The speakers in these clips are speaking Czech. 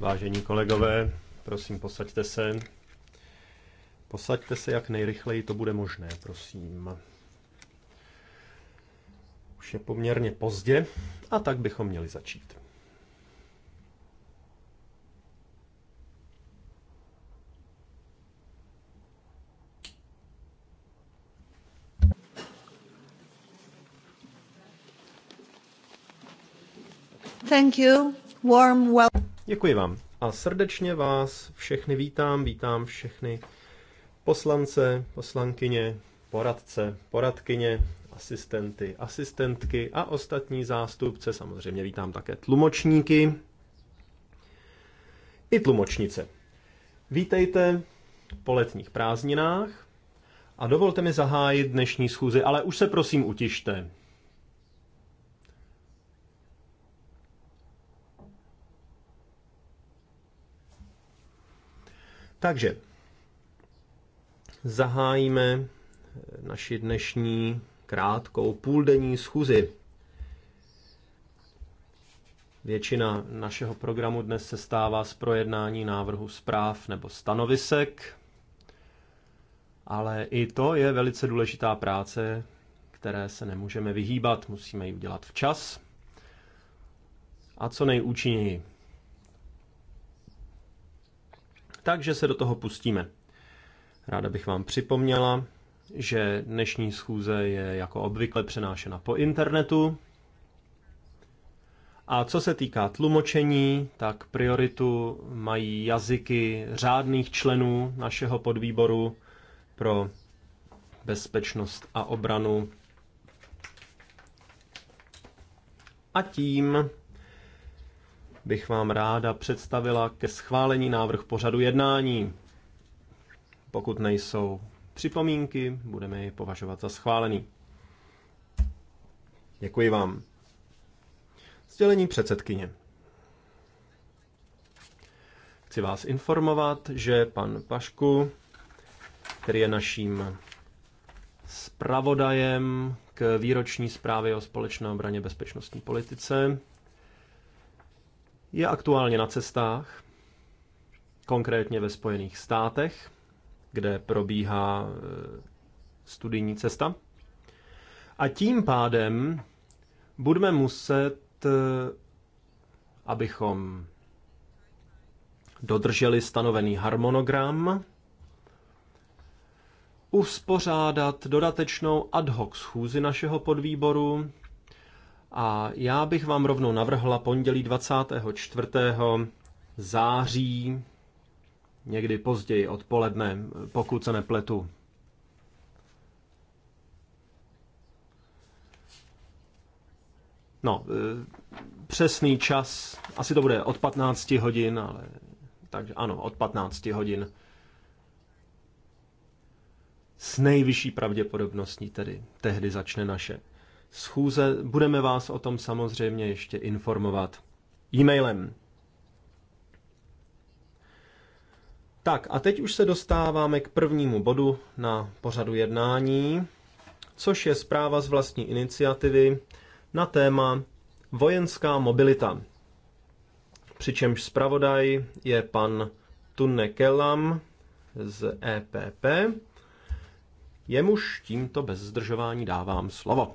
Vážení kolegové, prosím, posaďte se. Posaďte se, jak nejrychleji to bude možné, prosím. Už je poměrně pozdě a tak bychom měli začít. Thank you. Warm well. Děkuji vám. A srdečně vás všechny vítám, vítám všechny poslance, poslankyně, poradce, poradkyně, asistenty, asistentky a ostatní zástupce. Samozřejmě vítám také tlumočníky i tlumočnice. Vítejte po letních prázdninách a dovolte mi zahájit dnešní schůzi, ale už se prosím utište. Takže zahájíme naši dnešní krátkou půldenní schůzi. Většina našeho programu dnes se stává z projednání návrhu zpráv nebo stanovisek, ale i to je velice důležitá práce, které se nemůžeme vyhýbat, musíme ji udělat včas a co nejúčinněji. takže se do toho pustíme. Ráda bych vám připomněla, že dnešní schůze je jako obvykle přenášena po internetu. A co se týká tlumočení, tak prioritu mají jazyky řádných členů našeho podvýboru pro bezpečnost a obranu. A tím bych vám ráda představila ke schválení návrh pořadu jednání. Pokud nejsou připomínky, budeme ji považovat za schválený. Děkuji vám. Sdělení předsedkyně. Chci vás informovat, že pan Pašku, který je naším zpravodajem k výroční zprávě o společné obraně bezpečnostní politice, je aktuálně na cestách, konkrétně ve Spojených státech, kde probíhá e, studijní cesta. A tím pádem budeme muset, e, abychom dodrželi stanovený harmonogram, uspořádat dodatečnou ad hoc schůzi našeho podvýboru, a já bych vám rovnou navrhla pondělí 24. září, někdy později odpoledne, pokud se nepletu. No, e, přesný čas, asi to bude od 15 hodin, ale takže ano, od 15 hodin. S nejvyšší pravděpodobností tedy tehdy začne naše schůze. Budeme vás o tom samozřejmě ještě informovat e-mailem. Tak a teď už se dostáváme k prvnímu bodu na pořadu jednání, což je zpráva z vlastní iniciativy na téma vojenská mobilita. Přičemž zpravodaj je pan Tunne Kellam z EPP. Jemuž tímto bez zdržování dávám slovo.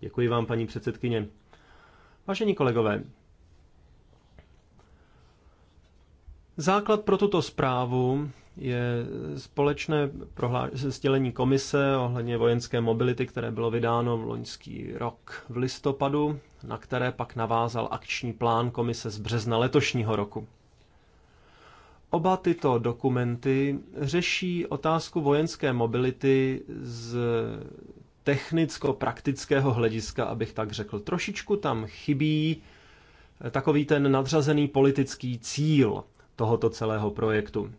Děkuji vám, paní předsedkyně. Vážení kolegové, základ pro tuto zprávu je společné sdělení komise ohledně vojenské mobility, které bylo vydáno v loňský rok v listopadu, na které pak navázal akční plán komise z března letošního roku. Oba tyto dokumenty řeší otázku vojenské mobility z technicko-praktického hlediska, abych tak řekl. Trošičku tam chybí eh, takový ten nadřazený politický cíl tohoto celého projektu.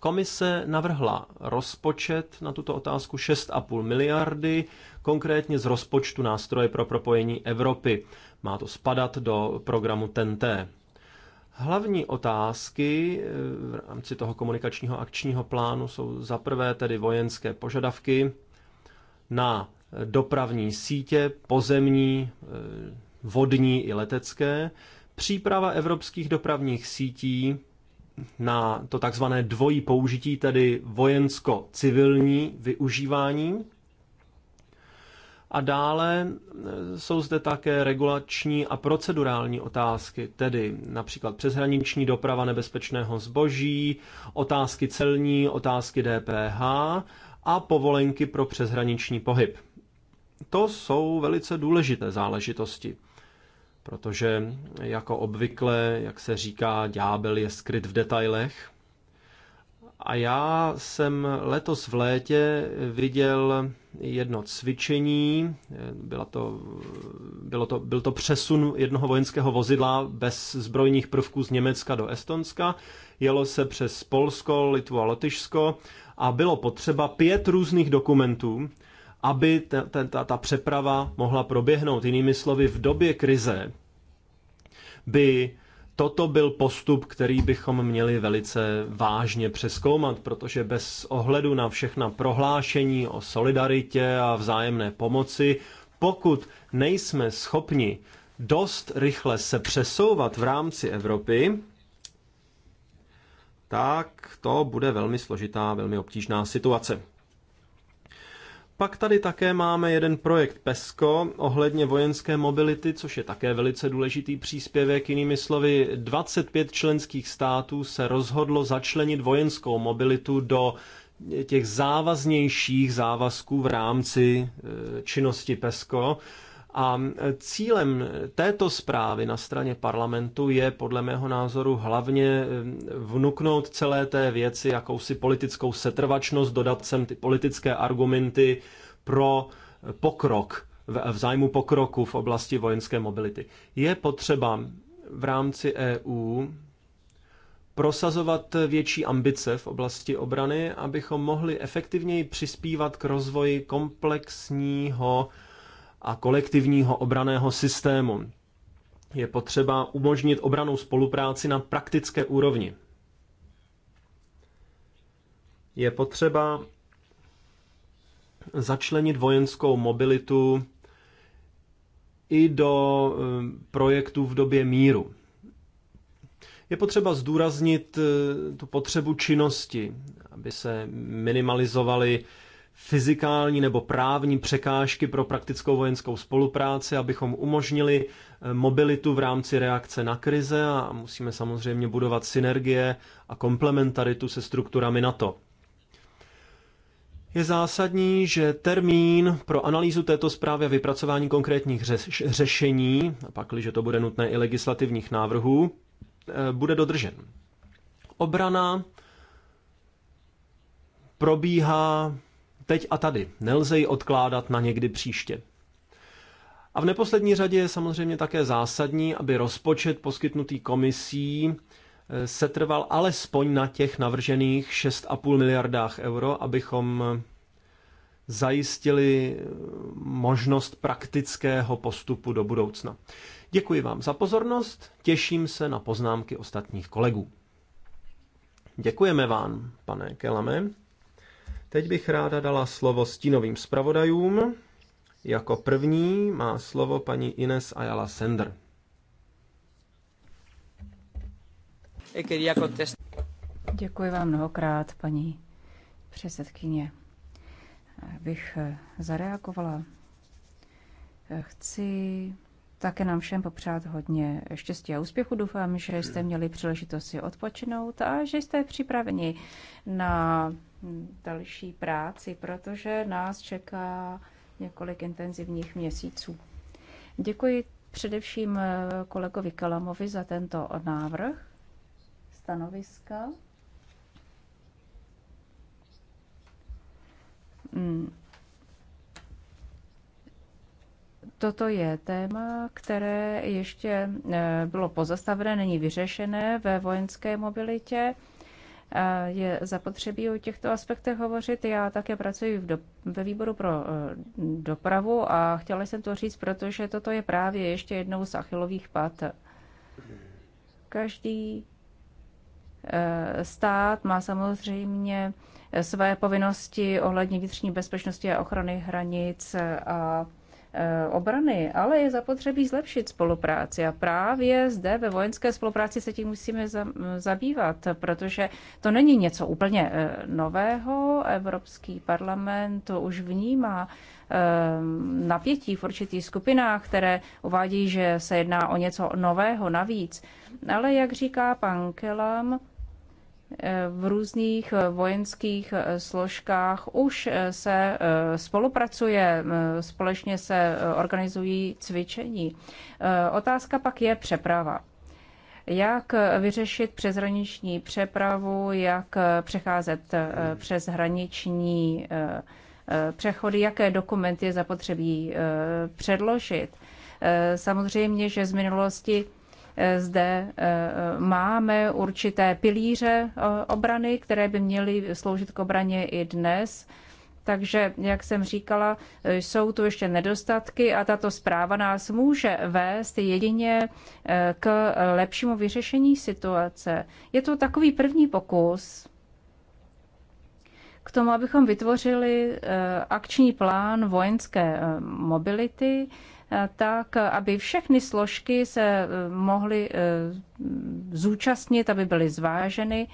Komise navrhla rozpočet na tuto otázku 6,5 miliardy, konkrétně z rozpočtu nástroje pro propojení Evropy. Má to spadat do programu TNT. Hlavní otázky eh, v rámci toho komunikačního akčního plánu jsou za prvé tedy vojenské požadavky na dopravní sítě, pozemní, eh, vodní i letecké, příprava evropských dopravních sítí na to takzvané dvojí použití, tedy vojensko-civilní využívání. A dále eh, jsou zde také regulační a procedurální otázky, tedy například přeshraniční doprava nebezpečného zboží, otázky celní, otázky DPH, a povolenky pro přeshraniční pohyb. To jsou velice důležité záležitosti, protože jako obvykle, jak se říká, ďábel je skryt v detailech. A já jsem letos v létě viděl jedno cvičení, byla to, bylo to, byl to přesun jednoho vojenského vozidla bez zbrojních prvků z Německa do Estonska. Jelo se přes Polsko, Litvu a Lotyšsko a bylo potřeba pět různých dokumentů, aby ta, ta, ta přeprava mohla proběhnout. Jinými slovy, v době krize by toto byl postup, který bychom měli velice vážně přeskoumat, protože bez ohledu na všechna prohlášení o solidaritě a vzájemné pomoci, pokud nejsme schopni dost rychle se přesouvat v rámci Evropy, tak to bude velmi složitá, velmi obtížná situace. Pak tady také máme jeden projekt PESCO ohledně vojenské mobility, což je také velice důležitý příspěvek. Jinými slovy, 25 členských států se rozhodlo začlenit vojenskou mobilitu do těch závaznějších závazků v rámci eh, činnosti PESCO a cílem této zprávy na straně parlamentu je podle mého názoru hlavně eh, vnuknout celé té věci jakousi politickou setrvačnost, dodat sem ty politické argumenty pro pokrok, v zájmu pokroku v oblasti vojenské mobility. Je potřeba v rámci EU prosazovat větší ambice v oblasti obrany, abychom mohli efektivněji přispívat k rozvoji komplexního a kolektivního obraného systému. Je potřeba umožnit obranou spolupráci na praktické úrovni. Je potřeba začlenit vojenskou mobilitu i do eh, projektů v době míru. Je potřeba zdůraznit eh, tu potřebu činnosti, aby se minimalizovaly fyzikální nebo právní překážky pro praktickou vojenskou spolupráci, abychom umožnili eh, mobilitu v rámci reakce na krize a musíme samozřejmě budovat synergie a komplementaritu se strukturami NATO. Je zásadní, že termín pro analýzu této zprávy a vypracování konkrétních řešení, a pakliže to bude nutné i legislativních návrhů, eh, bude dodržen. Obrana probíhá teď a tady. Nelze ji odkládat na někdy příště. A v neposlední řadě je samozřejmě také zásadní, aby rozpočet poskytnutý komisí eh, setrval alespoň na těch navržených 6,5 miliardách euro, abychom eh, zajistili eh, možnost praktického postupu do budoucna. Děkuji vám za pozornost, těším se na poznámky ostatních kolegů. Děkujeme vám, pane Kelame. Teď bych ráda dala slovo stínovým zpravodajům. Jako první má slovo paní Ines Ayala Sender. Děkuji vám mnohokrát, paní předsedkyně. Bych eh, zareagovala. Eh, chci také nám všem popřát hodně štěstí a úspěchu. Doufám, že jste měli příležitost si odpočinout a že jste připraveni na další práci, protože nás čeká několik intenzivních měsíců. Děkuji především eh, kolegovi Kalamovi za tento návrh stanoviska. Hmm. Toto je téma, které ještě eh, bylo pozastavené, není vyřešené ve vojenské mobilitě. Eh, je zapotřebí o těchto aspektech hovořit. Já také pracuji v do, ve výboru pro eh, dopravu a chtěla jsem to říct, protože toto je právě ještě jednou z achilových pat. Každý eh, stát má samozřejmě své povinnosti ohledně vnitřní bezpečnosti a ochrany hranic a Eh, obrany, ale je zapotřebí zlepšit spolupráci. A právě zde ve vojenské spolupráci se tím musíme zabývat, protože to není něco úplně eh, nového. Evropský parlament to už vnímá eh, napětí v určitých skupinách, které uvádí, že se jedná o něco nového navíc. Ale jak říká pan Kelam, v různých eh, vojenských eh, složkách už eh, se spolupracuje, společně se organizují cvičení. Otázka pak je přeprava. Jak vyřešit přeshraniční přepravu, jak přecházet přes hraniční přechody, jaké dokumenty je zapotřebí předložit. Samozřejmě, že z minulosti Eh, zde eh, eh, máme určité pilíře obrany, které by měly sloužit k obraně i dnes. Takže, jak jsem říkala, jsou tu ještě nedostatky a tato zpráva nás může vést jedině k lepšímu vyřešení situace. Je to takový první pokus k tomu, abychom vytvořili akční plán vojenské mobility, Eh, tak aby všechny složky se eh, mohly eh, zúčastnit, aby byly zváženy.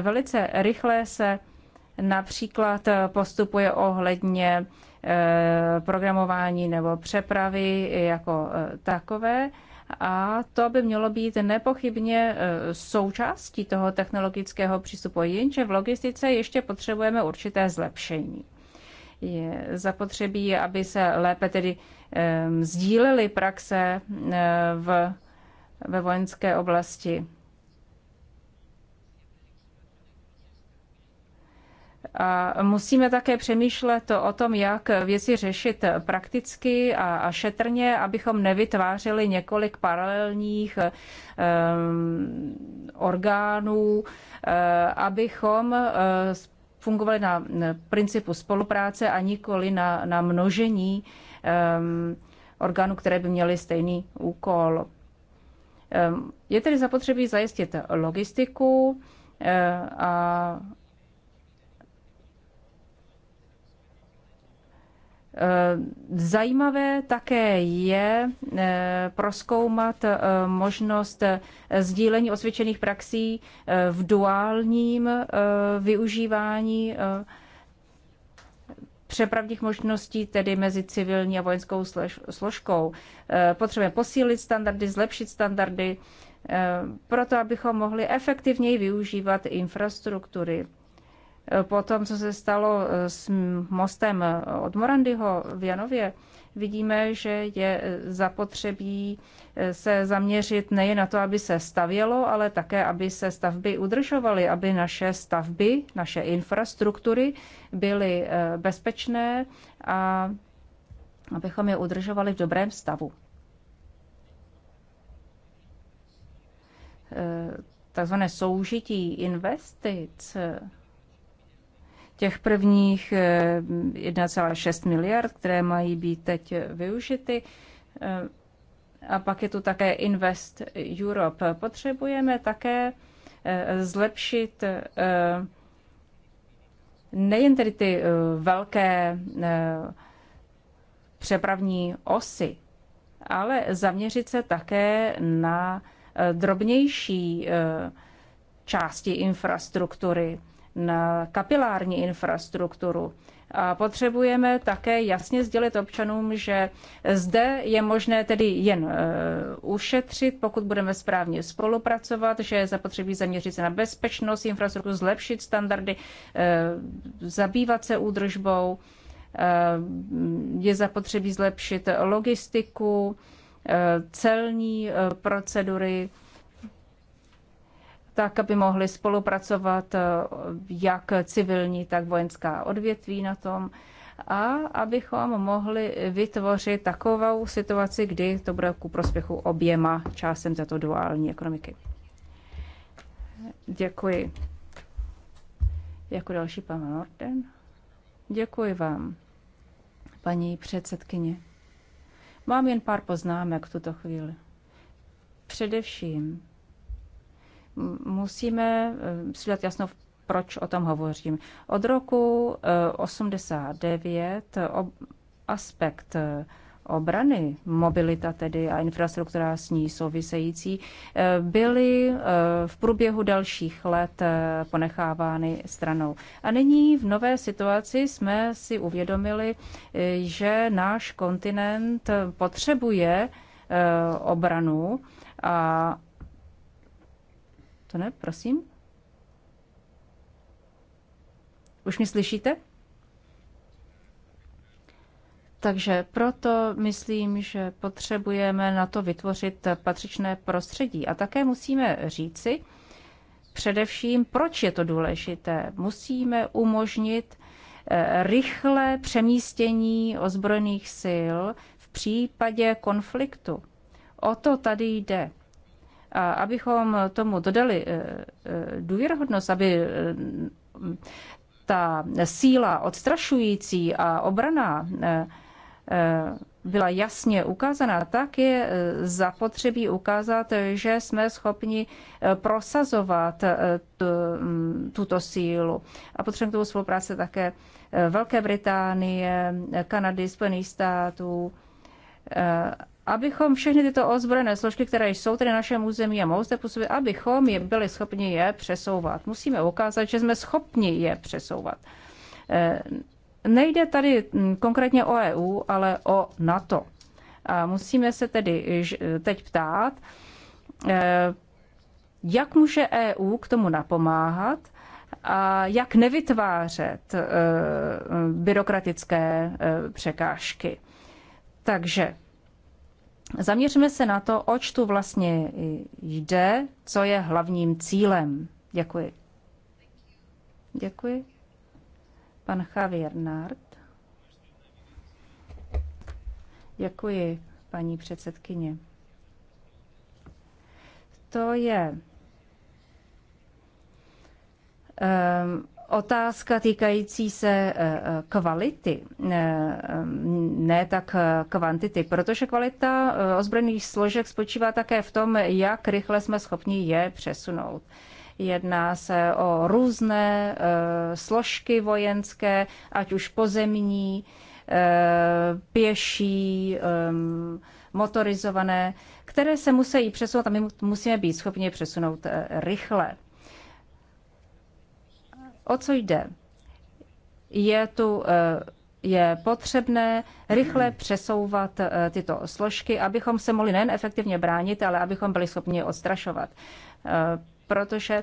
Velice rychle se například postupuje ohledně programování nebo přepravy jako takové. A to by mělo být nepochybně součástí toho technologického přístupu, jenže v logistice ještě potřebujeme určité zlepšení je zapotřebí, aby se lépe tedy sdílely praxe v, ve vojenské oblasti. A musíme také přemýšlet o tom, jak věci řešit prakticky a, a šetrně, abychom nevytvářeli několik paralelních um, orgánů, uh, abychom uh, fungovali na principu spolupráce a nikoli na, na množení um, orgánů, které by měly stejný úkol. Um, je tedy zapotřebí zajistit logistiku, eh, a Zajímavé také je eh, proskoumat eh, možnost eh, sdílení osvědčených praxí v duálním využívání přepravních možností, tedy mezi civilní a vojenskou složkou. Potřebujeme posílit standardy, zlepšit standardy, proto abychom mohli efektivněji využívat infrastruktury. Po tom, co se stalo eh, s mostem eh, od Morandyho v Janově, vidíme, že je eh, zapotřebí se zaměřit nejen na to, aby se stavělo, ale také, aby se stavby udržovaly, aby naše stavby, naše infrastruktury byly bezpečné a abychom je udržovali v dobrém stavu. Takzvané soužití investic těch prvních 1,6 eh, miliard, které mají být teď využity. Eh, a pak je tu také Invest Europe. Potřebujeme také eh, zlepšit nejen tedy ty velké přepravní osy, ale zaměřit se také na drobnější části infrastruktury, na kapilární infrastrukturu. A potřebujeme také jasně sdělit občanům, že zde je možné tedy jen e, ušetřit, pokud budeme správně spolupracovat, že je zapotřebí zaměřit se na bezpečnost, infrastrukturu, zlepšit standardy, e, zabývat se údržbou, e, je zapotřebí zlepšit logistiku, celní procedury, tak, aby mohly spolupracovat eh, jak civilní, tak vojenská odvětví na tom a abychom mohli vytvořit takovou situaci, kdy to bude ku prospěchu oběma částem této duální ekonomiky. Děkuji. Jako další pan Norden. Děkuji vám, paní předsedkyně. Mám jen pár poznámek v tuto chvíli. Především Musíme eh, si dát jasno, proč o tom hovořím. Od roku 89 eh, eh, aspekt obrany, mobilita tedy a infrastruktura s ní související, byly v průběhu dalších let ponechávány stranou. A nyní v nové situaci jsme si uvědomili, že náš kontinent potřebuje obranu a to ne, prosím. Už mě slyšíte? Takže proto myslím, že potřebujeme na to vytvořit patřičné prostředí. A také musíme říci především, proč je to důležité. Musíme umožnit eh, rychlé přemístění ozbrojených sil v případě konfliktu. O to tady jde. A abychom tomu dodali eh, eh, důvěrohodnost, aby eh, ta síla odstrašující a obrana byla jasně ukázaná, tak je zapotřebí ukázat, že jsme schopni prosazovat mm, tuto sílu. A potřebujeme k tomu spolupráce také Velké Británie, Kanady, Spojených států abychom všechny tyto ozbrojené složky, které jsou tady na našem území a mohou zde působit, abychom je byli schopni je přesouvat. Musíme ukázat, že jsme schopni je přesouvat. Eh, nejde tady konkrétně o EU, ale o NATO. A musíme se tedy teď ptát, eh, jak může EU k tomu napomáhat a jak nevytvářet eh, byrokratické překážky. Takže Zaměřme se na to, oč tu vlastně jde, co je hlavním cílem. Děkuji. Děkuji. Pan Javier Nart. Děkuji, paní předsedkyně. To je um, otázka týkající se e, e, kvality, e, ne tak kvantity, protože kvalita ozbrojených složek spočívá také v tom, jak rychle jsme schopni je přesunout. Jedná se o různé složky vojenské, ať už pozemní, pěší, motorizované, které se musí přesunout a my musíme být schopni přesunout rychle. O co jde? Je tu eh, je potřebné rychle přesouvat eh, tyto složky, abychom se mohli nejen efektivně bránit, ale abychom byli schopni je odstrašovat. Eh, protože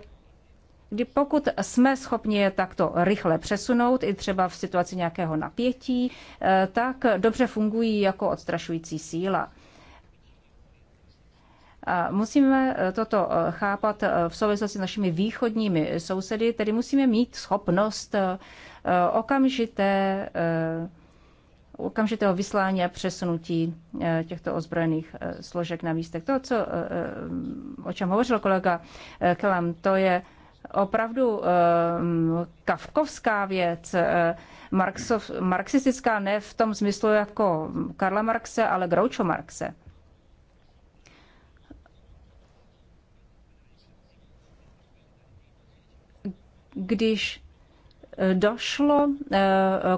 kdy pokud jsme schopni je takto rychle přesunout, i třeba v situaci nějakého napětí, tak dobře fungují jako odstrašující síla. A musíme eh, toto eh, chápat eh, v souvislosti s našimi východními sousedy, tedy musíme mít schopnost okamžité, okamžitého vyslání a přesunutí těchto ozbrojených složek na místech. To, co, o čem hovořil kolega Kelam, to je opravdu kavkovská věc, marxov, marxistická ne v tom smyslu jako Karla Marxe, ale Groucho Marxe. Když e, došlo e,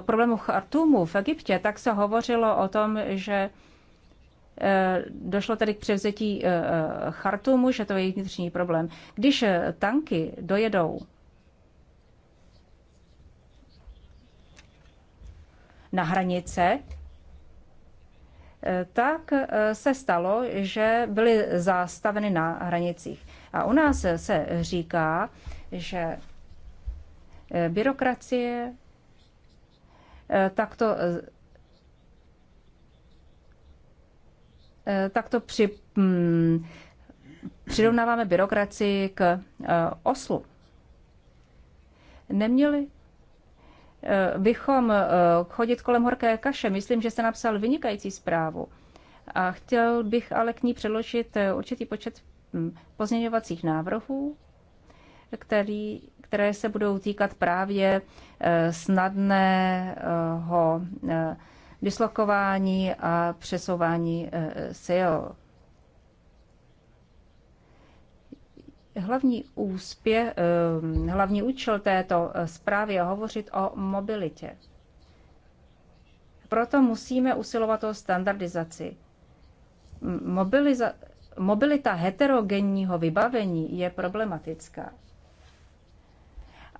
k problému Chartumu v Egyptě, tak se hovořilo o tom, že e, došlo tedy k převzetí Chartumu, že to je vnitřní problém. Když tanky dojedou na hranice, tak se stalo, že byly zastaveny na hranicích. A u nás se říká, že Eh, byrokracie takto eh, takto eh, při, mm, přirovnáváme byrokracii k oslu. Neměli bychom chodit kolem horké kaše. Myslím, že jste napsal vynikající zprávu. A chtěl bych ale k ní předložit určitý počet mm, pozměňovacích návrhů, který které se budou týkat právě eh, snadného eh, dislokování a přesouvání eh, sil. Hlavní úspěch, hlavní účel této zprávy je hovořit o mobilitě. Proto musíme usilovat o standardizaci. Mobiliza, mobilita heterogenního vybavení je problematická.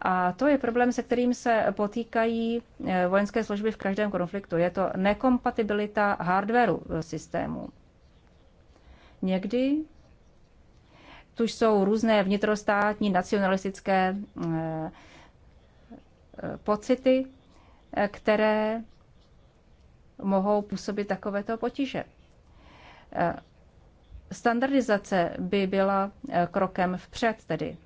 A to je problém, se kterým se potýkají eh, vojenské služby v každém konfliktu. Je to nekompatibilita hardwareu eh, systému. Někdy tu jsou různé vnitrostátní nacionalistické eh, pocity, které mohou působit takovéto potíže. Standardizace by byla krokem vpřed, tedy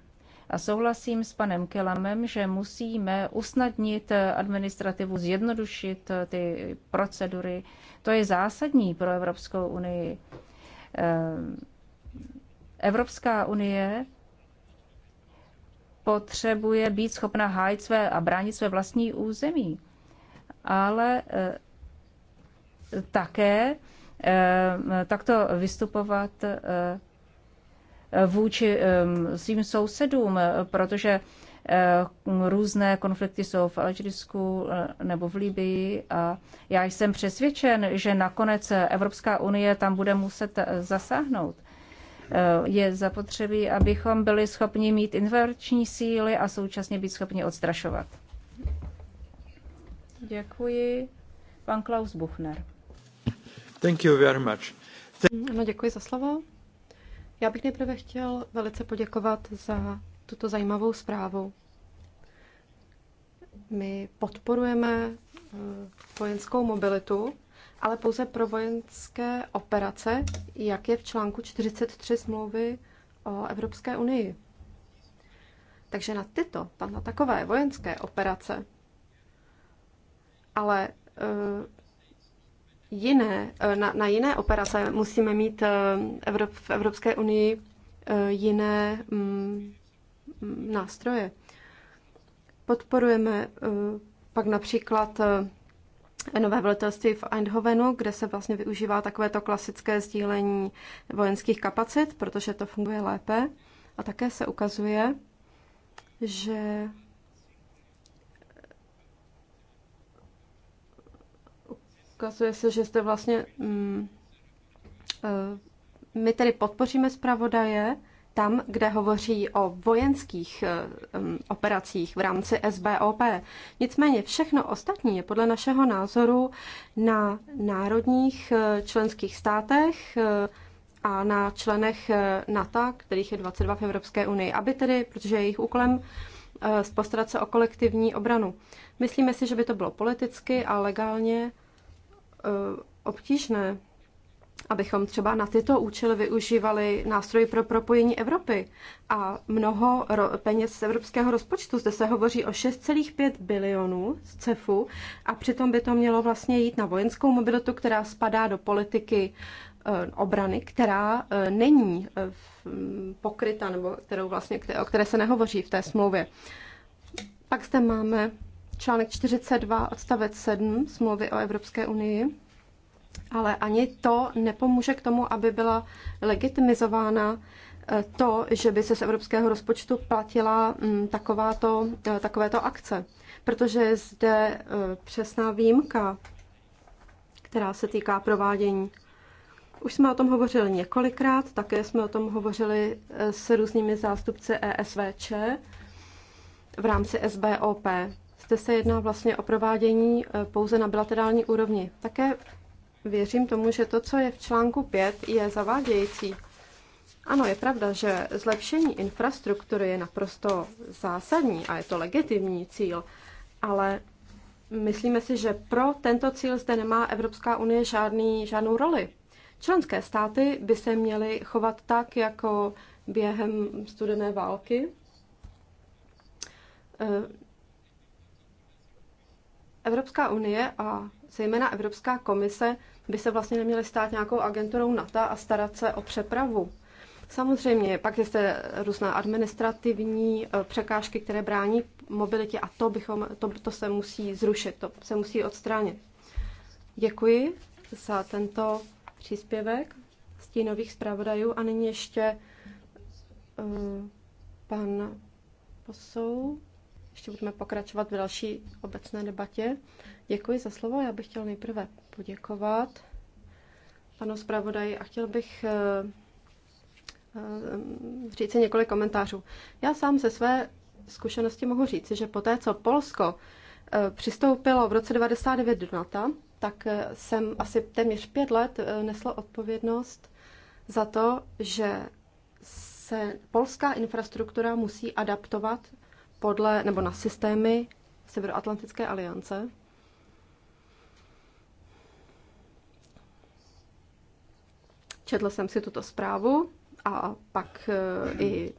a souhlasím s panem Kelamem, že musíme usnadnit administrativu, zjednodušit eh, ty procedury. To je zásadní pro Evropskou unii. Eh, Evropská unie potřebuje být schopna hájit své a bránit své vlastní území. Ale eh, také takto vystupovat vůči svým sousedům, protože různé konflikty jsou v Alžírsku eh, nebo v Libii a já jsem přesvědčen, že nakonec Evropská unie tam bude muset eh, zasáhnout. Eh, je zapotřebí, abychom byli schopni mít inverční síly a současně být schopni odstrašovat. Děkuji. Pan Klaus Buchner. Thank you very much. Thank- no, děkuji za slovo. Já bych nejprve chtěl velice poděkovat za tuto zajímavou zprávu. My podporujeme eh, vojenskou mobilitu, ale pouze pro vojenské operace, jak je v článku 43 smlouvy o Evropské unii. Takže na tyto, na takové vojenské operace, ale eh, jiné, eh, na, na jiné operace musíme mít eh, Evrop, v Evropské unii eh, jiné mm, mm, nástroje. Podporujeme pak například nové velitelství v Eindhovenu, kde se vlastně využívá takové to klasické sdílení vojenských kapacit, protože to funguje lépe. A také se ukazuje, že ukazuje se, že jste vlastně... Mm, eh, my tedy podpoříme zpravodaje tam, kde hovoří o vojenských eh, mm, operacích v rámci SBOP. Nicméně všechno ostatní je podle našeho názoru na národních eh, členských státech a na členech NATO, kterých je 22 v Evropské unii, aby tedy, protože jejich úkolem postarat se o kolektivní obranu. Myslíme si, že by to bylo politicky a legálně Eh, obtížné, abychom třeba na tyto účely využívali nástroj pro propojení Evropy. A mnoho peněz z evropského rozpočtu, zde se hovoří o 6,5 bilionů z CEFu a přitom by to mělo vlastně jít na vojenskou mobilitu, která spadá do politiky eh, obrany, která eh, není mm, pokryta, nebo kterou vlastně, o které se nehovoří v té smlouvě. Pak zde máme článek 42 odstavec 7 smlouvy o Evropské unii, ale ani to nepomůže k tomu, aby byla legitimizována eh, to, že by se z evropského rozpočtu platila mm, takováto, eh, takovéto akce, protože je zde eh, přesná výjimka, která se týká provádění. Už jsme o tom hovořili několikrát, také jsme o tom hovořili s různými zástupci ESVČ v rámci SBOP. Zde se jedná vlastně o provádění eh, pouze na bilaterální úrovni. Také věřím tomu, že to, co je v článku 5, je zavádějící. Ano, je pravda, že zlepšení infrastruktury je naprosto zásadní a je to legitimní cíl, ale myslíme si, že pro tento cíl zde nemá Evropská unie žádný, žádnou roli. Členské státy by se měly chovat tak, jako během studené války. Eh, Evropská unie a zejména Evropská komise by se vlastně neměly stát nějakou agenturou NATO a starat se o přepravu. Samozřejmě, pak je zde různá administrativní eh, překážky, které brání mobilitě a to, bychom, to, to se musí zrušit, to se musí odstranit. Děkuji za tento příspěvek stínových zpravodajů a nyní ještě uh, pan posou. Ještě budeme pokračovat v další obecné debatě. Děkuji za slovo. Já bych chtěl nejprve poděkovat panu zpravodaji a chtěl bych eh, eh, si několik komentářů. Já sám ze své zkušenosti mohu říct, že poté, co Polsko eh, přistoupilo v roce 99 do NATO, tak jsem asi téměř pět let nesla odpovědnost za to, že se polská infrastruktura musí adaptovat podle, nebo na systémy Severoatlantické aliance. Četl jsem si tuto zprávu a pak eh, i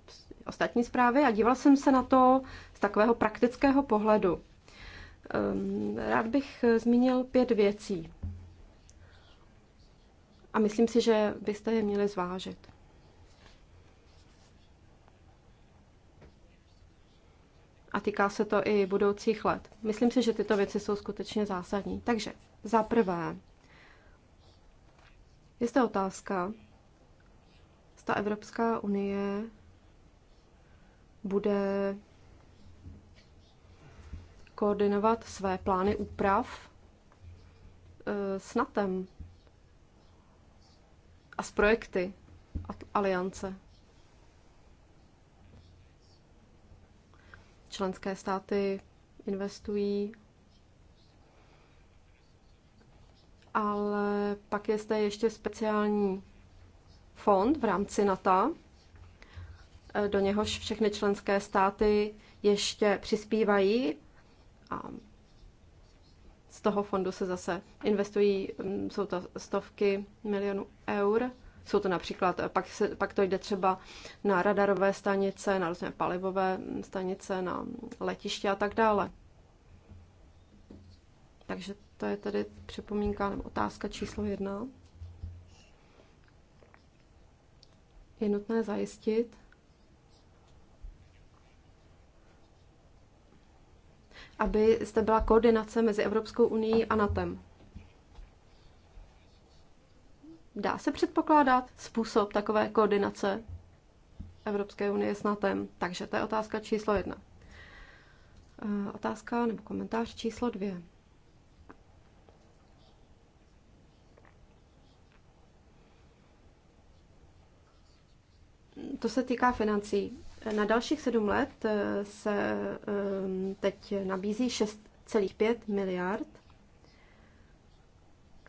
ostatní zprávy a díval jsem se na to z takového praktického pohledu. Ehm, rád bych eh, zmínil pět věcí. A myslím si, že byste je měli zvážit. a týká se to i budoucích let. Myslím si, že tyto věci jsou skutečně zásadní. Takže za prvé, je to otázka, zda Evropská unie bude koordinovat své plány úprav eh, s NATO a s projekty aliance. Členské státy investují, ale pak je zde ještě speciální fond v rámci NATO, do něhož všechny členské státy ještě přispívají a z toho fondu se zase investují, mm, jsou to stovky milionů eur. Jsou to například, eh, pak, se, pak to jde třeba na radarové stanice, na různé palivové mm, stanice, na letiště a tak dále. Takže to je tady připomínka nebo otázka číslo jedna. Je nutné zajistit, aby zde byla koordinace mezi Evropskou unii a NATEM. Dá se předpokládat způsob takové koordinace Evropské unie s NATEM? Takže to je otázka číslo jedna. Eh, otázka nebo komentář číslo dvě. To se týká financí. Na dalších sedm let eh, se eh, teď nabízí 6,5 miliard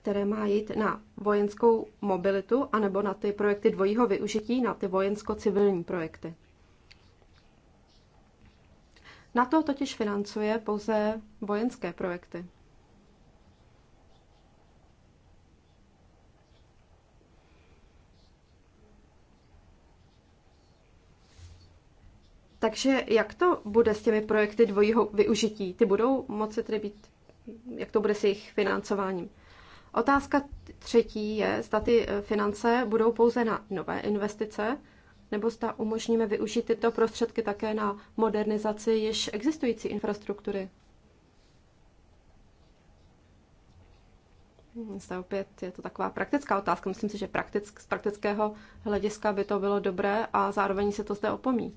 které má jít na vojenskou mobilitu anebo na ty projekty dvojího využití, na ty vojensko-civilní projekty. Na to totiž financuje pouze vojenské projekty. Takže jak to bude s těmi projekty dvojího využití? Ty budou moci tedy být, jak to bude s jejich financováním? Otázka třetí je, zda ty eh, finance budou pouze na nové investice, nebo zda umožníme využít tyto prostředky také na modernizaci již existující infrastruktury. Zde opět je to taková praktická otázka. Myslím si, že praktick, z praktického hlediska by to bylo dobré a zároveň se to zde opomí.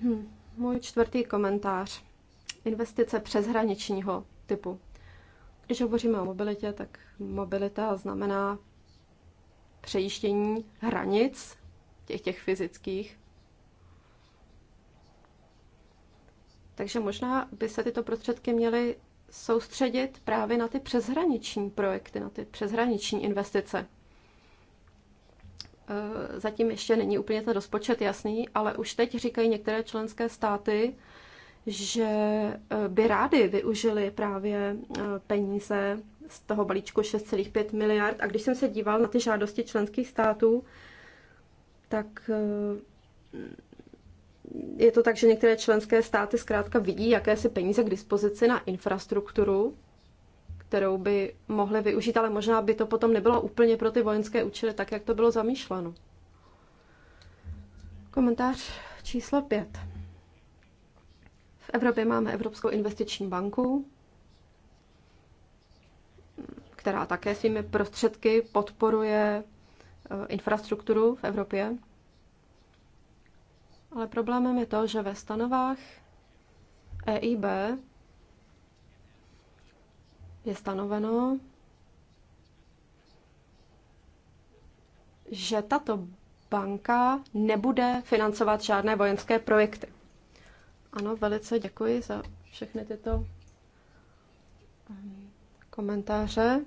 Hm, můj čtvrtý komentář. Investice přeshraničního typu. Když hovoříme o mobilitě, tak mobilita znamená přejištění hranic těch, těch fyzických. Takže možná by se tyto prostředky měly soustředit právě na ty přeshraniční projekty, na ty přeshraniční investice. E, zatím ještě není úplně ten rozpočet jasný, ale už teď říkají některé členské státy, že eh, by rádi využili právě eh, peníze z toho balíčku 6,5 miliard. A když jsem se díval na ty žádosti členských států, tak eh, je to tak, že některé členské státy zkrátka vidí, jaké si peníze k dispozici na infrastrukturu, kterou by mohly využít, ale možná by to potom nebylo úplně pro ty vojenské účely tak, jak to bylo zamýšleno. Komentář číslo 5. Evropě máme Evropskou investiční banku, která také svými prostředky podporuje eh, infrastrukturu v Evropě. Ale problémem je to, že ve stanovách EIB je stanoveno, že tato banka nebude financovat žádné vojenské projekty. Ano, velice děkuji za všechny tyto ehm, komentáře.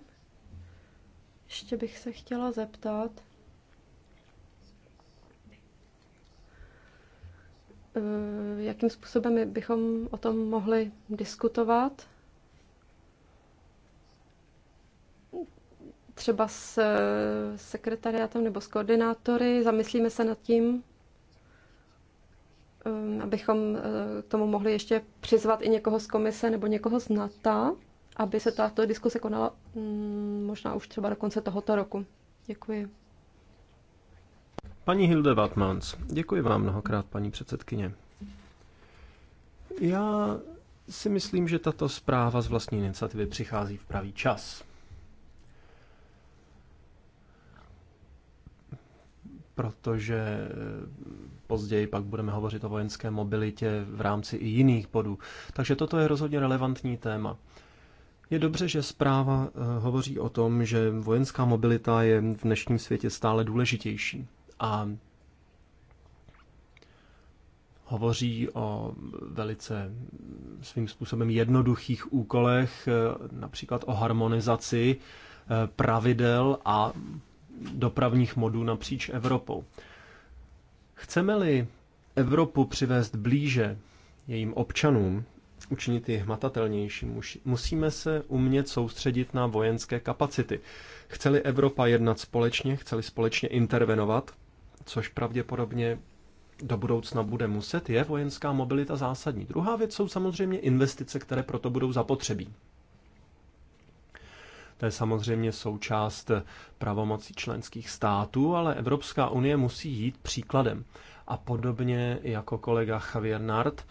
Ještě bych se chtěla zeptat, eh, jakým způsobem bychom o tom mohli diskutovat. Třeba s sekretariátem nebo s koordinátory, zamyslíme se nad tím. Eh, abychom eh, k tomu mohli ještě přizvat i někoho z komise nebo někoho z NATO, aby se tato diskuse konala mm, možná už třeba do konce tohoto roku. Děkuji. Paní Hilde Vatmans, děkuji vám mnohokrát, paní předsedkyně. Já si myslím, že tato zpráva z vlastní iniciativy přichází v pravý čas. Protože Později pak budeme hovořit o vojenské mobilitě v rámci i jiných bodů. Takže toto je rozhodně relevantní téma. Je dobře, že zpráva eh, hovoří o tom, že vojenská mobilita je v dnešním světě stále důležitější. A hovoří o velice svým způsobem jednoduchých úkolech, eh, například o harmonizaci eh, pravidel a dopravních modů napříč Evropou. Chceme-li Evropu přivést blíže jejím občanům, učinit ji hmatatelnější, musíme se umět soustředit na vojenské kapacity. Chceli Evropa jednat společně, chceli společně intervenovat, což pravděpodobně do budoucna bude muset, je vojenská mobilita zásadní. Druhá věc jsou samozřejmě investice, které proto budou zapotřebí. To je samozřejmě součást eh, pravomocí členských států, ale Evropská unie musí jít příkladem. A podobně jako kolega Javier Nart,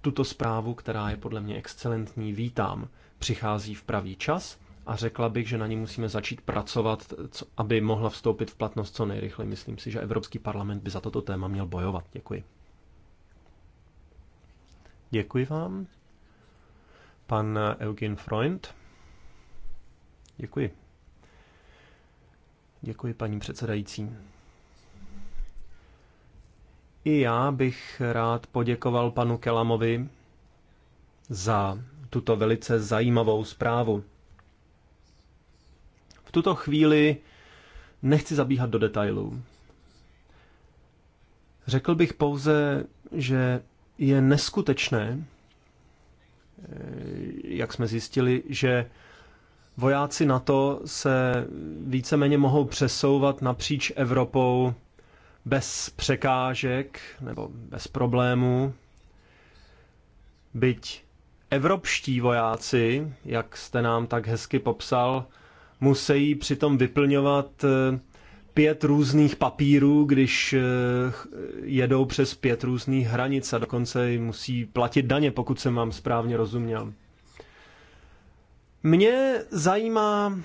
tuto zprávu, která je podle mě excelentní, vítám. Přichází v pravý čas a řekla bych, že na ní musíme začít pracovat, aby mohla vstoupit v platnost co nejrychleji. Myslím si, že Evropský parlament by za toto téma měl bojovat. Děkuji. Děkuji vám. Pan eh, Eugen Freund. Děkuji. Děkuji, paní předsedající. I já bych rád poděkoval panu Kelamovi za tuto velice zajímavou zprávu. V tuto chvíli nechci zabíhat do detailů. Řekl bych pouze, že je neskutečné, eh, jak jsme zjistili, že vojáci NATO se víceméně mohou přesouvat napříč Evropou bez překážek nebo bez problémů. Byť evropští vojáci, jak jste nám tak hezky popsal, musí přitom vyplňovat eh, pět různých papírů, když eh, jedou přes pět různých hranic a dokonce musí platit daně, pokud jsem vám správně rozuměl. Mě zajímá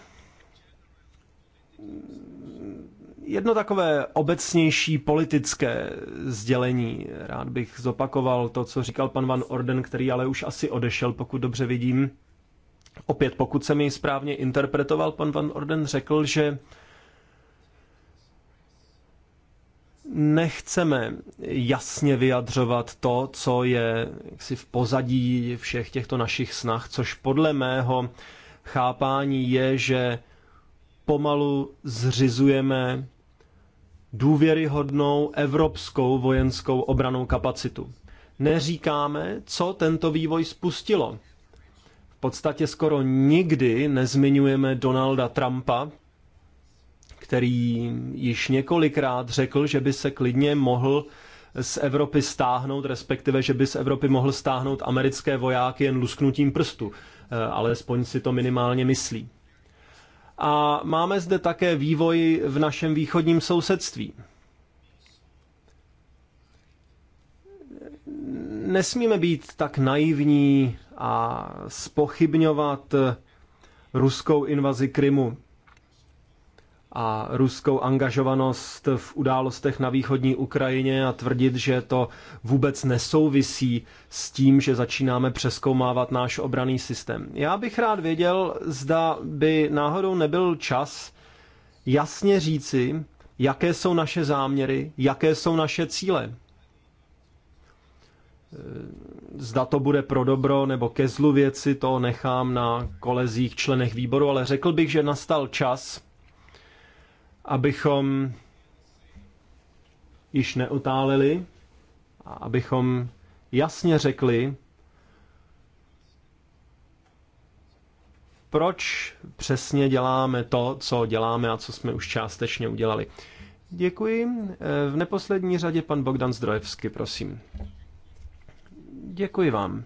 jedno takové obecnější politické sdělení. Rád bych zopakoval to, co říkal pan Van Orden, který ale už asi odešel, pokud dobře vidím. Opět, pokud se mi správně interpretoval, pan Van Orden řekl, že nechceme jasně vyjadřovat to, co je jaksi v pozadí všech těchto našich snah, což podle mého chápání je, že pomalu zřizujeme důvěryhodnou evropskou vojenskou obranou kapacitu. Neříkáme, co tento vývoj spustilo. V podstatě skoro nikdy nezmiňujeme Donalda Trumpa, který již několikrát řekl, že by se klidně mohl z Evropy stáhnout, respektive, že by z Evropy mohl stáhnout americké vojáky jen lusknutím prstu. Eh, alespoň si to minimálně myslí. A máme zde také vývoj v našem východním sousedství. Nesmíme být tak naivní a spochybňovat ruskou invazi Krymu a ruskou angažovanost v událostech na východní Ukrajině a tvrdit, že to vůbec nesouvisí s tím, že začínáme přeskoumávat náš obraný systém. Já bych rád věděl, zda by náhodou nebyl čas jasně říci, jaké jsou naše záměry, jaké jsou naše cíle. Zda to bude pro dobro nebo ke zlu věci, to nechám na kolezích členech výboru, ale řekl bych, že nastal čas, abychom již neotáleli a abychom jasně řekli, proč přesně děláme to, co děláme a co jsme už částečně udělali. Děkuji. V neposlední řadě pan Bogdan Zdrojevsky, prosím. Děkuji vám.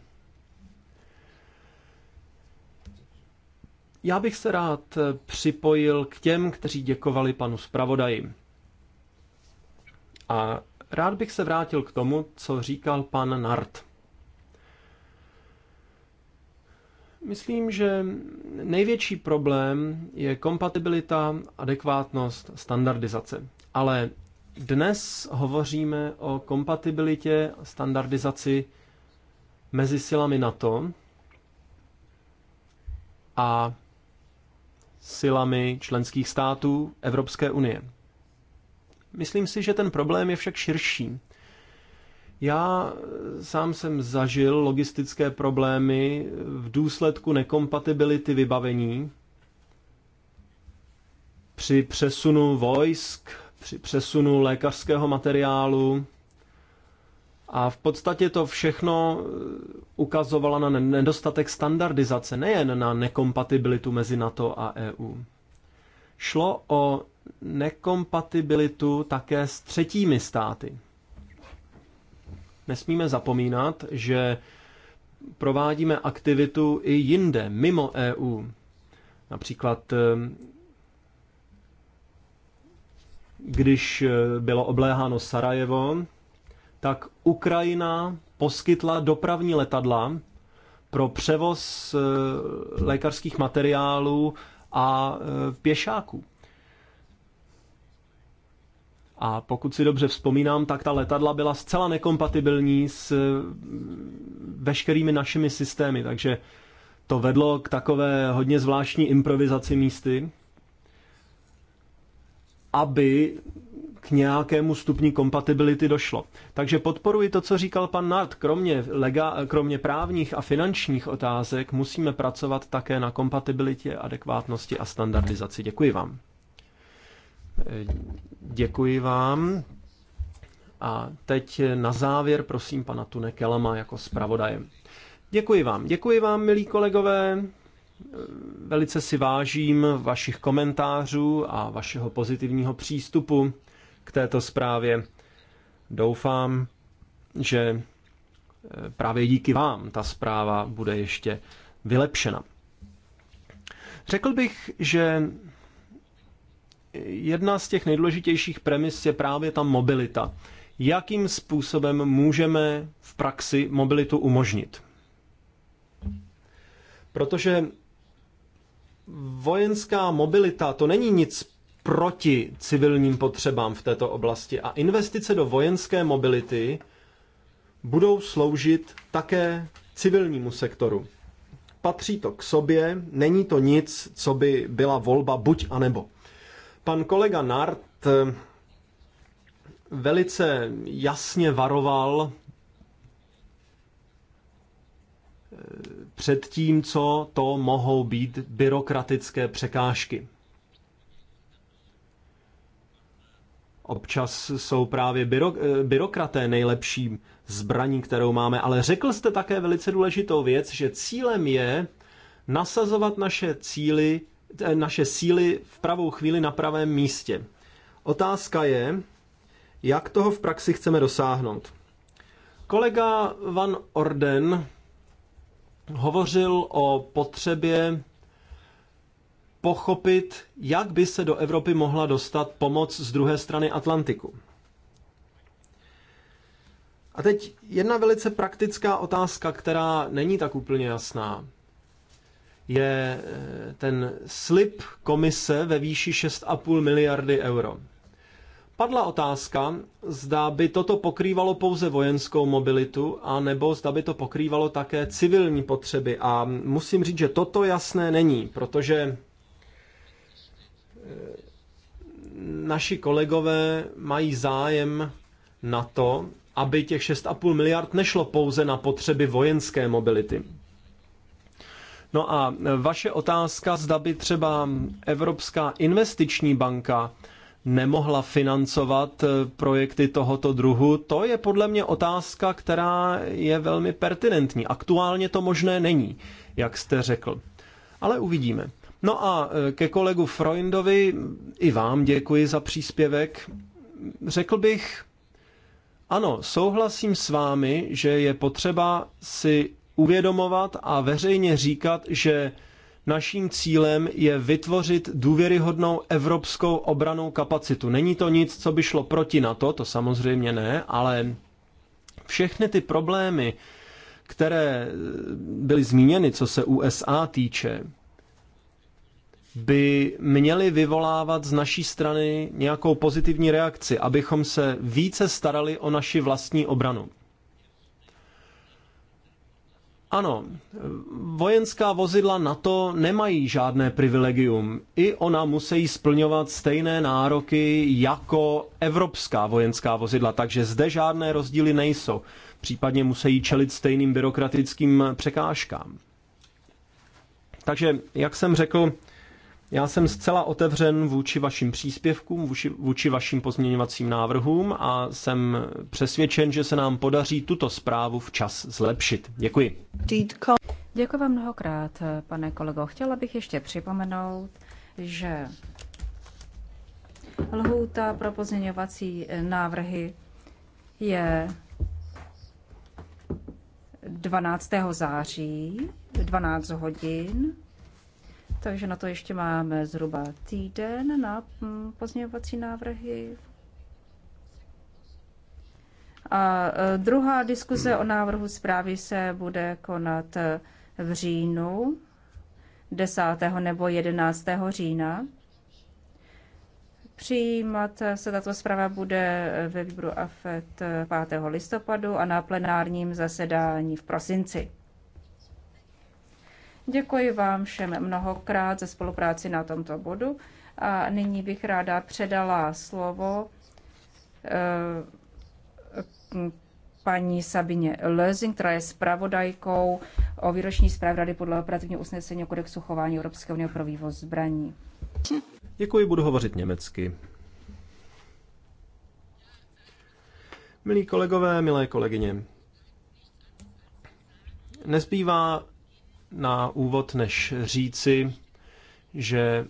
Já bych se rád eh, připojil k těm, kteří děkovali panu zpravodaji. A rád bych se vrátil k tomu, co říkal pan Nart. Myslím, že největší problém je kompatibilita, adekvátnost, standardizace. Ale dnes hovoříme o kompatibilitě, standardizaci mezi silami NATO a silami členských států Evropské unie. Myslím si, že ten problém je však širší. Já sám jsem zažil logistické problémy v důsledku nekompatibility vybavení při přesunu vojsk, při přesunu lékařského materiálu a v podstatě to všechno eh, ukazovalo na nedostatek standardizace, nejen na nekompatibilitu mezi NATO a EU. Šlo o nekompatibilitu také s třetími státy. Nesmíme zapomínat, že provádíme aktivitu i jinde, mimo EU. Například eh, když eh, bylo obléháno Sarajevo, tak Ukrajina poskytla dopravní letadla pro převoz eh, lékařských materiálů a eh, pěšáků. A pokud si dobře vzpomínám, tak ta letadla byla zcela nekompatibilní s eh, veškerými našimi systémy, takže to vedlo k takové hodně zvláštní improvizaci místy, aby k nějakému stupni kompatibility došlo. Takže podporuji to, co říkal pan Nart. Kromě, lega, kromě právních a finančních otázek musíme pracovat také na kompatibilitě, adekvátnosti a standardizaci. Děkuji vám. Děkuji vám. A teď na závěr prosím pana Tune Kelama jako zpravodaje. Děkuji vám. Děkuji vám, milí kolegové. Velice si vážím vašich komentářů a vašeho pozitivního přístupu k této zprávě. Doufám, že eh, právě díky vám ta zpráva bude ještě vylepšena. Řekl bych, že jedna z těch nejdůležitějších premis je právě ta mobilita. Jakým způsobem můžeme v praxi mobilitu umožnit? Protože vojenská mobilita to není nic proti civilním potřebám v této oblasti. A investice do vojenské mobility budou sloužit také civilnímu sektoru. Patří to k sobě, není to nic, co by byla volba buď a nebo. Pan kolega Nart eh, velice jasně varoval eh, před tím, co to mohou být byrokratické překážky. Občas jsou právě byro, eh, byrokraté nejlepší zbraní, kterou máme, ale řekl jste také velice důležitou věc, že cílem je nasazovat naše, cíly, eh, naše síly v pravou chvíli na pravém místě. Otázka je, jak toho v praxi chceme dosáhnout. Kolega Van Orden hovořil o potřebě pochopit, jak by se do Evropy mohla dostat pomoc z druhé strany Atlantiku. A teď jedna velice praktická otázka, která není tak úplně jasná, je eh, ten slib komise ve výši 6,5 miliardy euro. Padla otázka, zda by toto pokrývalo pouze vojenskou mobilitu, a nebo zda by to pokrývalo také civilní potřeby. A musím říct, že toto jasné není, protože naši kolegové mají zájem na to, aby těch 6,5 miliard nešlo pouze na potřeby vojenské mobility. No a vaše otázka, zda by třeba Evropská investiční banka nemohla financovat projekty tohoto druhu, to je podle mě otázka, která je velmi pertinentní. Aktuálně to možné není, jak jste řekl. Ale uvidíme. No a e, ke kolegu Freundovi, i vám děkuji za příspěvek. Řekl bych, ano, souhlasím s vámi, že je potřeba si uvědomovat a veřejně říkat, že naším cílem je vytvořit důvěryhodnou evropskou obranou kapacitu. Není to nic, co by šlo proti NATO, to samozřejmě ne, ale všechny ty problémy, které byly zmíněny, co se USA týče, by měly vyvolávat z naší strany nějakou pozitivní reakci, abychom se více starali o naši vlastní obranu. Ano, vojenská vozidla NATO nemají žádné privilegium. I ona musí splňovat stejné nároky jako evropská vojenská vozidla, takže zde žádné rozdíly nejsou. Případně musí čelit stejným byrokratickým překážkám. Takže, jak jsem řekl, já jsem zcela otevřen vůči vašim příspěvkům, vůči, vůči vašim pozměňovacím návrhům a jsem přesvědčen, že se nám podaří tuto zprávu včas zlepšit. Děkuji. Děkuji vám mnohokrát, pane kolego. Chtěla bych ještě připomenout, že lhůta pro pozměňovací návrhy je 12. září 12 hodin takže na to ještě máme zhruba týden na mm, pozměňovací návrhy. A e, druhá diskuze o návrhu zprávy se bude konat e, v říjnu 10. nebo 11. října. Přijímat se tato zpráva bude ve výboru AFET 5. listopadu a na plenárním zasedání v prosinci. Děkuji vám všem mnohokrát za spolupráci na tomto bodu a nyní bych ráda předala slovo eh, paní Sabině Lezing, která je zpravodajkou o výroční zprávě Rady podle operativního usnesení o kodexu chování Evropské unie pro vývoz zbraní. Děkuji, budu hovořit německy. Milí kolegové, milé kolegyně, nezbývá na úvod, než říci, že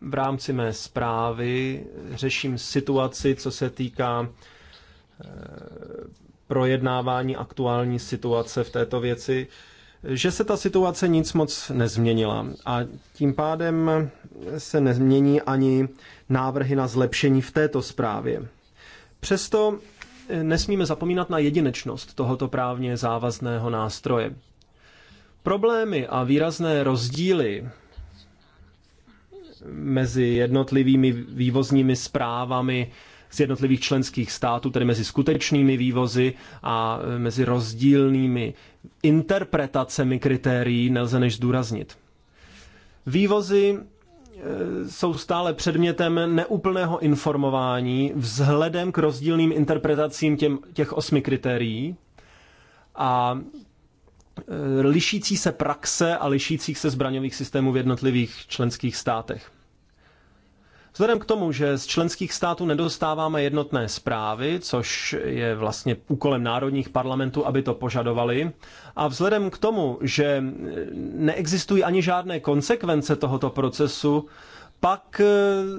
v rámci mé zprávy řeším situaci, co se týká eh, projednávání aktuální situace v této věci, že se ta situace nic moc nezměnila. A tím pádem se nezmění ani návrhy na zlepšení v této zprávě. Přesto nesmíme zapomínat na jedinečnost tohoto právně závazného nástroje. Problémy a výrazné rozdíly mezi jednotlivými vývozními zprávami z jednotlivých členských států, tedy mezi skutečnými vývozy a mezi rozdílnými interpretacemi kritérií, nelze než zdůraznit. Vývozy jsou stále předmětem neúplného informování vzhledem k rozdílným interpretacím těm, těch osmi kritérií a e, lišící se praxe a lišících se zbraňových systémů v jednotlivých členských státech. Vzhledem k tomu, že z členských států nedostáváme jednotné zprávy, což je vlastně úkolem národních parlamentů, aby to požadovali, a vzhledem k tomu, že neexistují ani žádné konsekvence tohoto procesu, pak eh,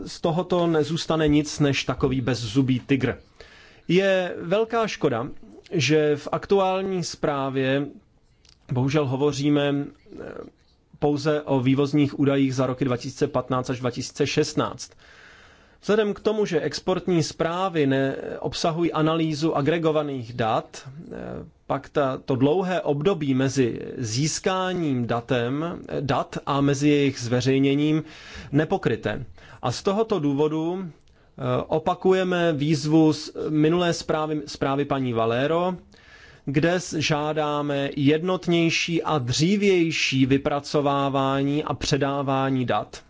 z tohoto nezůstane nic než takový bezzubý tygr. Je velká škoda, že v aktuální zprávě bohužel hovoříme eh, pouze o vývozních údajích za roky 2015 až 2016. Vzhledem k tomu, že exportní zprávy neobsahují analýzu agregovaných dat, eh, pak ta, to dlouhé období mezi získáním datem, eh, dat a mezi jejich zveřejněním nepokryte. A z tohoto důvodu eh, opakujeme výzvu z minulé zprávy, zprávy paní Valero, kde žádáme jednotnější a dřívější vypracovávání a předávání dat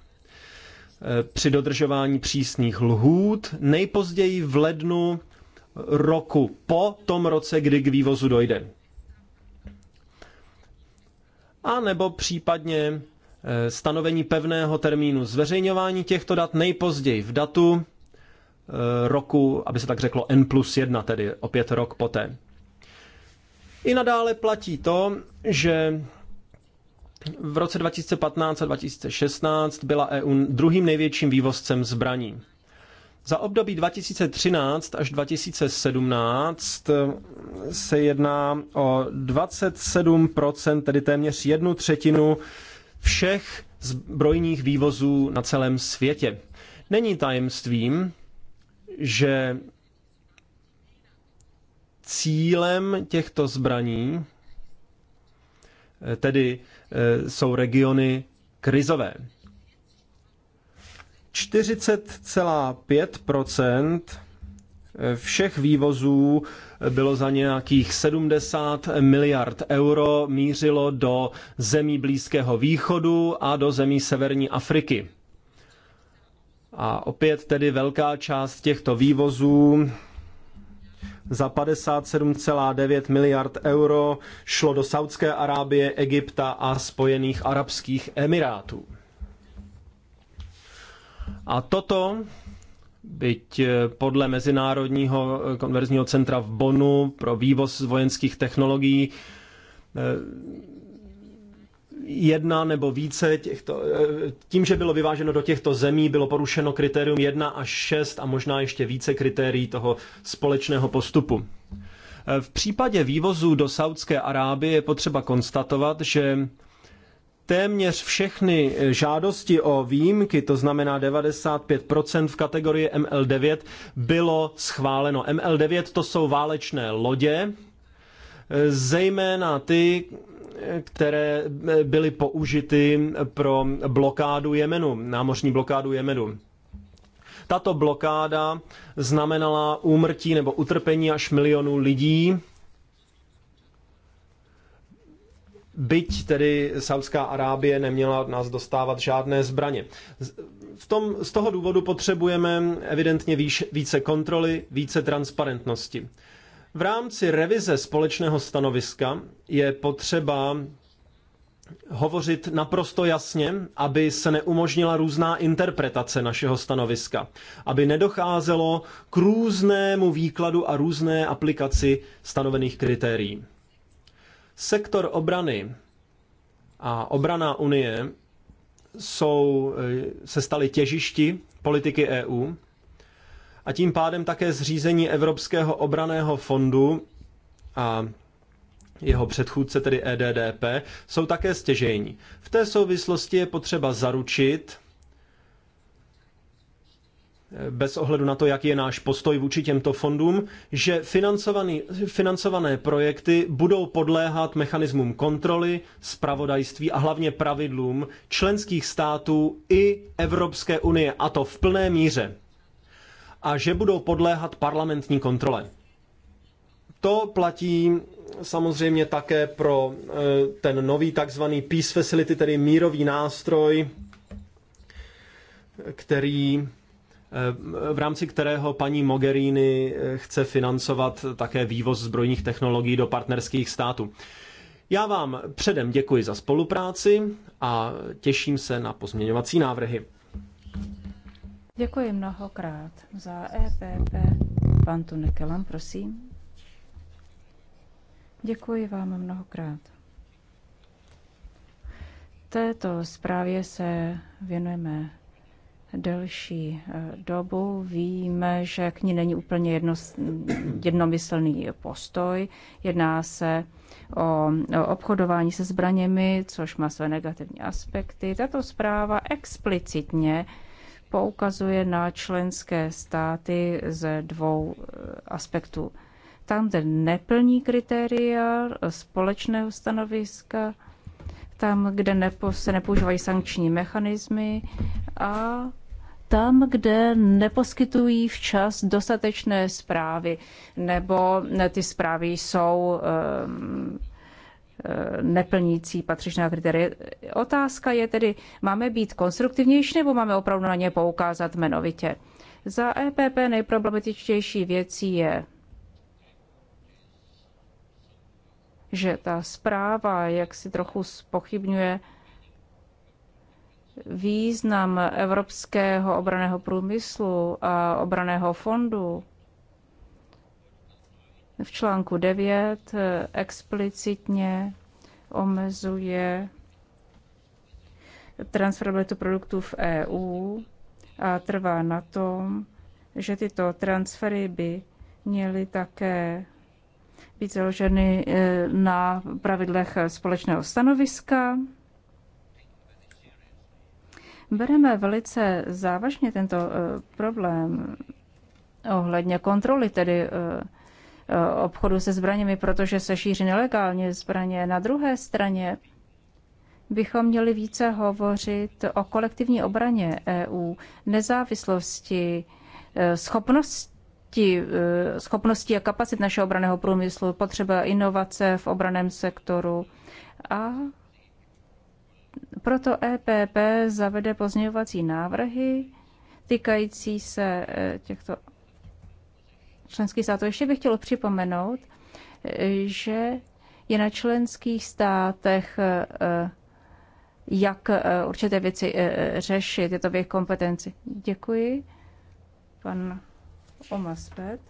e, při dodržování přísných lhůt, nejpozději v lednu roku po tom roce, kdy k vývozu dojde. A nebo případně e, stanovení pevného termínu zveřejňování těchto dat nejpozději v datu e, roku, aby se tak řeklo, N plus 1, tedy opět rok poté. I nadále platí to, že v roce 2015 a 2016 byla EU druhým největším vývozcem zbraní. Za období 2013 až 2017 se jedná o 27%, tedy téměř jednu třetinu všech zbrojních vývozů na celém světě. Není tajemstvím, že Cílem těchto zbraní eh, tedy eh, jsou regiony krizové. 40,5 eh, všech vývozů bylo za nějakých 70 miliard euro, mířilo do zemí Blízkého východu a do zemí Severní Afriky. A opět tedy velká část těchto vývozů za 57,9 miliard euro šlo do Saudské Arábie, Egypta a Spojených Arabských Emirátů. A toto, byť eh, podle Mezinárodního eh, konverzního centra v Bonu pro vývoz vojenských technologií, eh, jedna nebo více těchto, eh, tím, že bylo vyváženo do těchto zemí, bylo porušeno kritérium 1 až 6 a možná ještě více kritérií toho společného postupu. Eh, v případě vývozu do Saudské Arábie je potřeba konstatovat, že téměř všechny eh, žádosti o výjimky, to znamená 95% v kategorii ML9, bylo schváleno. ML9 to jsou válečné lodě, zejména ty, které eh, byly použity pro blokádu Jemenu, námořní blokádu Jemenu. Tato blokáda znamenala úmrtí nebo utrpení až milionů lidí. Byť tedy Saudská Arábie neměla od nás dostávat žádné zbraně. V tom, z toho důvodu potřebujeme evidentně výš, více kontroly, více transparentnosti. V rámci revize společného stanoviska je potřeba hovořit naprosto jasně, aby se neumožnila různá interpretace našeho stanoviska, aby nedocházelo k různému výkladu a různé aplikaci stanovených kritérií. Sektor obrany a obraná unie jsou, eh, se staly těžišti politiky EU a tím pádem také zřízení Evropského obraného fondu a jeho předchůdce, tedy EDDP, jsou také stěžejní. V té souvislosti je potřeba zaručit, bez ohledu na to, jaký je náš postoj vůči těmto fondům, že financované projekty budou podléhat mechanismům kontroly, spravodajství a hlavně pravidlům členských států i Evropské unie, a to v plné míře a že budou podléhat parlamentní kontrole. To platí samozřejmě také pro eh, ten nový takzvaný Peace Facility, tedy mírový nástroj, který eh, v rámci kterého paní Mogherini eh, chce financovat také vývoz zbrojních technologií do partnerských států. Já vám předem děkuji za spolupráci a těším se na pozměňovací návrhy. Děkuji mnohokrát za EPP. Pan Tunekelam, prosím. Děkuji vám mnohokrát. Této zprávě se věnujeme delší eh, dobu. Víme, že k ní není úplně jedno, jednomyslný postoj. Jedná se o obchodování se zbraněmi, což má své negativní aspekty. Tato zpráva explicitně poukazuje na členské státy ze dvou eh, aspektů. Tam, kde neplní kritéria společného stanoviska, tam, kde nepo, se nepoužívají sankční mechanismy a tam, kde neposkytují včas dostatečné zprávy, nebo ty zprávy jsou um, neplnící patřičná kritéria. Otázka je tedy, máme být konstruktivnější nebo máme opravdu na ně poukázat jmenovitě? Za EPP nejproblematičtější věcí je, že ta zpráva jak si trochu spochybňuje význam evropského obraného průmyslu a obraného fondu v článku 9 eh, explicitně omezuje transferabilitu produktů v EU a trvá na tom, že tyto transfery by měly také být založeny eh, na pravidlech společného stanoviska. Bereme velice závažně tento eh, problém ohledně kontroly, tedy Eh, obchodu se zbraněmi, protože se šíří nelegálně zbraně. Na druhé straně bychom měli více hovořit o kolektivní obraně EU, nezávislosti, eh, schopnosti, eh, schopnosti a kapacit našeho obraného průmyslu, potřeba inovace v obraném sektoru. A proto EPP zavede pozměňovací návrhy týkající se těchto členských států. Ještě bych chtěl připomenout, že je na členských státech eh, eh, jak eh, určité věci řešit. Je to v jejich kompetenci. Děkuji. Pan Omaspet.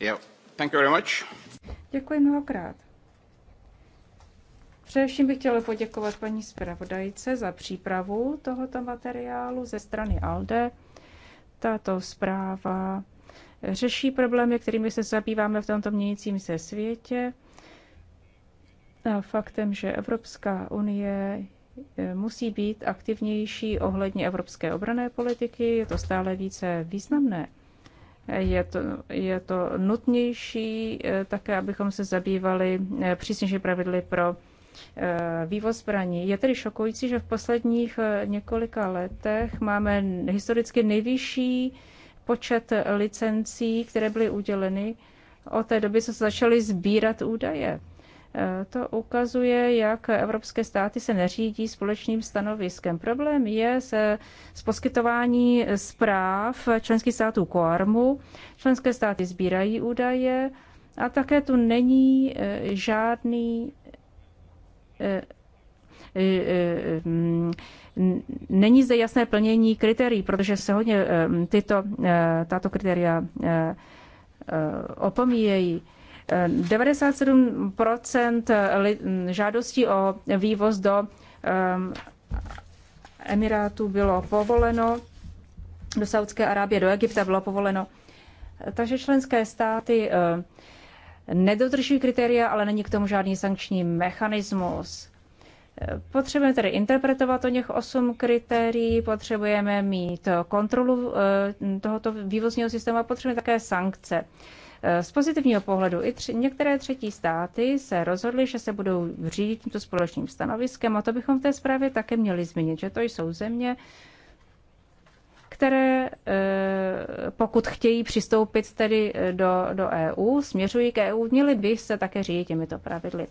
Yeah. Thank you very much. Děkuji mnohokrát. Především bych chtěla poděkovat paní zpravodajce za přípravu tohoto materiálu ze strany ALDE. Tato zpráva řeší problémy, kterými se zabýváme v tomto měnícím se světě. A faktem, že Evropská unie e, musí být aktivnější ohledně evropské obrané politiky, je to stále více významné. Je to, je to nutnější e, také, abychom se zabývali e, přísnější pravidly pro Eh, vývoz zbraní. Je tedy šokující, že v posledních eh, několika letech máme historicky nejvyšší počet eh, licencí, které byly uděleny od té doby, co se začaly sbírat údaje. To ukazuje, jak evropské státy se neřídí společným stanoviskem. Problém je se, s poskytování zpráv členských států koarmu. Členské státy sbírají údaje a také tu není žádný Eh, eh, eh, mm, není zde jasné plnění kritérií, protože se hodně tyto, tato kritéria opomíjejí. 97 mm, žádostí o vývoz do Emirátu bylo povoleno, do Saudské Arábie, do Egypta bylo povoleno. Takže členské státy nedodržují kritéria, ale není k tomu žádný sankční mechanismus. Potřebujeme tedy interpretovat o něch osm kritérií, potřebujeme mít kontrolu eh, tohoto vývozního systému a potřebujeme také sankce. Eh, z pozitivního pohledu i tři, některé třetí státy se rozhodly, že se budou řídit tímto společným stanoviskem a to bychom v té zprávě také měli zmínit, že to jsou země, které, eh, pokud chtějí přistoupit tedy eh, do, do EU, směřují k EU, měly by se také řídit těmito pravidly.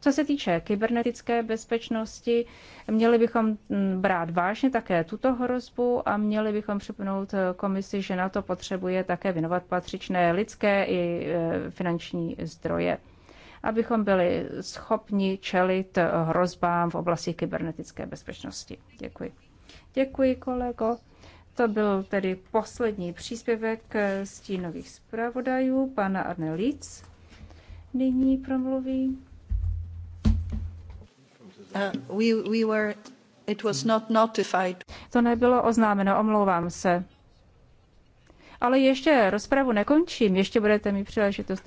Co se týče kybernetické bezpečnosti, měli bychom mm, brát vážně také tuto hrozbu a měli bychom připomenout eh, komisi, že na to potřebuje také věnovat patřičné lidské i finanční zdroje abychom byli schopni čelit hrozbám v oblasti kybernetické bezpečnosti. Děkuji. Děkuji, kolego. To byl tedy poslední příspěvek eh, stínových zpravodajů, pana Arne Líc. Nyní promluví. Uh, we, we were, it was not notified. To nebylo oznámeno, omlouvám se. Ale ještě rozpravu nekončím, ještě budete mít příležitost.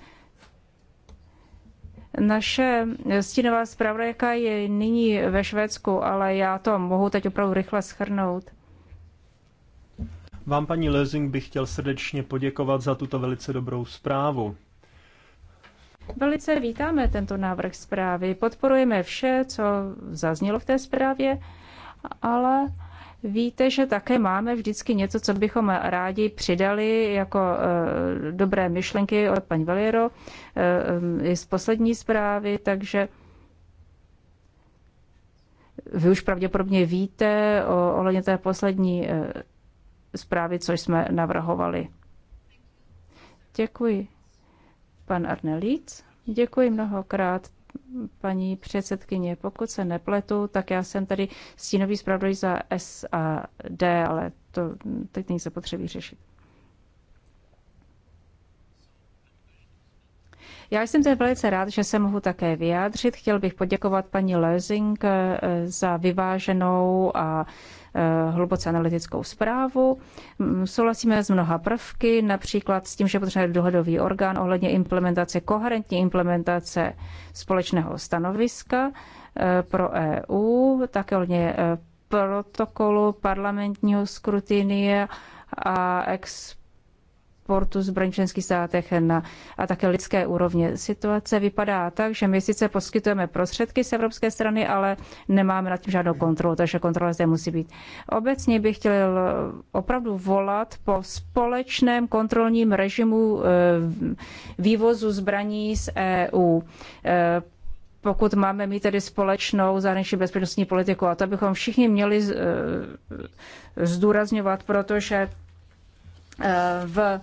Naše stínová zpravodajka je nyní ve Švédsku, ale já to mohu teď opravdu rychle schrnout. Vám, paní Lezing, bych chtěl srdečně poděkovat za tuto velice dobrou zprávu. Velice vítáme tento návrh zprávy. Podporujeme vše, co zaznělo v té zprávě, ale víte, že také máme vždycky něco, co bychom rádi přidali jako eh, dobré myšlenky od paní Valero i eh, eh, z poslední zprávy, takže vy už pravděpodobně víte o, o té poslední zprávy, co jsme navrhovali. Děkuji. Pan Arnelíc, děkuji mnohokrát paní předsedkyně. Pokud se nepletu, tak já jsem tady stínový zpravodaj za SAD, ale to teď není zapotřebí řešit. Já jsem teď velice rád, že se mohu také vyjádřit. Chtěl bych poděkovat paní Lezing eh, za vyváženou a eh, hluboce analytickou zprávu. Souhlasíme s mnoha prvky, například s tím, že potřebujeme dohodový orgán ohledně implementace, koherentní implementace společného stanoviska eh, pro EU, také ohledně protokolu parlamentního skrutinie a ex exportu zbraní v členských státech na, a také lidské úrovně. Situace vypadá tak, že my sice poskytujeme prostředky z evropské strany, ale nemáme nad tím žádnou kontrolu, takže kontrola zde musí být. Obecně bych chtěl opravdu volat po společném kontrolním režimu eh, vývozu zbraní z EU eh, pokud máme mít tedy společnou zahraniční bezpečnostní politiku. A to bychom všichni měli eh, zdůrazňovat, protože v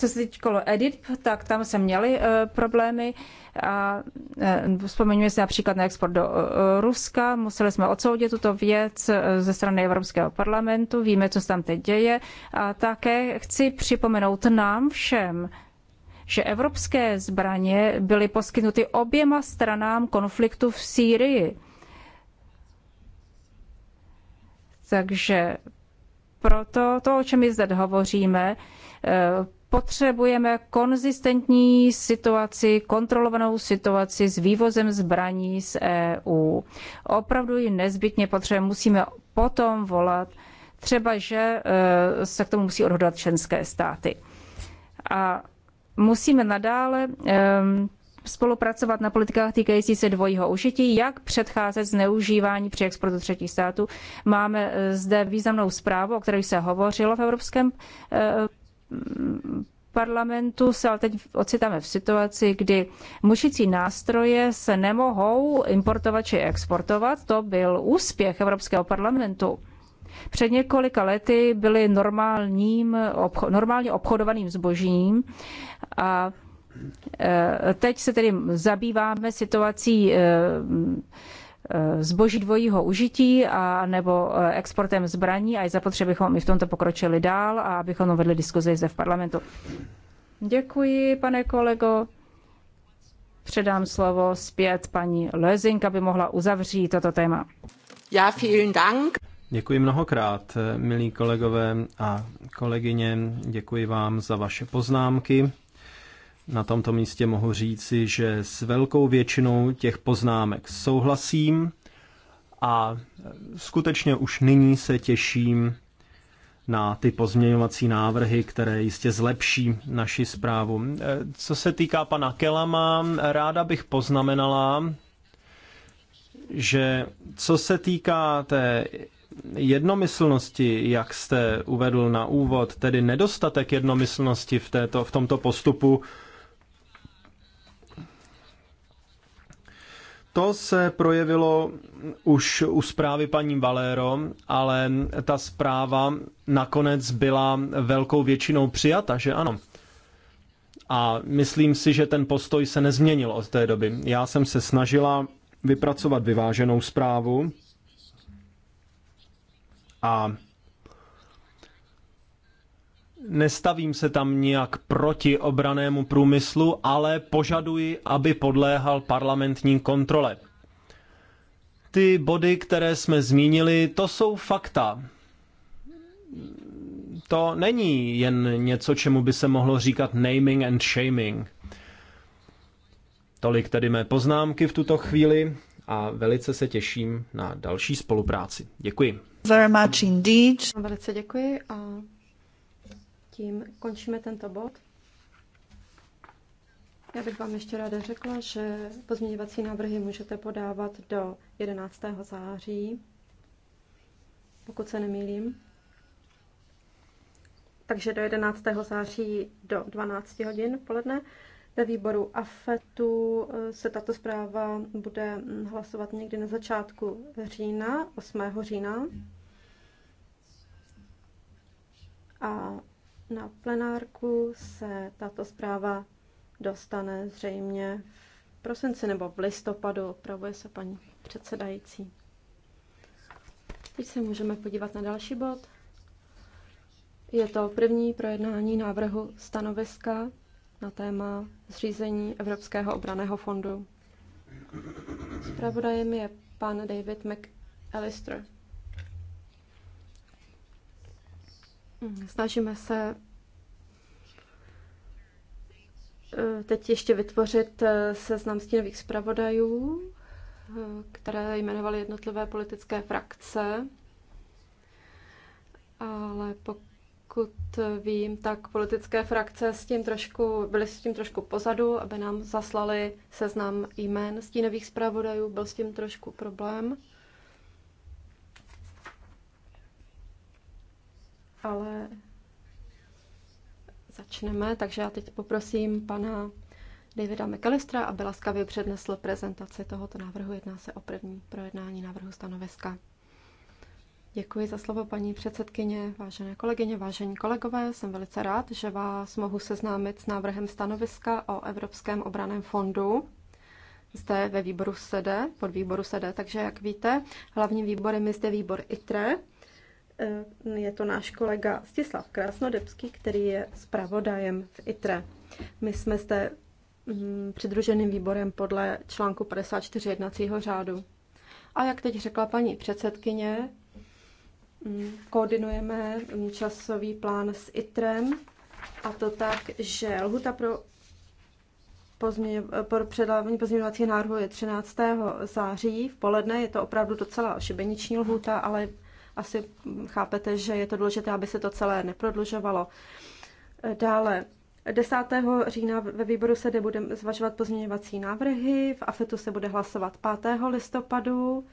co se týkalo edit, tak tam se měly e, problémy. A e, vzpomeňme si například na export do e, Ruska. Museli jsme odsoudit tuto věc ze strany Evropského parlamentu. Víme, co se tam teď děje. A také chci připomenout nám všem, že evropské zbraně byly poskytnuty oběma stranám konfliktu v Sýrii. Takže proto to, o čem my zde hovoříme, potřebujeme konzistentní situaci, kontrolovanou situaci s vývozem zbraní z EU. Opravdu ji nezbytně potřebujeme. Musíme potom volat, třeba že e, se k tomu musí odhodlat členské státy. A musíme nadále e, spolupracovat na politikách týkající se dvojího užití, jak předcházet zneužívání při exportu třetích států. Máme e, zde významnou zprávu, o které se hovořilo v Evropském parlamentu se ale teď ocitáme v situaci, kdy mušicí nástroje se nemohou importovat či exportovat. To byl úspěch Evropského parlamentu. Před několika lety byly normálním, obcho, normálně obchodovaným zbožím a e, Teď se tedy zabýváme situací e, Eh, zboží dvojího užití a nebo eh, exportem zbraní a je zapotřebí, abychom i v tomto pokročili dál a abychom vedli diskuzi zde v parlamentu. Děkuji, pane kolego. Předám slovo zpět paní Lezink, aby mohla uzavřít toto téma. Já vielen Dank. Děkuji mnohokrát, milí kolegové a kolegyně. Děkuji vám za vaše poznámky na tomto místě mohu říci, že s velkou většinou těch poznámek souhlasím a skutečně už nyní se těším na ty pozměňovací návrhy, které jistě zlepší naši zprávu. Co se týká pana Kelama, ráda bych poznamenala, že co se týká té jednomyslnosti, jak jste uvedl na úvod, tedy nedostatek jednomyslnosti v, této, v tomto postupu, To se projevilo už u zprávy paní Valero, ale ta zpráva nakonec byla velkou většinou přijata, že ano. A myslím si, že ten postoj se nezměnil od té doby. Já jsem se snažila vypracovat vyváženou zprávu a nestavím se tam nijak proti obranému průmyslu, ale požaduji, aby podléhal parlamentní kontrole. Ty body, které jsme zmínili, to jsou fakta. To není jen něco, čemu by se mohlo říkat naming and shaming. Tolik tedy mé poznámky v tuto chvíli a velice se těším na další spolupráci. Děkuji. Very much indeed. Velice děkuji a tím končíme tento bod. Já bych vám ještě ráda řekla, že pozměňovací návrhy můžete podávat do 11. září, pokud se nemýlím. Takže do 11. září do 12 hodin poledne. Ve výboru AFETu eh, se tato zpráva bude mm, hlasovat někdy na začátku října, 8. října. A na plenárku se tato zpráva dostane zřejmě v prosinci nebo v listopadu, opravuje se paní předsedající. Teď se můžeme podívat na další bod. Je to první projednání návrhu stanoviska na téma zřízení Evropského obraného fondu. Spravodajem je pan David McAllister. Mhm. Snažíme se eh, teď ještě vytvořit eh, seznam stínových zpravodajů, eh, které jmenovaly jednotlivé politické frakce. Ale pokud vím, tak politické frakce s tím trošku, byly s tím trošku pozadu, aby nám zaslali seznam jmén stínových zpravodajů, byl s tím trošku problém. ale začneme. Takže já teď poprosím pana Davida McAllistera, aby laskavě přednesl prezentaci tohoto návrhu. Jedná se o první projednání návrhu stanoviska. Děkuji za slovo, paní předsedkyně, vážené kolegyně, vážení kolegové. Jsem velice rád, že vás mohu seznámit s návrhem stanoviska o Evropském obraném fondu zde ve výboru SEDE, pod výboru SEDE. Takže, jak víte, hlavním výborem je zde výbor ITRE, Eh, je to náš kolega Stislav Krásnodebský, který je zpravodajem v ITRE. My jsme zde mm, přidruženým výborem podle článku 54 jednacího řádu. A jak teď řekla paní předsedkyně, mm, koordinujeme časový plán s ITREM a to tak, že lhuta pro pro předávání pozměňovacího návrhu je 13. září v poledne. Je to opravdu docela šibeniční lhůta, ale asi chápete, že je to důležité, aby se to celé neprodlužovalo. Dále 10. října ve výboru se budeme zvažovat pozměňovací návrhy, v AFETu se bude hlasovat 5. listopadu,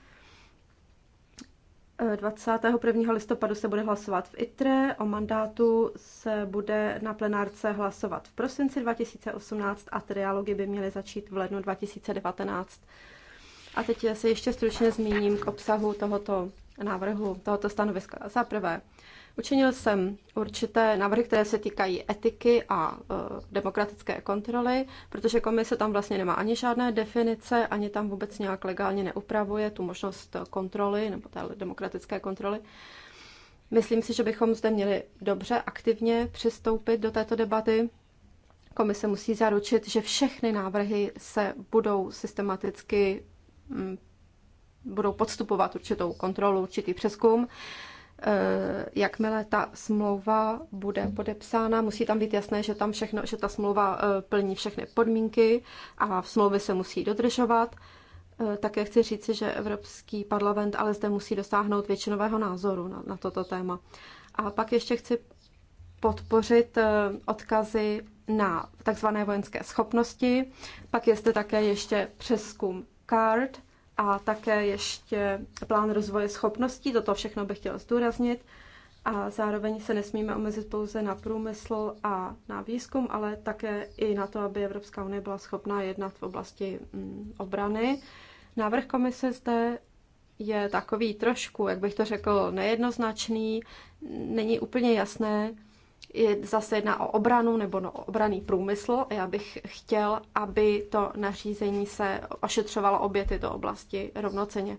21. listopadu se bude hlasovat v ITRE, o mandátu se bude na plenárce hlasovat v prosinci 2018 a triálogy by měly začít v lednu 2019. A teď se ještě stručně zmíním k obsahu tohoto návrhu tohoto stanoviska. Za prvé, učinil jsem určité návrhy, které se týkají etiky a uh, demokratické kontroly, protože komise tam vlastně nemá ani žádné definice, ani tam vůbec nějak legálně neupravuje tu možnost kontroly nebo té demokratické kontroly. Myslím si, že bychom zde měli dobře aktivně přistoupit do této debaty. Komise musí zaručit, že všechny návrhy se budou systematicky mm, budou podstupovat určitou kontrolu, určitý přeskum. E, jakmile ta smlouva bude podepsána, musí tam být jasné, že, tam všechno, že ta smlouva e, plní všechny podmínky a v smlouvy se musí dodržovat. E, také chci říci, že Evropský parlament ale zde musí dosáhnout většinového názoru na, na toto téma. A pak ještě chci podpořit odkazy na takzvané vojenské schopnosti. Pak je zde také ještě přeskum CARD, a také ještě plán rozvoje schopností, toto všechno bych chtěla zdůraznit. A zároveň se nesmíme omezit pouze na průmysl a na výzkum, ale také i na to, aby Evropská unie byla schopná jednat v oblasti mm, obrany. Návrh komise zde je takový trošku, jak bych to řekl, nejednoznačný. Není úplně jasné, je zase jedna o obranu nebo no, obraný průmysl. Já bych chtěl, aby to nařízení se ošetřovalo obě tyto oblasti rovnoceně.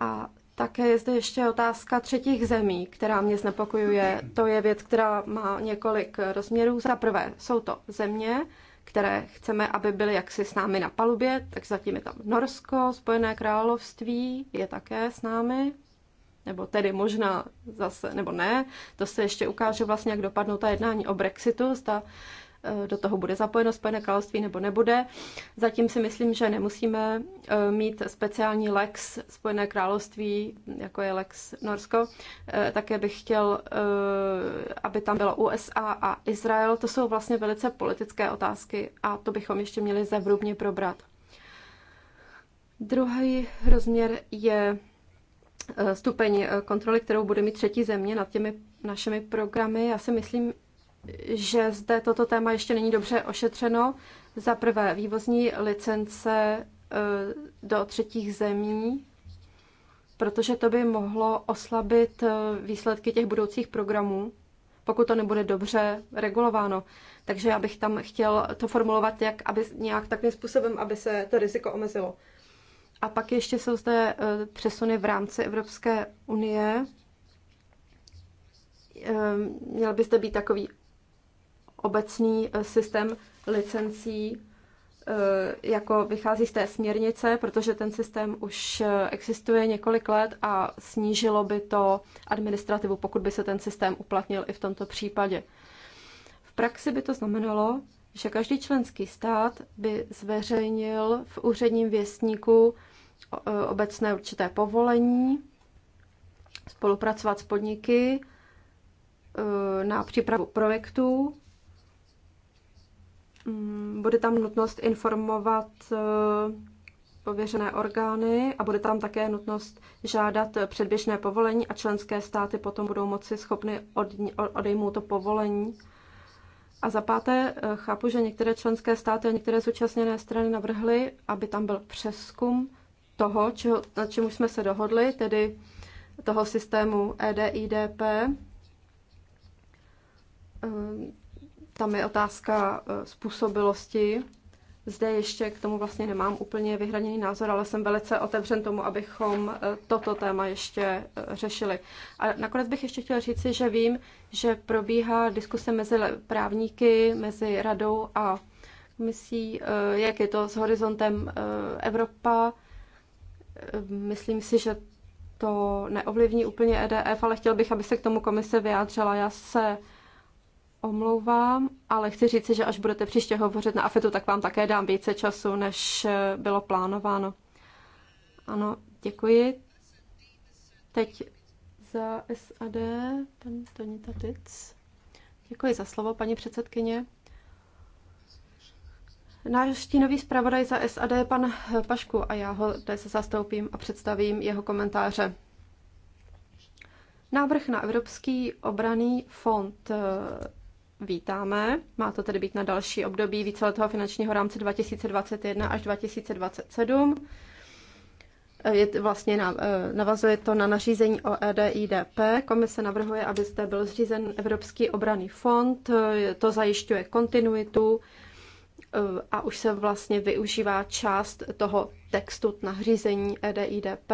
A také je zde ještě otázka třetích zemí, která mě znepokojuje. To je věc, která má několik rozměrů. Za prvé jsou to země, které chceme, aby byly jaksi s námi na palubě, tak zatím je tam Norsko, Spojené království je také s námi, nebo tedy možná zase, nebo ne, to se ještě ukáže vlastně, jak dopadnou ta jednání o Brexitu, zda e, do toho bude zapojeno Spojené království nebo nebude. Zatím si myslím, že nemusíme e, mít speciální lex Spojené království, jako je lex Norsko. E, také bych chtěl, aby tam bylo USA a Izrael. To jsou vlastně velice politické otázky a to bychom ještě měli zevrubně probrat. Druhý rozměr je Eh, stupeň eh, kontroly, kterou bude mít třetí země nad těmi našimi programy. Já si myslím, že zde toto téma ještě není dobře ošetřeno. Za prvé vývozní licence eh, do třetích zemí, protože to by mohlo oslabit výsledky těch budoucích programů, pokud to nebude dobře regulováno. Takže já bych tam chtěl to formulovat jak, aby nějak takovým způsobem, aby se to riziko omezilo. A pak ještě jsou zde eh, přesuny v rámci Evropské unie. Eh, měl by zde být takový obecný eh, systém licencí, jako vychází z té směrnice, protože ten systém už existuje několik let a snížilo by to administrativu, pokud by se ten systém uplatnil i v tomto případě. V praxi by to znamenalo, že každý členský stát by zveřejnil v úředním věstníku E, obecné určité povolení, spolupracovat s podniky e, na přípravu projektů. Mm, bude tam nutnost informovat e, pověřené orgány a bude tam také nutnost žádat předběžné povolení a členské státy potom budou moci schopny odejmout to povolení. A za páté, chápu, že některé členské státy a některé zúčastněné strany navrhly, aby tam byl přeskum toho, čeho, na čem už jsme se dohodli, tedy toho systému EDIDP. Ehm, tam je otázka e, způsobilosti. Zde ještě k tomu vlastně nemám úplně vyhraněný názor, ale jsem velice otevřen tomu, abychom e, toto téma ještě e, řešili. A nakonec bych ještě chtěla říci, že vím, že probíhá diskuse mezi právníky, mezi radou a komisí, jak je to s horizontem Evropa Myslím si, že to neovlivní úplně EDF, ale chtěl bych, aby se k tomu komise vyjádřila. Já se omlouvám, ale chci říct, že až budete příště hovořit na AFETu, tak vám také dám více času, než bylo plánováno. Ano, děkuji. Teď za SAD, pan Tonita Tic. Děkuji za slovo, paní předsedkyně. Náš stínový zpravodaj za SAD je pan Pašku a já ho dnes zastoupím a představím jeho komentáře. Návrh na Evropský obraný fond eh, vítáme. Má to tedy být na další období víceletého finančního rámce 2021 až 2027. Eh, je vlastně eh, navazuje to na nařízení o EDIDP. Komise navrhuje, aby zde byl zřízen Evropský obraný fond. To zajišťuje kontinuitu a už se vlastně využívá část toho textu na řízení EDIDP,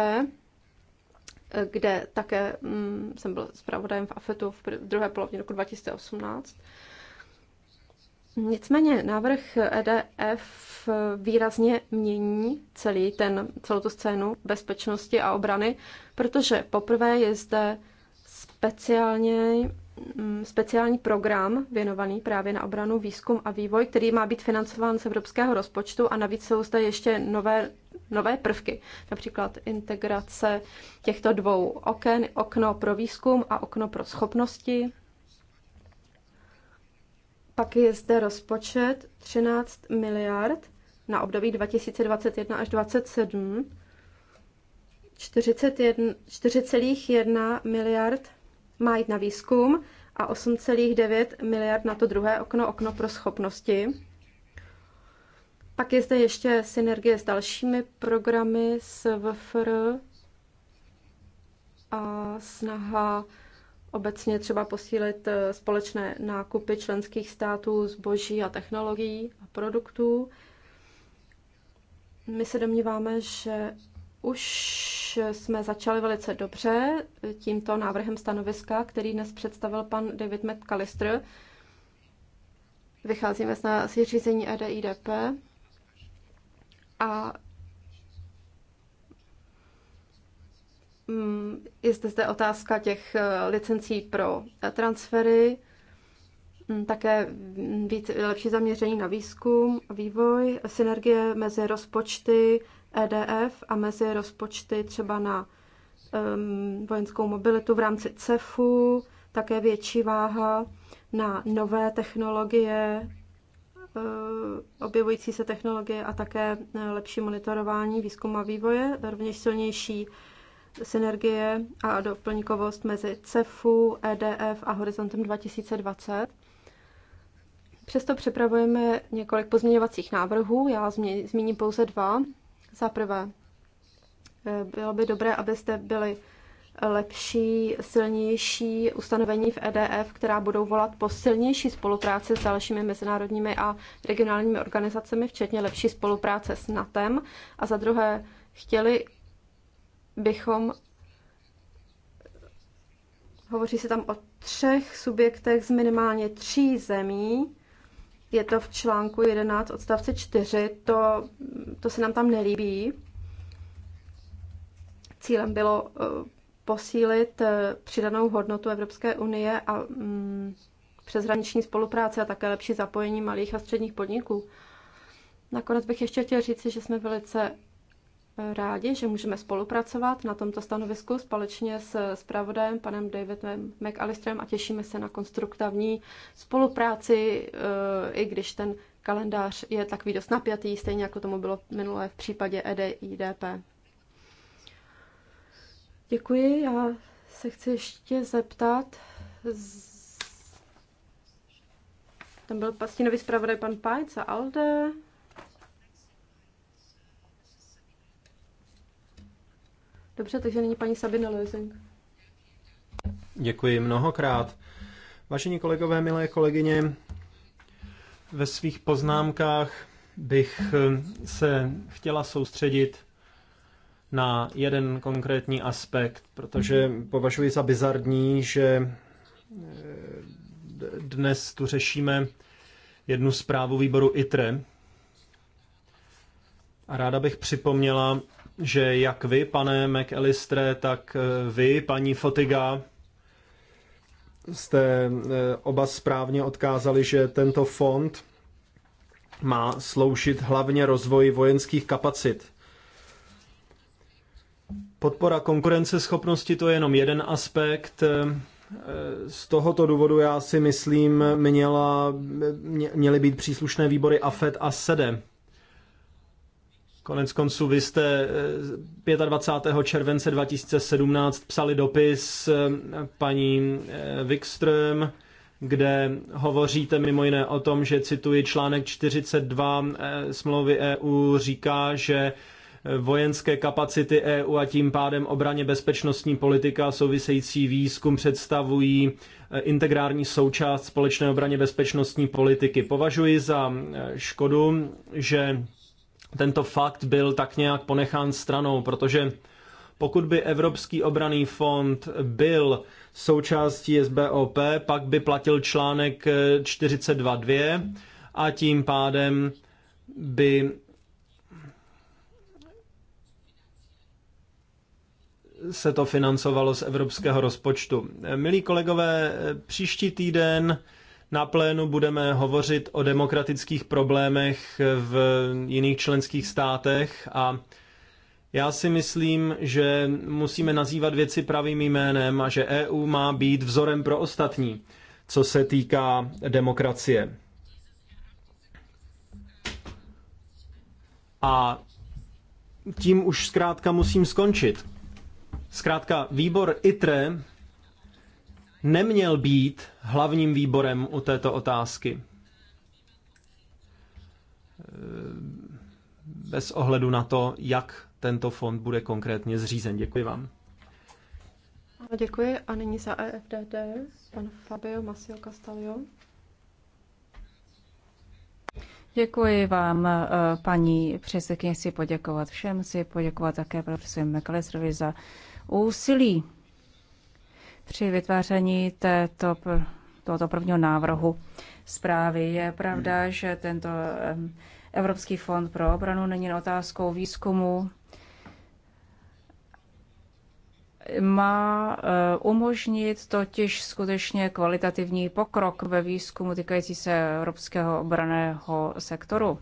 kde také mm, jsem byl zpravodajem v AFETu v druhé polovině roku 2018. Nicméně návrh EDF výrazně mění celý ten, celou tu scénu bezpečnosti a obrany, protože poprvé je zde speciálně Mm, speciální program věnovaný právě na obranu, výzkum a vývoj, který má být financován z evropského rozpočtu a navíc jsou zde ještě nové, nové prvky, například integrace těchto dvou oken, okno pro výzkum a okno pro schopnosti. Pak je zde rozpočet 13 miliard na období 2021 až 2027, 4,1 miliard má jít na výzkum a 8,9 miliard na to druhé okno, okno pro schopnosti. Pak je zde ještě synergie s dalšími programy s VFR a snaha obecně třeba posílit eh, společné nákupy členských států zboží a technologií a produktů. My se domníváme, že už jsme začali velice dobře tímto návrhem stanoviska, který dnes představil pan David McAllister. Vycházíme z řízení EDIDP a mm, je zde, zde otázka těch eh, licencí pro eh, transfery, mm, také víc, lepší zaměření na výzkum, vývoj, synergie mezi rozpočty EDF a mezi rozpočty třeba na um, vojenskou mobilitu v rámci CEFu, také větší váha na nové technologie, e, objevující se technologie a také e, lepší monitorování výzkumu a vývoje, rovněž silnější synergie a doplňkovost mezi CEFu, EDF a Horizontem 2020. Přesto připravujeme několik pozměňovacích návrhů, já zmíním pouze dva. Za prvé, eh, bylo by dobré, abyste byli lepší, silnější ustanovení v EDF, která budou volat po silnější spolupráci s dalšími mezinárodními a regionálními organizacemi, včetně lepší spolupráce s NATEM. A za druhé, chtěli bychom Hovoří se tam o třech subjektech z minimálně tří zemí, je to v článku 11 odstavce 4, to, to se nám tam nelíbí. Cílem bylo eh, posílit eh, přidanou hodnotu Evropské unie a mm, přeshraniční spolupráce a také lepší zapojení malých a středních podniků. Nakonec bych ještě chtěl říci, že jsme velice rádi, že můžeme spolupracovat na tomto stanovisku společně s zpravodajem panem Davidem McAllisterem a těšíme se na konstruktivní spolupráci, e, i když ten kalendář je takový dost napjatý, stejně jako tomu bylo minulé v případě EDIDP. Děkuji, já se chci ještě zeptat. Tam byl pastinový zpravodaj pan Pajc Alde. Dobře, takže nyní paní Sabina Lozing. Děkuji mnohokrát. Vážení kolegové, milé kolegyně, ve svých poznámkách bych eh, se chtěla soustředit na jeden konkrétní aspekt, protože považuji za bizarní, že eh, dnes tu řešíme jednu zprávu výboru ITRE. A ráda bych připomněla, že jak vy, pane McAllistre, tak eh, vy, paní Fotiga, jste eh, oba správně odkázali, že tento fond má sloužit hlavně rozvoji vojenských kapacit. Podpora konkurenceschopnosti to je jenom jeden aspekt. Eh, z tohoto důvodu já si myslím, měla, měly být příslušné výbory AFED a SEDE. Konec konců vy jste 25. Eh, července 2017 psali dopis eh, paní eh, Wikström, kde hovoříte mimo jiné o tom, že cituji článek 42 smlouvy EU říká, že vojenské kapacity EU a tím pádem obraně bezpečnostní politika a související výzkum představují integrální součást společné obraně bezpečnostní politiky. Považuji za škodu, že tento fakt byl tak nějak ponechán stranou, protože pokud by Evropský obraný fond byl součástí SBOP, pak by platil článek 42.2 a tím pádem by se to financovalo z evropského rozpočtu. Milí kolegové, příští týden na plénu budeme hovořit o demokratických problémech v jiných členských státech a já si myslím, že musíme nazývat věci pravým jménem a že EU má být vzorem pro ostatní, co se týká demokracie. A tím už zkrátka musím skončit. Zkrátka, výbor ITRE neměl být hlavním výborem u této otázky. Eh, bez ohledu na to, jak tento fond bude konkrétně zřízen. Děkuji vám. No, děkuji. A nyní za EFDD pan Fabio Masio Castalio. Děkuji vám, eh, paní předsedkyně, si poděkovat všem, si poděkovat také profesorovi McAllisterovi za úsilí při vytváření této, tohoto prvního návrhu zprávy. Je pravda, že tento Evropský fond pro obranu není otázkou výzkumu. Má eh, umožnit totiž skutečně kvalitativní pokrok ve výzkumu týkající se evropského obraného sektoru.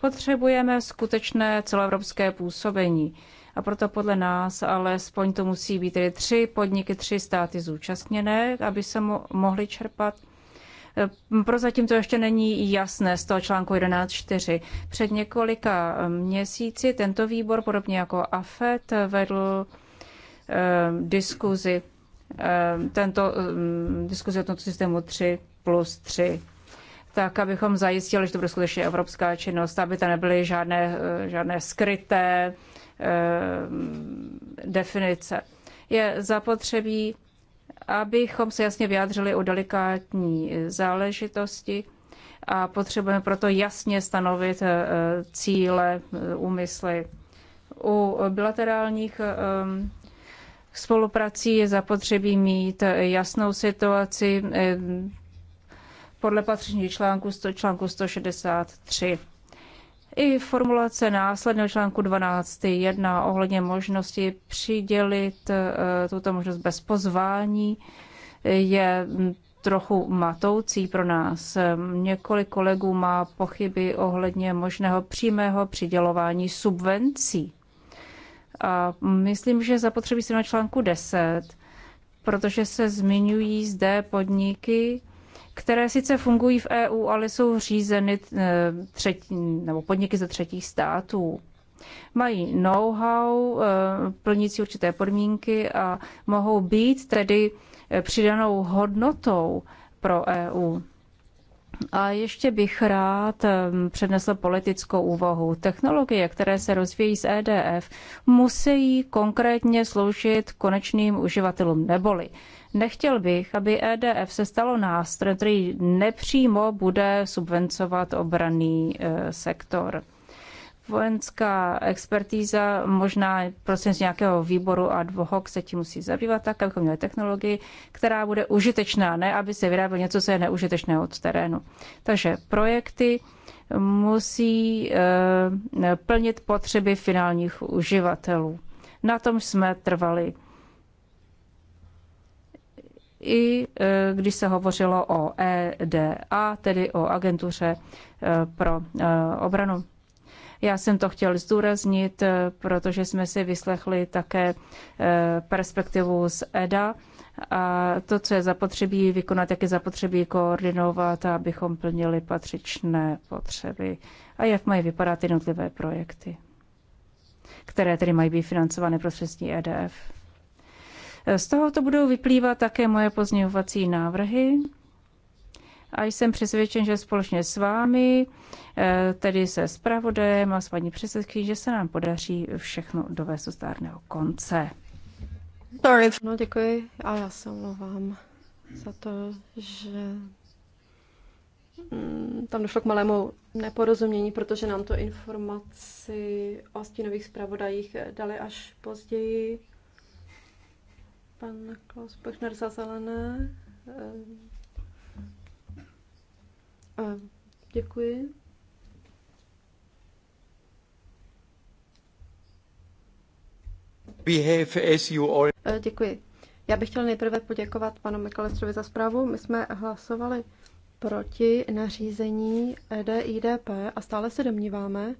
Potřebujeme skutečné celoevropské působení a proto podle nás alespoň to musí být tedy tři podniky, tři státy zúčastněné, aby se mo- mohly čerpat. E, prozatím to ještě není jasné z toho článku 11.4. Před několika e, měsíci tento výbor, podobně jako AFET, vedl eh, diskuzi, eh, tento, eh, diskuzi o tomto systému 3 plus 3 tak abychom zajistili, že to bude skutečně evropská činnost, aby tam nebyly žádné, e, žádné skryté Eh, definice. Je zapotřebí, abychom se jasně vyjádřili o delikátní záležitosti a potřebujeme proto jasně stanovit eh, cíle, eh, úmysly. U bilaterálních spoluprací je zapotřebí mít jasnou situaci podle patření článku, článku 163. I formulace následného článku 12.1 ohledně možnosti přidělit eh, tuto možnost bez pozvání je mm, trochu matoucí pro nás. Několik kolegů má pochyby ohledně možného přímého přidělování subvencí. A myslím, že zapotřebí se na článku 10, protože se zmiňují zde podniky, které sice fungují v EU, ale jsou řízeny eh, třetí, nebo podniky ze třetích států. Mají know-how, eh, plnící určité podmínky a mohou být tedy eh, přidanou hodnotou pro EU. A ještě bych rád přednesl politickou úvahu. Technologie, které se rozvíjí z EDF, musí konkrétně sloužit konečným uživatelům neboli. Nechtěl bych, aby EDF se stalo nástrojem, který nepřímo bude subvencovat obranný e, sektor. Vojenská expertíza možná z nějakého výboru a dvohok se tím musí zabývat tak, abychom měli technologii, která bude užitečná, ne aby se vyrábělo něco, co je neužitečné od terénu. Takže projekty musí eh, plnit potřeby finálních uživatelů. Na tom jsme trvali. I eh, když se hovořilo o EDA, tedy o agentuře eh, pro obranu. Já jsem to chtěl zdůraznit, eh, protože jsme si vyslechli také eh, perspektivu z EDA a to, co je zapotřebí vykonat, jak je zapotřebí koordinovat, abychom plnili patřičné potřeby a jak mají vypadat jednotlivé projekty, které tedy mají být financované prostřednictvím EDF. Eh, z toho to budou vyplývat také moje pozměňovací návrhy a jsem přesvědčen, že společně s vámi, eh, tedy se zpravodajem a s paní předsedky, že se nám podaří všechno dovést do zdárného konce. Sorry. No děkuji a já se omlouvám za to, že mm, tam došlo k malému neporozumění, protože nám to informaci o stínových zpravodajích dali až později. Pan Klaus Pechner za zelené ehm, Děkuji. E, děkuji. Já bych chtěl nejprve poděkovat panu Mikalestrovi za zprávu. My jsme hlasovali proti nařízení EDIDP a stále se domníváme,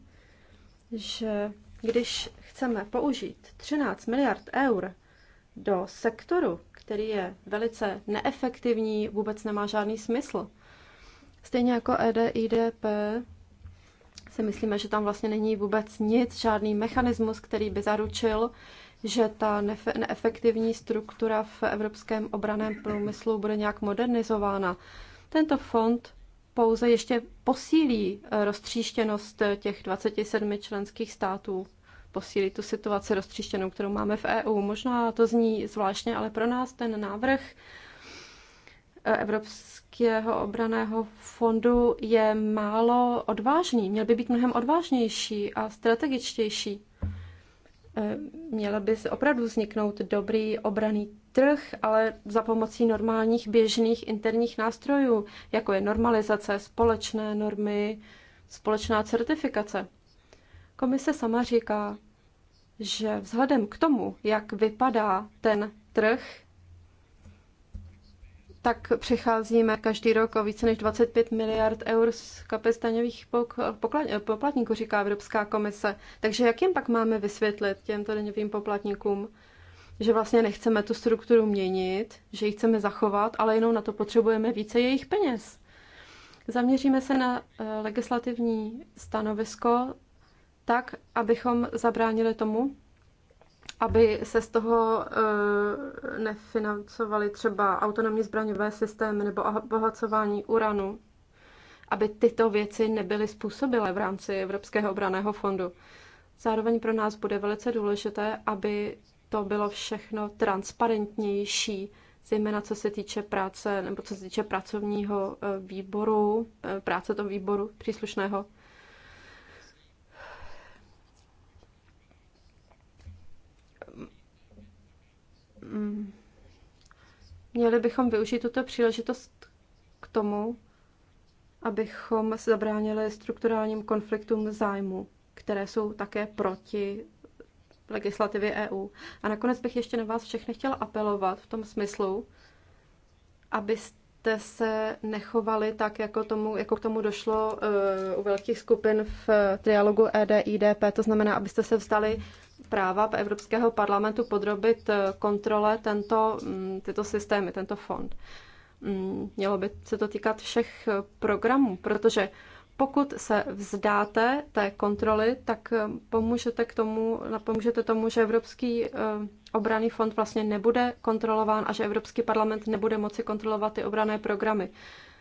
že když chceme použít 13 miliard eur do sektoru, který je velice neefektivní, vůbec nemá žádný smysl, Stejně jako EDIDP si myslíme, že tam vlastně není vůbec nic, žádný mechanismus, který by zaručil, že ta neefektivní struktura v evropském obraném průmyslu bude nějak modernizována. Tento fond pouze ještě posílí eh, roztříštěnost eh, těch 27 členských států, posílí tu situaci roztříštěnou, kterou máme v EU. Možná to zní zvláštně, ale pro nás ten návrh Evropského obraného fondu je málo odvážný. Měl by být mnohem odvážnější a strategičtější. Eh, měla by se opravdu vzniknout dobrý obraný trh, ale za pomocí normálních běžných interních nástrojů, jako je normalizace, společné normy, společná certifikace. Komise sama říká, že vzhledem k tomu, jak vypadá ten trh, tak přecházíme každý rok o více než 25 miliard eur z kapes daňových poplatníků, říká Evropská komise. Takže jak jim pak máme vysvětlit těmto daňovým poplatníkům, že vlastně nechceme tu strukturu měnit, že ji chceme zachovat, ale jenom na to potřebujeme více jejich peněz? Zaměříme se na eh, legislativní stanovisko tak, abychom zabránili tomu, aby se z toho eh, nefinancovaly třeba autonomní zbraňové systémy nebo obohacování uranu, aby tyto věci nebyly způsobilé v rámci Evropského obraného fondu. Zároveň pro nás bude velice důležité, aby to bylo všechno transparentnější, zejména co se týče práce nebo co se týče pracovního eh, výboru, eh, práce toho výboru příslušného. Mm. měli bychom využít tuto příležitost k tomu, abychom zabránili strukturálním konfliktům zájmu, které jsou také proti legislativě EU. A nakonec bych ještě na vás všechny chtěla apelovat v tom smyslu, abyste se nechovali tak, jako, tomu, jako k tomu došlo uh, u velkých skupin v eh, trialogu EDIDP, to znamená, abyste se vzdali práva Evropského parlamentu podrobit eh, kontrole tento, mm, tyto systémy, tento fond. Mm, mělo by se to týkat všech eh, programů, protože pokud se vzdáte té kontroly, tak eh, pomůžete, k tomu, pomůžete tomu, že Evropský obraný fond vlastně nebude kontrolován a že Evropský parlament nebude moci kontrolovat ty obrané programy.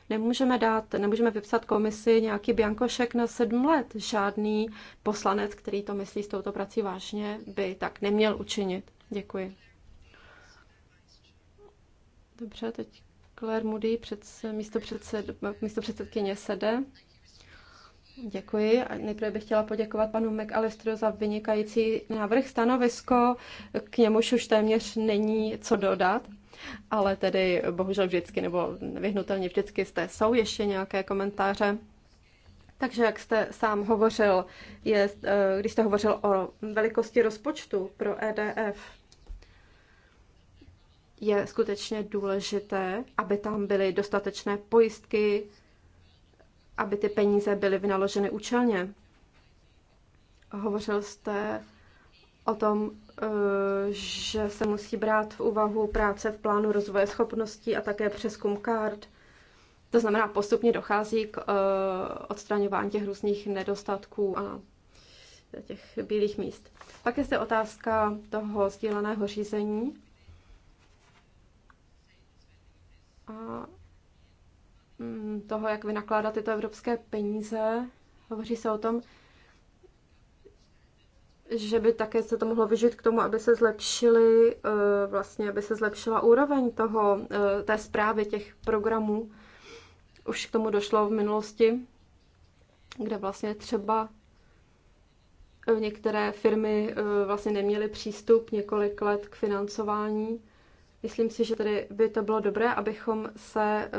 Nemůžeme dát, nemůžeme vypsat komisi nějaký biankošek na sedm let. Žádný poslanec, který to myslí s touto prací vážně, by tak neměl učinit. Děkuji. Dobře, teď Claire Moody, před, místo, předsed, místo předsedkyně sede. Děkuji. A nejprve bych chtěla poděkovat panu McAllisteru za vynikající návrh stanovisko. K němuž už téměř není co dodat ale tedy bohužel vždycky nebo nevyhnutelně vždycky jste, jsou ještě nějaké komentáře. Takže jak jste sám hovořil, je, eh, když jste hovořil o velikosti rozpočtu pro EDF, je skutečně důležité, aby tam byly dostatečné pojistky, aby ty peníze byly vynaloženy účelně. Hovořil jste o tom, eh, že se musí brát v úvahu práce v plánu rozvoje schopností a také přeskum kart. To znamená, postupně dochází k eh, odstraňování těch různých nedostatků a těch bílých míst. Pak je zde otázka toho sdíleného řízení. A mm, toho, jak vynakládat tyto evropské peníze. Hovoří se o tom, že by také se to mohlo vyžít k tomu, aby se zlepšily, eh, vlastně, aby se zlepšila úroveň toho, eh, té zprávy těch programů. Už k tomu došlo v minulosti, kde vlastně třeba eh, některé firmy vlastně neměly přístup několik let k financování. Myslím si, že tady by to bylo dobré, abychom se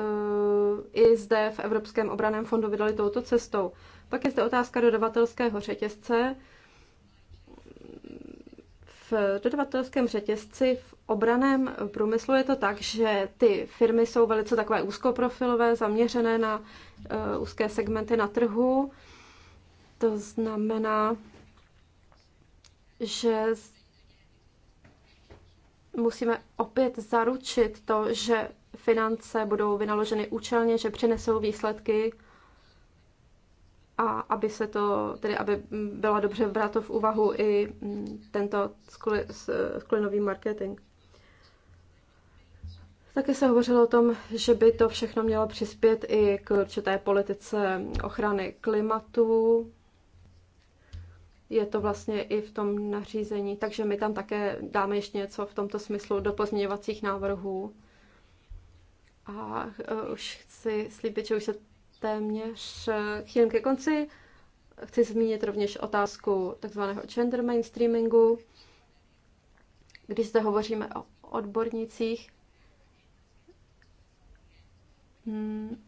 i zde v Evropském obraném fondu vydali touto cestou. Pak je zde otázka dodavatelského řetězce dodavatelském řetězci v obraném průmyslu je to tak, že ty firmy jsou velice takové úzkoprofilové, zaměřené na eh, úzké segmenty na trhu. To znamená, že musíme opět zaručit to, že finance budou vynaloženy účelně, že přinesou výsledky a aby se to, tedy aby byla dobře vbrato v úvahu i mm, tento sklinový marketing. Také se hovořilo o tom, že by to všechno mělo přispět i k určité politice ochrany klimatu. Je to vlastně i v tom nařízení, takže my tam také dáme ještě něco v tomto smyslu do pozměňovacích návrhů. A e, už chci slíbit, že už se téměř eh, chýlím ke konci. Chci zmínit rovněž otázku takzvaného gender mainstreamingu. Když zde hovoříme o odbornicích, hmm,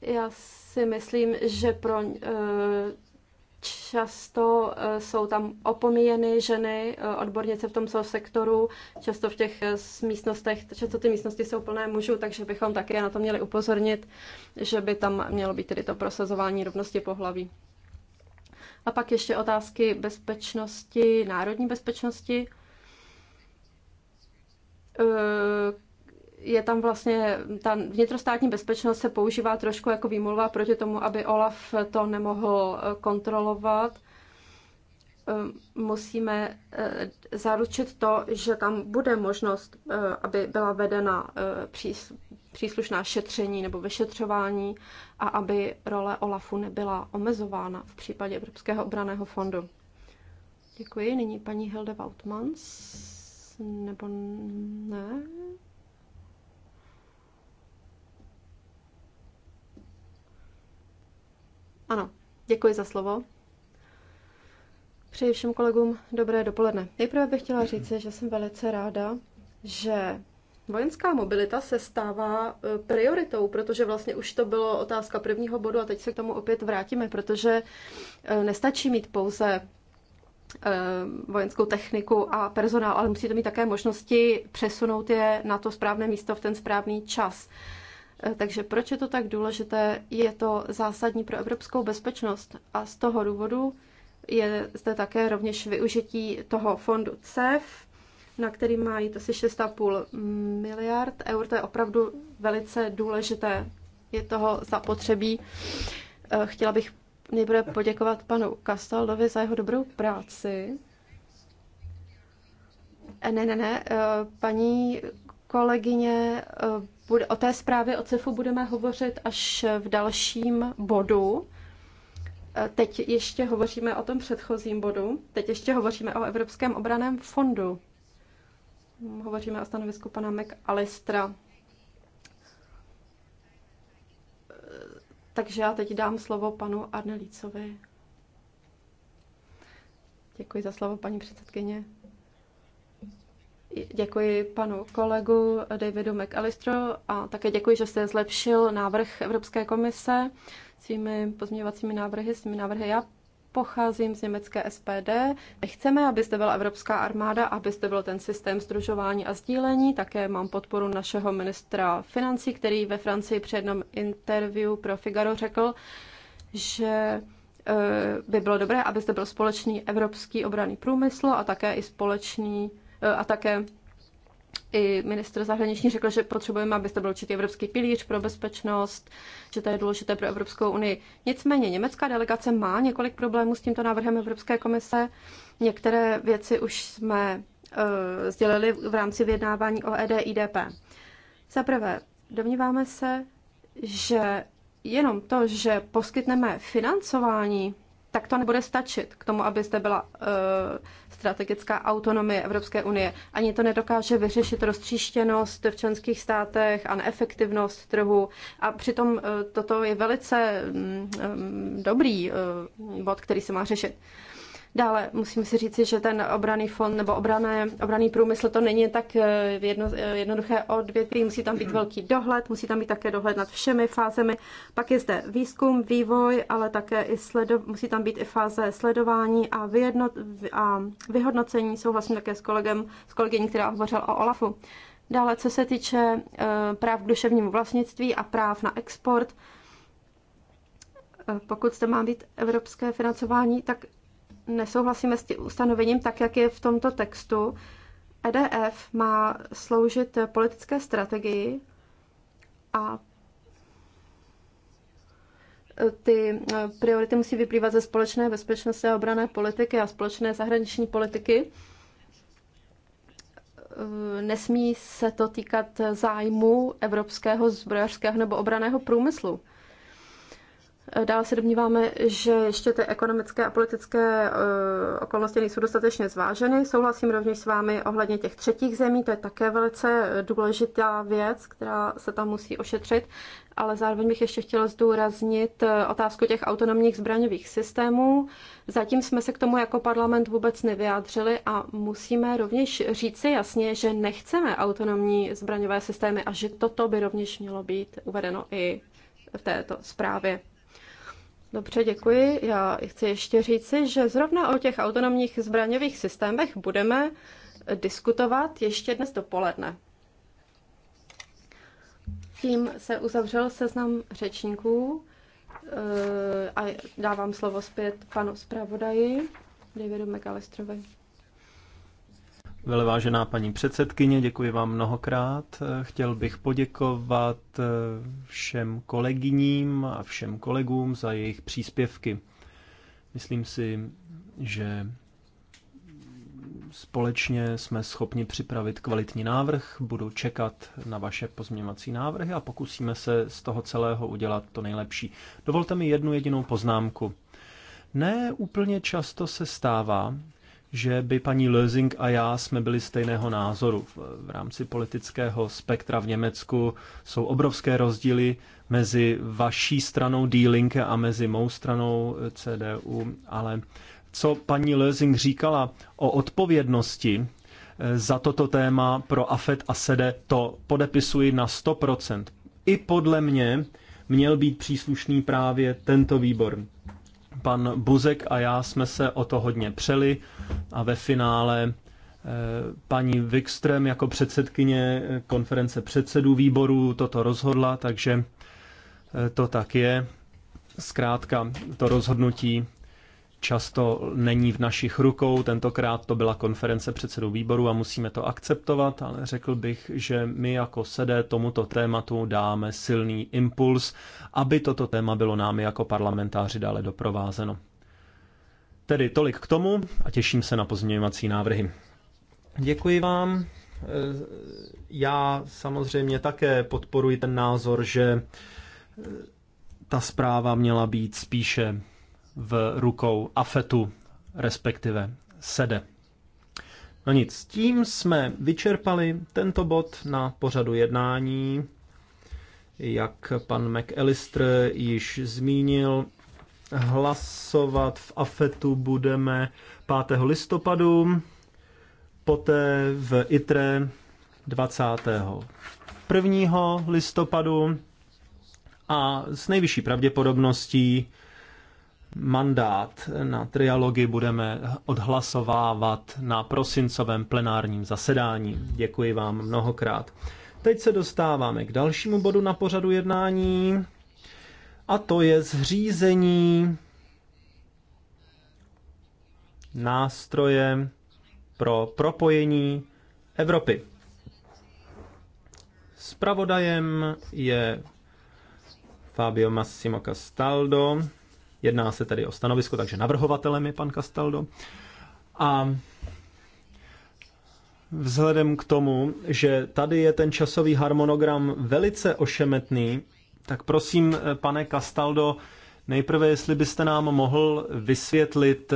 já si myslím, že pro eh, Často eh, jsou tam opomíjeny ženy, eh, odbornice v tom jsou sektoru, často v těch eh, místnostech, často ty místnosti jsou plné mužů, takže bychom také na to měli upozornit, že by tam mělo být tedy to prosazování rovnosti pohlaví. A pak ještě otázky bezpečnosti, národní bezpečnosti je tam vlastně, ta vnitrostátní bezpečnost se používá trošku jako výmluva proti tomu, aby Olaf to nemohl eh, kontrolovat. Eh, musíme eh, zaručit to, že tam bude možnost, aby byla vedena příslušná šetření nebo vyšetřování a aby role Olafu nebyla omezována v případě Evropského obraného fondu. Děkuji. Nyní paní Hilde Vautmans. Nebo ne? Ano, děkuji za slovo. Přeji všem kolegům dobré dopoledne. Nejprve bych chtěla říct, že jsem velice ráda, že vojenská mobilita se stává e, prioritou, protože vlastně už to bylo otázka prvního bodu a teď se k tomu opět vrátíme, protože e, nestačí mít pouze e, vojenskou techniku a personál, ale musíte mít také možnosti přesunout je na to správné místo v ten správný čas. Eh, takže proč je to tak důležité? Je to zásadní pro evropskou bezpečnost a z toho důvodu je zde také rovněž využití toho fondu CEF, na který má jít asi 6,5 miliard eur. To je opravdu velice důležité. Je toho zapotřebí. Eh, chtěla bych nejprve poděkovat panu Kastaldovi za jeho dobrou práci. Eh, ne, ne, ne, paní kolegyně O té zprávě o CEFu budeme hovořit až v dalším bodu. E, teď ještě hovoříme o tom předchozím bodu. Teď ještě hovoříme o Evropském obraném fondu. Hovoříme o stanovisku pana Alistra. E, takže já teď dám slovo panu Arnelícovi. Děkuji za slovo, paní předsedkyně. Děkuji panu kolegu Davidu McAllistro a také děkuji, že jste zlepšil návrh Evropské komise svými pozměňovacími návrhy, svými návrhy. Já pocházím z německé SPD. chceme, abyste byla Evropská armáda, abyste byl ten systém združování a sdílení. Také mám podporu našeho ministra financí, který ve Francii při jednom interview pro Figaro řekl, že eh, by bylo dobré, abyste byl společný evropský obranný průmysl a také i společný Eh, a také i ministr zahraniční řekl, že potřebujeme, aby to byl určitý evropský pilíř pro bezpečnost, že to je důležité pro Evropskou unii. Nicméně německá delegace má několik problémů s tímto návrhem Evropské komise. Některé věci už jsme uh, sdělili v rámci vyjednávání o EDIDP. Za prvé, domníváme se, že jenom to, že poskytneme financování tak to nebude stačit k tomu, aby zde byla uh, strategická autonomie Evropské unie. Ani to nedokáže vyřešit roztříštěnost v členských státech a neefektivnost trhu. A přitom uh, toto je velice um, dobrý uh, bod, který se má řešit. Uh, Dále musím si říci, že ten obraný fond nebo obrané, obraný průmysl to není tak eh, jedno, eh, jednoduché odvětví. Musí tam být velký dohled, musí tam být také dohled nad všemi fázemi. Pak je zde výzkum, vývoj, ale také i sledo, musí tam být i fáze sledování a, vyjedno, a vyhodnocení. Souhlasím také s kolegem, s kolegyní, která hovořila o OLAFu. Dále, co se týče eh, práv k duševnímu vlastnictví a práv na export, pokud zde má být evropské financování, tak nesouhlasíme s tím ustanovením tak, jak je v tomto textu. EDF má sloužit politické strategii a ty priority musí vyplývat ze společné bezpečnosti a obrané politiky a společné zahraniční politiky. Nesmí se to týkat zájmu evropského zbrojařského nebo obraného průmyslu. Eh, dále se domníváme, že ještě ty ekonomické a politické eh, okolnosti nejsou dostatečně zváženy. Souhlasím rovněž s vámi ohledně těch třetích zemí, to je také velice eh, důležitá věc, která se tam musí ošetřit, ale zároveň bych ještě chtěla zdůraznit otázku těch autonomních zbraňových systémů. Zatím jsme se k tomu jako parlament vůbec nevyjádřili a musíme rovněž říci jasně, že nechceme autonomní zbraňové systémy a že toto by rovněž mělo být uvedeno i v této zprávě. Dobře, děkuji. Já chci ještě říci, že zrovna o těch autonomních zbraňových systémech budeme diskutovat ještě dnes dopoledne. Tím se uzavřel seznam řečníků eh, a dávám slovo zpět panu zpravodaji Davidu McAllisterovi. Velevážená paní předsedkyně, děkuji vám mnohokrát. Chtěl bych poděkovat eh, všem kolegyním a všem kolegům za jejich příspěvky. Myslím si, že společně jsme schopni připravit kvalitní návrh. Budu čekat na vaše pozměňovací návrhy a pokusíme se z toho celého udělat to nejlepší. Dovolte mi jednu jedinou poznámku. Ne úplně často se stává, že by paní Lösing a já jsme byli stejného názoru. V rámci politického spektra v Německu jsou obrovské rozdíly mezi vaší stranou Die Linke a mezi mou stranou CDU, ale co paní Lösing říkala o odpovědnosti eh, za toto téma pro AFET a SEDE, to podepisuji na 100%. I podle mě měl být příslušný právě tento výbor. Pan Buzek a já jsme se o to hodně přeli a ve finále eh, paní Wikström jako předsedkyně eh, konference předsedů výboru toto rozhodla, takže eh, to tak je. Zkrátka to rozhodnutí často není v našich rukou. Tentokrát to byla konference předsedů výboru a musíme to akceptovat, ale řekl bych, že my jako sedé tomuto tématu dáme silný impuls, aby toto téma bylo námi jako parlamentáři dále doprovázeno. Tedy tolik k tomu a těším se na pozměňovací návrhy. Děkuji vám. Eh, já samozřejmě také podporuji ten názor, že eh, ta zpráva měla být spíše v rukou AFETu, respektive SEDE. No nic, tím jsme vyčerpali tento bod na pořadu jednání. Jak pan McAllister již zmínil, hlasovat v AFETu budeme 5. listopadu, poté v ITRE 21. listopadu a s nejvyšší pravděpodobností mandát na trialogy budeme odhlasovávat na prosincovém plenárním zasedání. Děkuji vám mnohokrát. Teď se dostáváme k dalšímu bodu na pořadu jednání a to je zřízení nástroje pro propojení Evropy. Spravodajem je Fabio Massimo Castaldo Jedná se tedy o stanovisko, takže navrhovatelem je pan Castaldo. A vzhledem k tomu, že tady je ten časový harmonogram velice ošemetný, tak prosím, pane Castaldo, nejprve, jestli byste nám mohl vysvětlit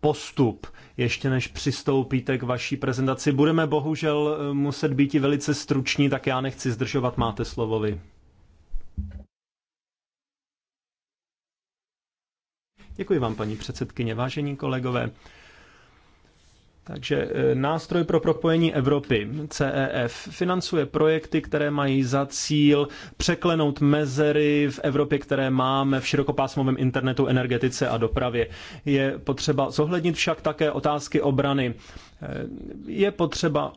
postup, ještě než přistoupíte k vaší prezentaci. Budeme bohužel muset být i velice struční, tak já nechci zdržovat, máte slovo vy. Děkuji vám, paní předsedkyně, vážení kolegové. Takže eh, nástroj pro propojení Evropy, CEF, financuje projekty, které mají za cíl překlenout mezery v Evropě, které máme v širokopásmovém internetu, energetice a dopravě. Je potřeba zohlednit však také otázky obrany. Eh, je potřeba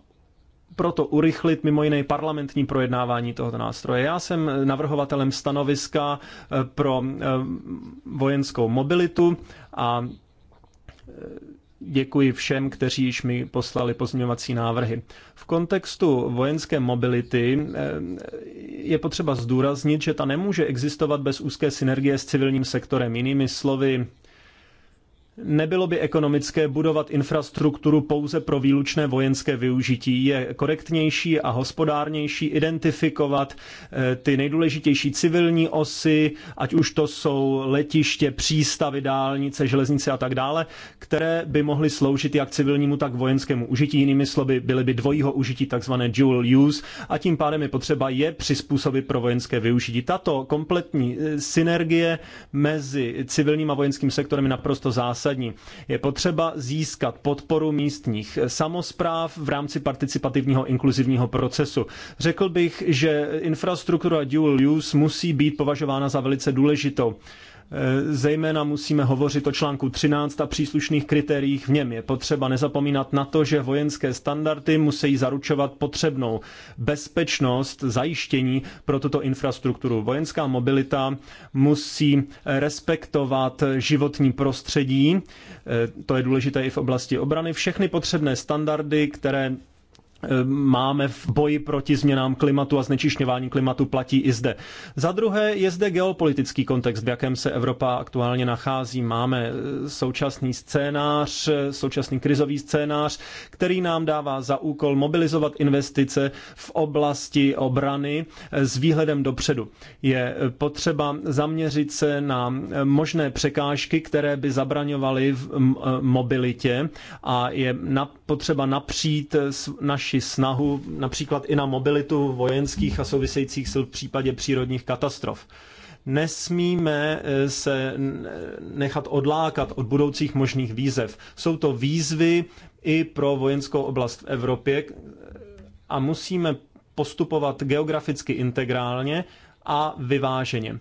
proto urychlit mimo jiné parlamentní projednávání tohoto nástroje. Já jsem navrhovatelem stanoviska eh, pro eh, vojenskou mobilitu a eh, děkuji všem, kteří již mi poslali pozměňovací návrhy. V kontextu vojenské mobility je potřeba zdůraznit, že ta nemůže existovat bez úzké synergie s civilním sektorem. Jinými slovy, Nebylo by ekonomické budovat infrastrukturu pouze pro výlučné vojenské využití. Je korektnější a hospodárnější identifikovat eh, ty nejdůležitější civilní osy, ať už to jsou letiště, přístavy, dálnice, železnice a tak dále, které by mohly sloužit jak civilnímu, tak vojenskému užití. Jinými slovy, byly by dvojího užití, takzvané dual use, a tím pádem je potřeba je přizpůsobit pro vojenské využití. Tato kompletní eh, synergie mezi civilním a vojenským sektorem je naprosto zásadní zásadní. Je potřeba získat podporu místních samozpráv v rámci participativního inkluzivního procesu. Řekl bych, že infrastruktura dual use musí být považována za velice důležitou. Eh, zejména musíme hovořit o článku 13 a příslušných kritériích v něm. Je potřeba nezapomínat na to, že vojenské standardy musí zaručovat potřebnou bezpečnost, zajištění pro tuto infrastrukturu. Vojenská mobilita musí respektovat životní prostředí, eh, to je důležité i v oblasti obrany, všechny potřebné standardy, které Eh, máme v boji proti změnám klimatu a znečišťování klimatu platí i zde. Za druhé je zde geopolitický kontext, v jakém se Evropa aktuálně nachází. Máme eh, současný scénář, eh, současný krizový scénář, který nám dává za úkol mobilizovat investice v oblasti obrany s výhledem dopředu. Je potřeba zaměřit se na možné překážky, které by zabraňovaly v mobilitě a je na potřeba napřít eh, naši snahu například i na mobilitu vojenských a souvisejících sil v případě přírodních katastrof. Nesmíme eh, se eh, nechat odlákat od budoucích možných výzev. Jsou to výzvy i pro vojenskou oblast v Evropě a musíme postupovat geograficky integrálně a vyváženě.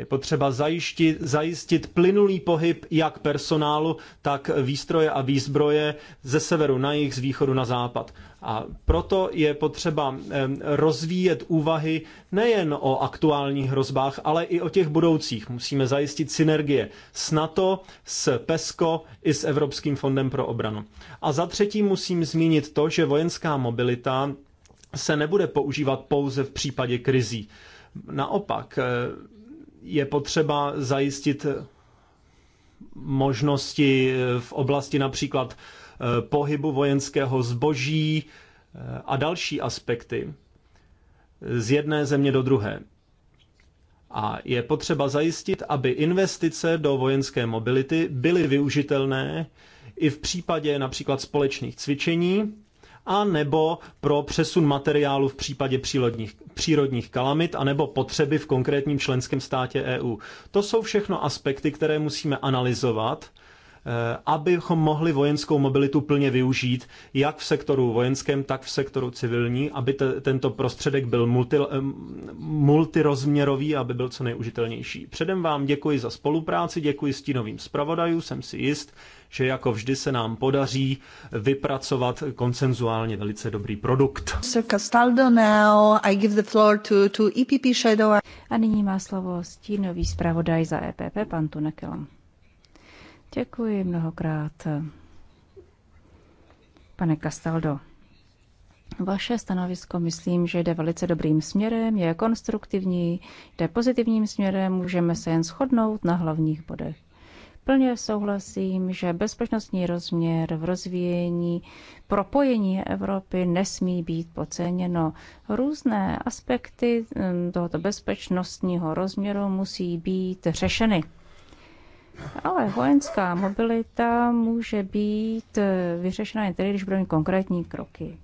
Je potřeba zajištit, zajistit plynulý pohyb jak personálu, tak výstroje a výzbroje ze severu na jih, z východu na západ. A proto je potřeba rozvíjet úvahy nejen o aktuálních hrozbách, ale i o těch budoucích. Musíme zajistit synergie s NATO, s PESCO i s Evropským fondem pro obranu. A za třetí musím zmínit to, že vojenská mobilita se nebude používat pouze v případě krizí. Naopak, je potřeba zajistit možnosti v oblasti například eh, pohybu vojenského zboží eh, a další aspekty z jedné země do druhé. A je potřeba zajistit, aby investice do vojenské mobility byly využitelné i v případě například společných cvičení a nebo pro přesun materiálu v případě přírodních přírodních kalamit anebo potřeby v konkrétním členském státě EU. To jsou všechno aspekty, které musíme analyzovat, eh, abychom mohli vojenskou mobilitu plně využít, jak v sektoru vojenském, tak v sektoru civilní, aby te, tento prostředek byl multi, eh, multirozměrový, aby byl co nejužitelnější. Předem vám děkuji za spolupráci, děkuji stínovým zpravodajům, jsem si jist, že jako vždy se nám podaří vypracovat konsenzuálně velice dobrý produkt. E A nyní má slovo stínový zpravodaj za EPP, pan Tunekel. Děkuji mnohokrát, pane Castaldo. Vaše stanovisko, myslím, že jde velice dobrým směrem, je konstruktivní, jde pozitivním směrem, můžeme se jen shodnout na hlavních bodech. Plně souhlasím, že bezpečnostní rozměr v rozvíjení propojení Evropy nesmí být poceněno. Různé aspekty mm, tohoto bezpečnostního rozměru musí být řešeny. Ale vojenská mobilita může být e, vyřešena jen tedy, když budeme konkrétní kroky.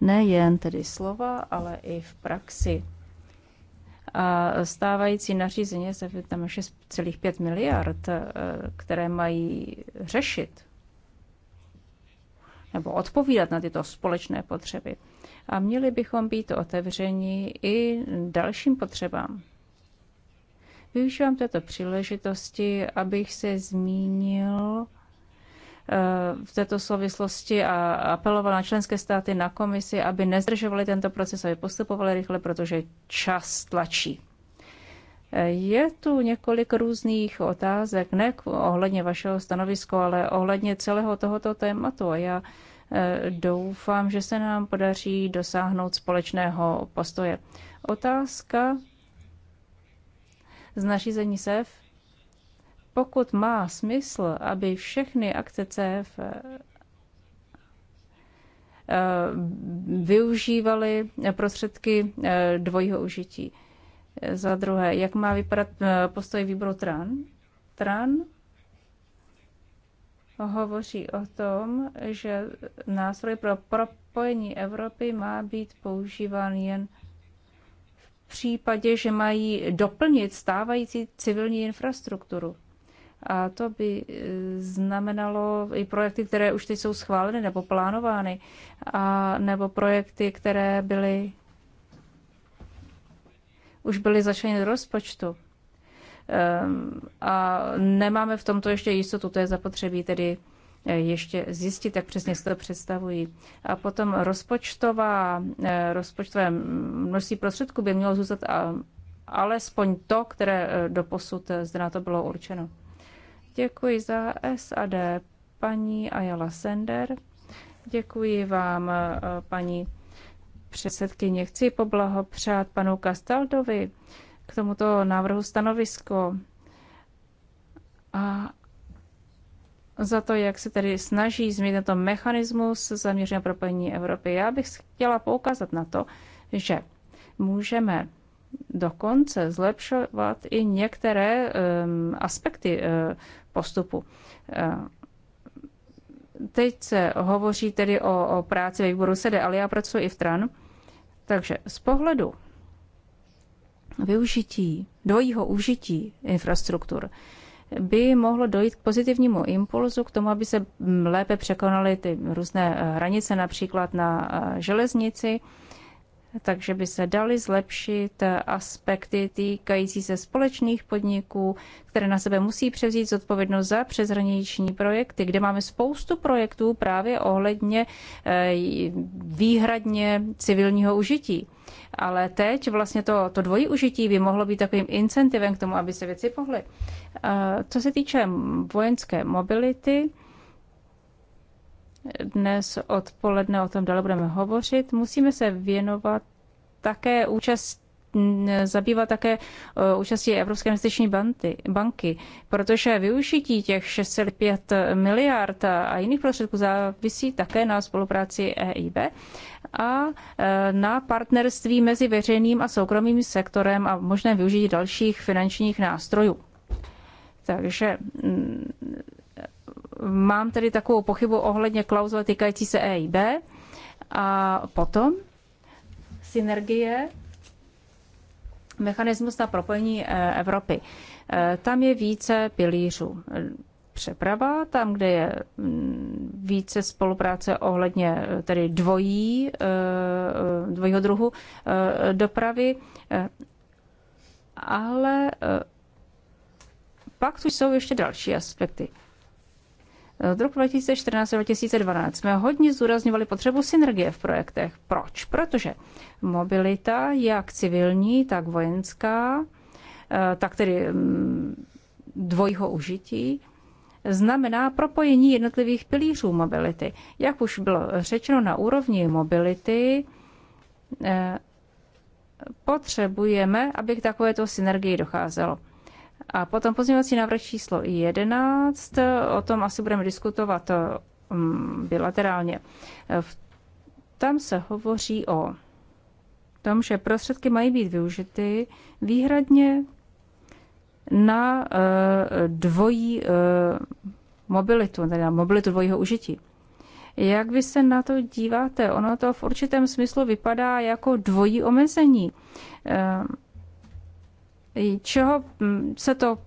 Nejen tedy slova, ale i v praxi. A stávající nařízení je tam 6,5 miliard, eh, které mají řešit nebo odpovídat na tyto společné potřeby. A měli bychom být otevření i dalším potřebám. Využívám této příležitosti, abych se zmínil v této souvislosti a apeloval na členské státy, na komisi, aby nezdržovali tento proces, aby postupovali rychle, protože čas tlačí. Je tu několik různých otázek, ne ohledně vašeho stanoviska, ale ohledně celého tohoto tématu. A já eh, doufám, že se nám podaří dosáhnout společného postoje. Otázka z nařízení SEF pokud má smysl, aby všechny akce CF eh, využívaly prostředky eh, dvojího užití. Za druhé, jak má vypadat eh, postoj výboru TRAN? TRAN hovoří o tom, že nástroj pro propojení Evropy má být používán jen v případě, že mají doplnit stávající civilní infrastrukturu. A to by e, znamenalo i projekty, které už teď jsou schváleny nebo plánovány, a nebo projekty, které byly už byly začleněny do rozpočtu. Ehm, a nemáme v tomto ještě jistotu, to je zapotřebí tedy e, ještě zjistit, jak přesně si to představují. A potom rozpočtová, e, rozpočtové množství prostředků by mělo zůstat alespoň to, které do posud zde na to bylo určeno. Děkuji za SAD paní Ayala Sender. Děkuji vám, eh, paní předsedkyně. Chci poblahopřát panu Kastaldovi k tomuto návrhu stanovisko a za to, jak se tedy snaží změnit tento mechanismus zaměřený propojení Evropy. Já bych chtěla poukázat na to, že můžeme dokonce zlepšovat i některé um, aspekty eh, postupu. Eh, teď se hovoří tedy o, o práci ve výboru SEDE, ale já pracuji i v TRAN. Takže z pohledu využití, dvojího užití infrastruktur, by mohlo dojít k pozitivnímu impulzu, k tomu, aby se mm, lépe překonaly ty různé eh, hranice, například na eh, železnici, takže by se daly zlepšit aspekty týkající se společných podniků, které na sebe musí převzít zodpovědnost za přeshraniční projekty, kde máme spoustu projektů právě ohledně eh, výhradně civilního užití. Ale teď vlastně to, to dvojí užití by mohlo být takovým incentivem k tomu, aby se věci pohly. Eh, co se týče vojenské mobility, dnes odpoledne o tom dále budeme hovořit. Musíme se věnovat také účast zabývat také eh, účastí Evropské investiční banky, protože využití těch 605 miliard a jiných prostředků závisí také na spolupráci EIB a eh, na partnerství mezi veřejným a soukromým sektorem a možné využití dalších finančních nástrojů. Takže mm, mám tedy takovou pochybu ohledně klauzule týkající se EIB a potom synergie, mechanismus na propojení e, Evropy. E, tam je více pilířů. Přeprava, tam, kde je mm, více spolupráce ohledně e, tedy dvojí, dvojího druhu dopravy, ale pak tu jsou ještě další aspekty. Od roku 2014 a 2012 jsme hodně zúrazňovali potřebu synergie v projektech. Proč? Protože mobilita, jak civilní, tak vojenská, eh, tak tedy mm, dvojího užití, znamená propojení jednotlivých pilířů mobility. Jak už bylo řečeno na úrovni mobility, eh, potřebujeme, aby k takovéto synergii docházelo. A potom pozměňovací návrh číslo 11, o tom asi budeme diskutovat mm, bilaterálně. Tam se hovoří o tom, že prostředky mají být využity výhradně na e, dvojí e, mobilitu, tedy na mobilitu dvojího užití. Jak vy se na to díváte? Ono to v určitém smyslu vypadá jako dvojí omezení. E, Čeho mm, se to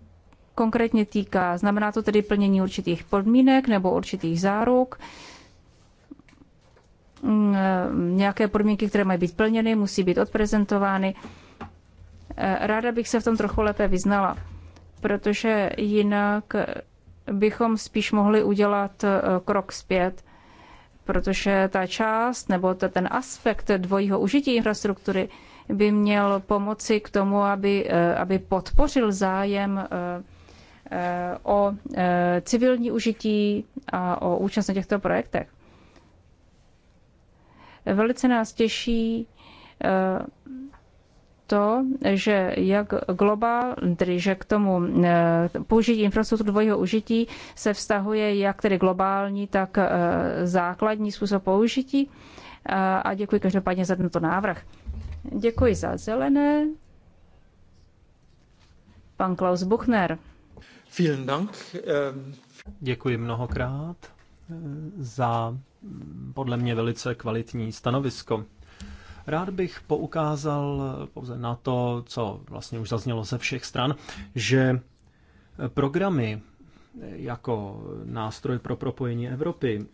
konkrétně týká? Znamená to tedy plnění určitých podmínek nebo určitých záruk? Mm, e, nějaké podmínky, které mají být plněny, musí být odprezentovány. E, ráda bych se v tom trochu lépe vyznala, protože jinak bychom spíš mohli udělat e, krok zpět, protože ta část nebo ten aspekt dvojího užití infrastruktury by měl pomoci k tomu, aby, eh, aby podpořil zájem eh, eh, o civilní užití a o účast na těchto projektech. Velice nás těší to, že jak globál, tedy že k tomu použití infrastruktury dvojího užití se vztahuje jak tedy globální, tak základní způsob použití. A děkuji každopádně za tento návrh. Děkuji za zelené. Pan Klaus Buchner. Vielen Dank. Ehm. Děkuji mnohokrát eh, za mm, podle mě velice kvalitní stanovisko. Rád bych poukázal eh, pouze na to, co vlastně už zaznělo ze všech stran, že eh, programy jako nástroj pro propojení Evropy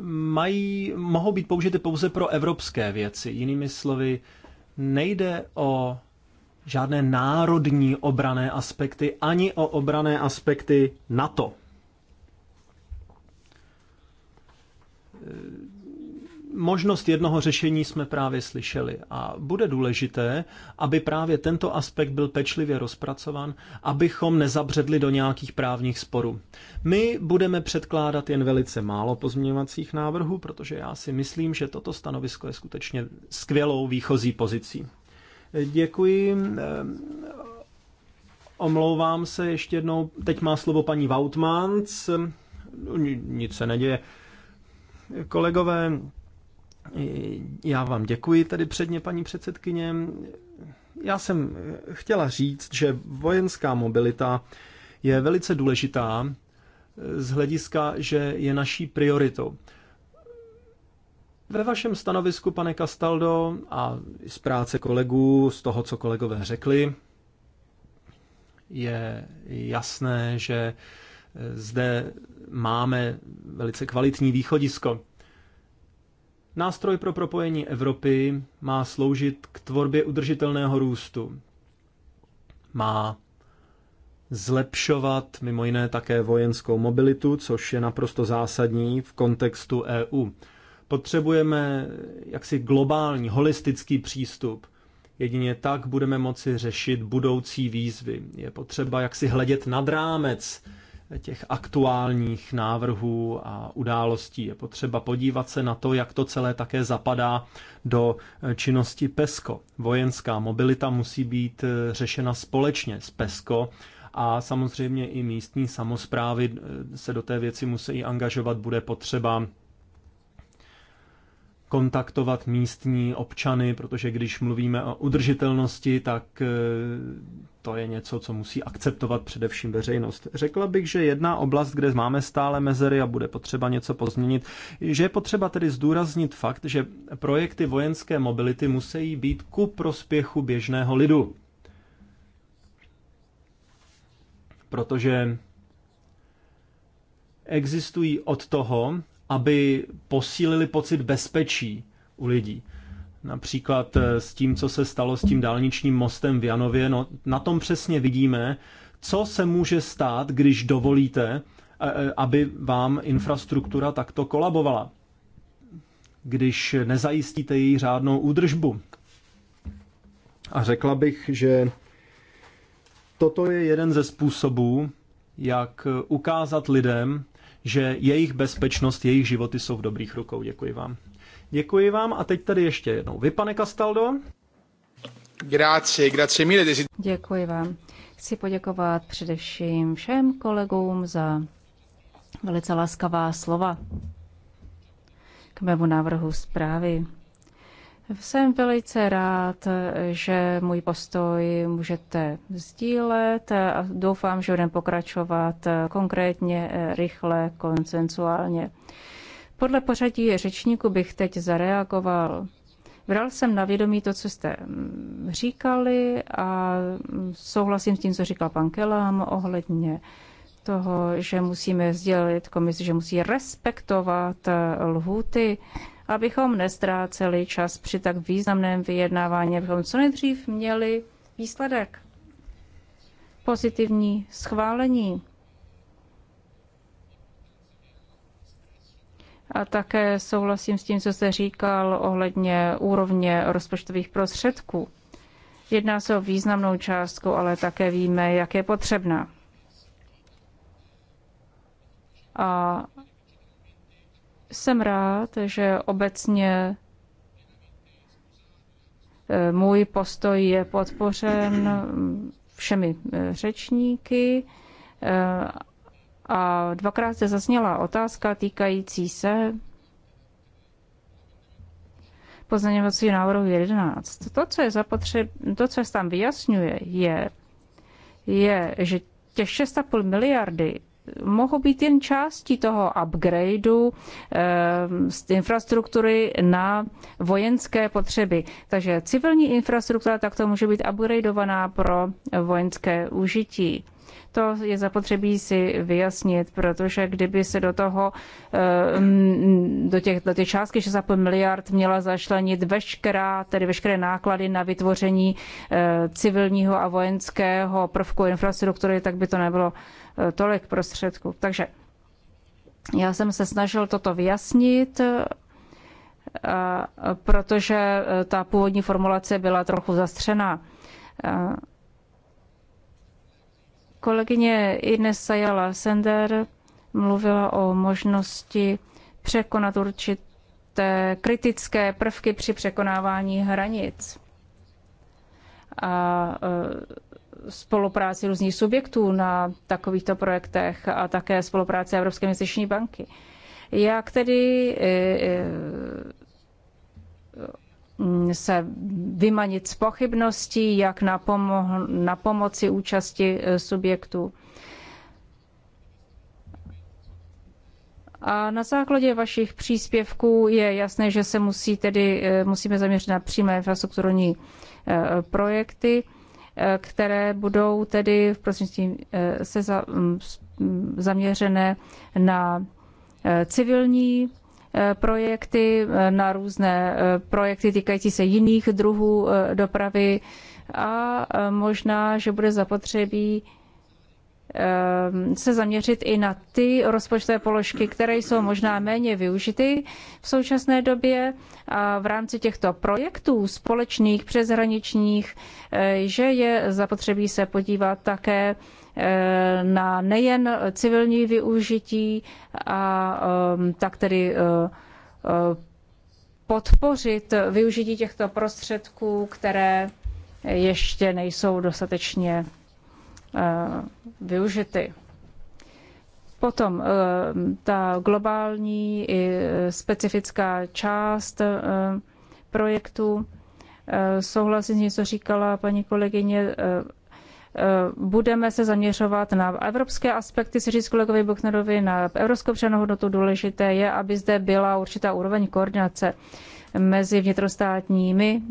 mají, mohou být použity pouze pro evropské věci. Jinými slovy, nejde o žádné národní obrané aspekty, ani o obrané aspekty NATO možnost jednoho řešení jsme právě slyšeli a bude důležité, aby právě tento aspekt byl pečlivě rozpracovan, abychom nezabředli do nějakých právních sporů. My budeme předkládat jen velice málo pozměňovacích návrhů, protože já si myslím, že toto stanovisko je skutečně skvělou výchozí pozicí. Děkuji. Ehm, omlouvám se ještě jednou. Teď má slovo paní Vautmans. Nic se neděje. Kolegové, já vám děkuji tady předně, paní předsedkyně. Já jsem chtěla říct, že vojenská mobilita je velice důležitá eh, z hlediska, že je naší prioritou. Ve vašem stanovisku, pane Castaldo, a z práce kolegů, z toho, co kolegové řekli, je jasné, že eh, zde máme velice kvalitní východisko. Nástroj pro propojení Evropy má sloužit k tvorbě udržitelného růstu. Má zlepšovat mimo jiné také vojenskou mobilitu, což je naprosto zásadní v kontextu EU. Potřebujeme jaksi globální, holistický přístup. Jedině tak budeme moci řešit budoucí výzvy. Je potřeba jaksi hledět nad rámec těch aktuálních návrhů a událostí. Je potřeba podívat se na to, jak to celé také zapadá do eh, činnosti PESCO. Vojenská mobilita musí být eh, řešena společně s PESCO a samozřejmě i místní samozprávy eh, se do té věci musí angažovat. Bude potřeba kontaktovat místní občany, protože když mluvíme o udržitelnosti, tak to je něco, co musí akceptovat především veřejnost. Řekla bych, že jedna oblast, kde máme stále mezery a bude potřeba něco pozměnit, že je potřeba tedy zdůraznit fakt, že projekty vojenské mobility musí být ku prospěchu běžného lidu. Protože existují od toho, aby posílili pocit bezpečí u lidí. Například eh, s tím, co se stalo s tím dálničním mostem v Janově, no, na tom přesně vidíme, co se může stát, když dovolíte, eh, eh, aby vám infrastruktura takto kolabovala, když nezajistíte její řádnou údržbu. A řekla bych, že toto je jeden ze způsobů, jak ukázat lidem, že jejich bezpečnost, jejich životy jsou v dobrých rukou. Děkuji vám. Děkuji vám a teď tady ještě jednou. Vy, pane Castaldo? Grazie, grazie mille. Děkuji vám. Chci poděkovat především všem kolegům za velice laskavá slova k mému návrhu zprávy. Jsem velice rád, že můj postoj můžete sdílet a doufám, že budeme pokračovat konkrétně, rychle, konsensuálně. Podle pořadí řečníku bych teď zareagoval. Vral jsem na vědomí to, co jste mm, říkali a souhlasím s tím, co říkal pan Kelám ohledně toho, že musíme sdělit komisi, že musí respektovat eh, lhuty, abychom nestráceli čas při tak významném vyjednávání, abychom co nejdřív měli výsledek. Pozitivní schválení A také souhlasím s tím, co jste říkal ohledně úrovně rozpočtových prostředků. Jedná se o významnou částku, ale také víme, jak je potřebná. A jsem rád, že obecně e, můj postoj je podpořen všemi e, řečníky e, a dvakrát se zazněla otázka týkající se pozměňovací návrhu 11. To, co je zapotřeb, to, co se tam vyjasňuje, je, je, že těch 6,5 miliardy mohou být jen části toho upgradeu eh, z infrastruktury na vojenské potřeby. Takže civilní infrastruktura takto může být upgradeovaná pro vojenské užití. To je zapotřebí si vyjasnit, protože kdyby se do toho, eh, do těch, do těch částky 6,5 miliard měla zašlenit veškerá, tedy veškeré náklady na vytvoření eh, civilního a vojenského prvku infrastruktury, tak by to nebylo Eh, tolik prostředků. Takže já jsem se snažil toto vyjasnit, eh, protože eh, ta původní formulace byla trochu zastřená. Kolegyně Ines Sayala Sender mluvila o možnosti překonat určité kritické prvky při překonávání hranic. A spolupráci různých subjektů na takovýchto projektech a také spolupráci Evropské měsíční banky. Jak tedy eh, eh, se vymanit z pochybností, jak na, pomo- na pomoci účasti eh, subjektů. A na základě vašich příspěvků je jasné, že se musí tedy, musíme zaměřit na přímé infrastrukturní projekty. Eh, které budou tedy v prostřednictvím eh, se za, mm, mm, zaměřené na eh, civilní projekty, na různé projekty týkající se jiných druhů dopravy a možná, že bude zapotřebí Ehm, se zaměřit i na ty rozpočtové položky, které jsou možná méně využity v současné době a v rámci těchto projektů společných, přeshraničních, eh, že je zapotřebí se podívat také eh, na nejen civilní využití a ehm, tak tedy eh, podpořit využití těchto prostředků, které ještě nejsou dostatečně Eh, využity. Potom eh, ta globální i specifická část eh, projektu, souhlasím s tím, co říkala paní kolegyně, budeme se zaměřovat na evropské aspekty, si říct kolegovi Buchnerovi, na evropskou přenou hodnotu důležité je, aby zde byla určitá úroveň koordinace mezi vnitrostátními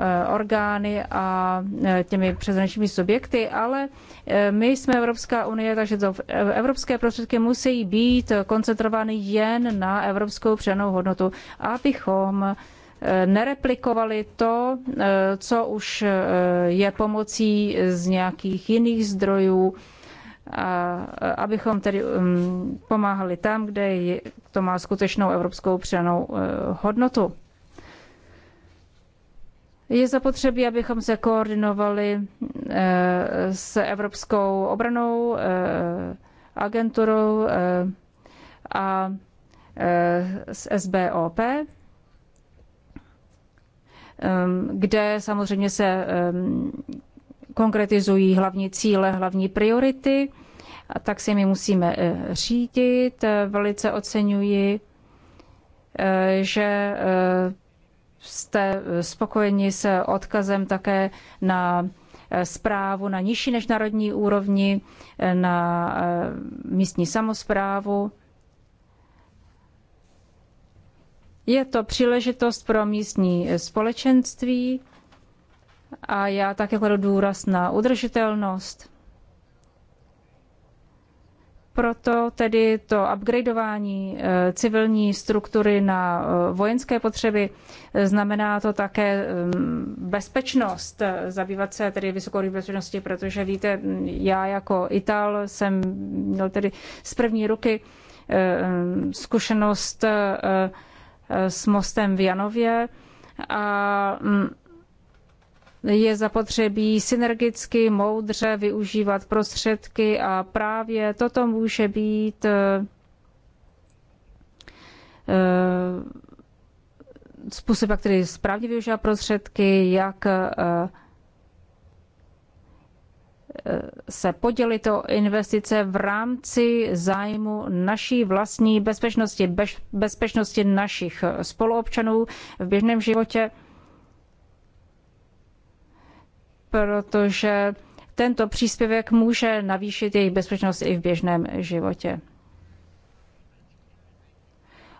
Eh, orgány a eh, těmi přeshraničními subjekty, ale eh, my jsme Evropská unie, takže to evropské prostředky musí být koncentrovány jen na evropskou přenou hodnotu, abychom nereplikovali to, co už je pomocí z nějakých jiných zdrojů, a abychom tedy mm, pomáhali tam, kde to má skutečnou evropskou přenou hodnotu. Je zapotřebí, abychom se koordinovali eh, s Evropskou obranou eh, agenturou eh, a s SBOP, ehm, kde samozřejmě se ehm, konkretizují hlavní cíle, hlavní priority, a tak si my musíme řídit. Velice oceňuji, že jste eh, spokojeni s odkazem také na eh, zprávu na nižší než národní úrovni, eh, na místní samozprávu. Je to příležitost pro místní společenství a já také kladu důraz na udržitelnost. Proto tedy to upgradeování eh, civilní struktury na eh, vojenské potřeby eh, znamená to také mm, bezpečnost, zabývat se tedy vysokou bezpečností, protože víte, mm, já jako Ital jsem měl tedy z první ruky zkušenost s mostem v Janově a mm, je zapotřebí synergicky, moudře využívat prostředky a právě toto může být eh, eh, způsob, jak tedy správně využívá prostředky, jak eh, se podělit o investice v rámci zájmu naší vlastní bezpečnosti, bezpečnosti našich spoluobčanů v běžném životě. protože tento příspěvek může navýšit jejich bezpečnost i v běžném životě.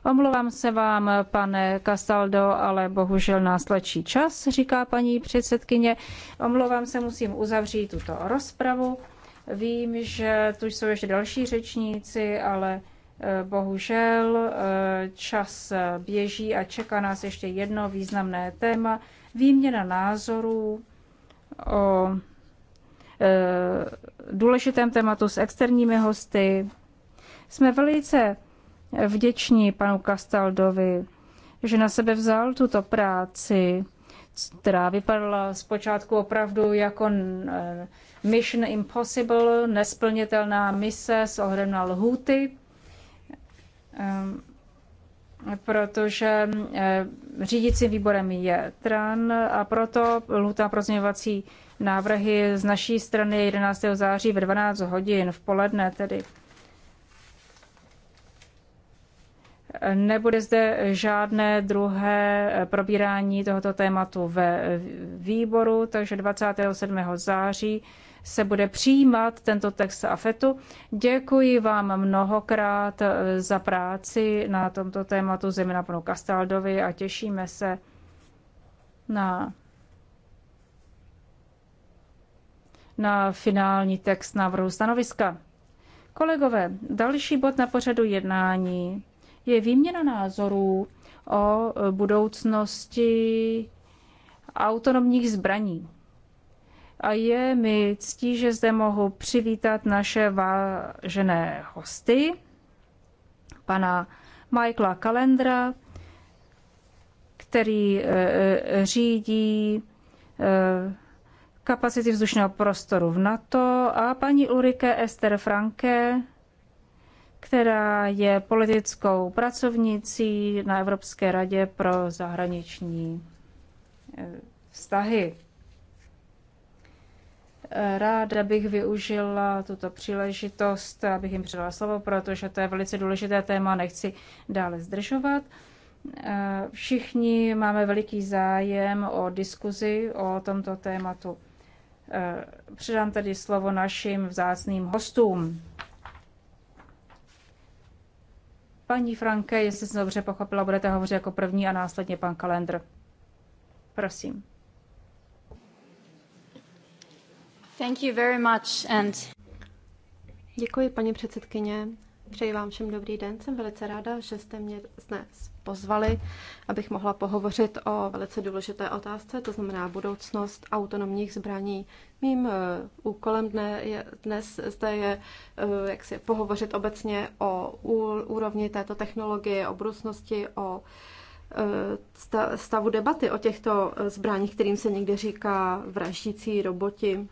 Omlouvám se vám, pane Castaldo, ale bohužel nás tlačí čas, říká paní předsedkyně. Omlouvám se, musím uzavřít tuto rozpravu. Vím, že tu jsou ještě další řečníci, ale eh, bohužel eh, čas běží a čeká nás ještě jedno významné téma výměna názorů o e, důležitém tématu s externími hosty. Jsme velice vděční panu Kastaldovi, že na sebe vzal tuto práci, která vypadala zpočátku opravdu jako e, Mission Impossible, nesplnitelná mise s ohledem na lhůty. Ehm, protože eh, řídícím výborem je TRAN a proto lhuta pro změňovací návrhy z naší strany 11. září ve 12 hodin v poledne tedy. Nebude zde žádné druhé eh, probírání tohoto tématu ve eh, výboru, takže 27. září se bude přijímat tento text AFETu. Děkuji vám mnohokrát eh, za práci na tomto tématu, zejména panu Kastaldovi a těšíme se na, na finální text návrhu stanoviska. Kolegové, další bod na pořadu jednání je výměna názorů o budoucnosti autonomních zbraní a je mi ctí, že zde mohu přivítat naše vážené hosty, pana Michaela Kalendra, který e, e, řídí e, kapacity vzdušného prostoru v NATO a paní Ulrike Ester Franke, která je politickou pracovnicí na Evropské radě pro zahraniční vztahy. Ráda bych využila tuto příležitost, abych jim předala slovo, protože to je velice důležité téma, nechci dále zdržovat. Všichni máme veliký zájem o diskuzi o tomto tématu. Předám tedy slovo našim vzácným hostům. Paní Franke, jestli jsem dobře pochopila, budete hovořit jako první a následně pan Kalendr. Prosím. Thank you very much and... Děkuji, paní předsedkyně. Přeji vám všem dobrý den. Jsem velice ráda, že jste mě dnes pozvali, abych mohla pohovořit o velice důležité otázce, to znamená budoucnost autonomních zbraní. Mým eh, úkolem dne je, dnes zde je eh, jak si, pohovořit obecně o úrovni této technologie, o budoucnosti, o eh, stavu debaty o těchto zbraních, kterým se někde říká vraždící roboti.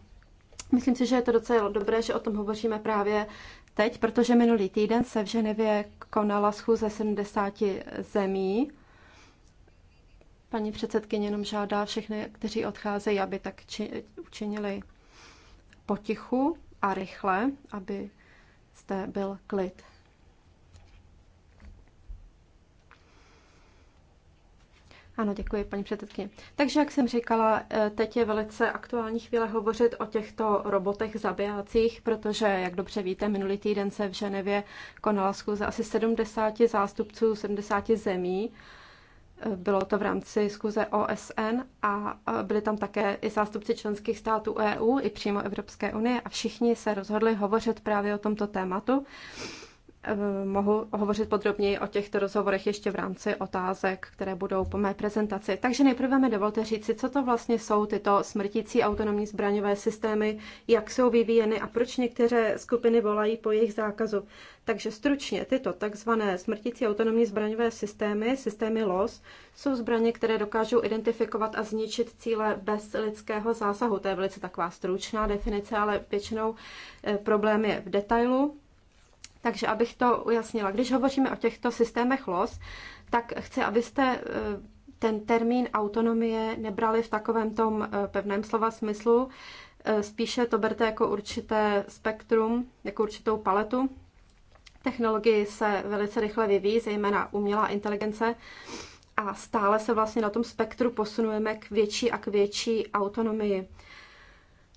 Myslím si, že je to docela dobré, že o tom hovoříme právě teď, protože minulý týden se v Ženevě konala schůze 70 zemí. Paní předsedkyně jenom žádá všechny, kteří odcházejí, aby tak či, učinili potichu a rychle, aby zde byl klid. Ano, děkuji, paní předsedkyně. Takže, jak jsem říkala, eh, teď je velice aktuální chvíle hovořit o těchto robotech zabijácích, protože, jak dobře víte, minulý týden se v Ženevě konala schůze asi 70 zástupců 70 zemí. Eh, bylo to v rámci schůze OSN a byli tam také i zástupci členských států EU, i přímo Evropské unie a všichni se rozhodli hovořit právě o tomto tématu. Eh, mohu hovořit podrobněji o těchto rozhovorech ještě v rámci otázek, které budou po mé prezentaci. Takže nejprve mi dovolte říci, co to vlastně jsou tyto smrtící autonomní zbraňové systémy, jak jsou vyvíjeny a proč některé skupiny volají po jejich zákazu. Takže stručně tyto takzvané smrtící autonomní zbraňové systémy, systémy LOS, jsou zbraně, které dokážou identifikovat a zničit cíle bez lidského zásahu. To je velice taková stručná definice, ale většinou eh, problém je v detailu. Takže abych to ujasnila, když hovoříme o těchto systémech los, tak chci, abyste e, ten termín autonomie nebrali v takovém tom e, pevném slova smyslu, e, spíše to berte jako určité spektrum, jako určitou paletu. Technologie se velice rychle vyvíjí, zejména umělá inteligence, a stále se vlastně na tom spektru posunujeme k větší a k větší autonomii.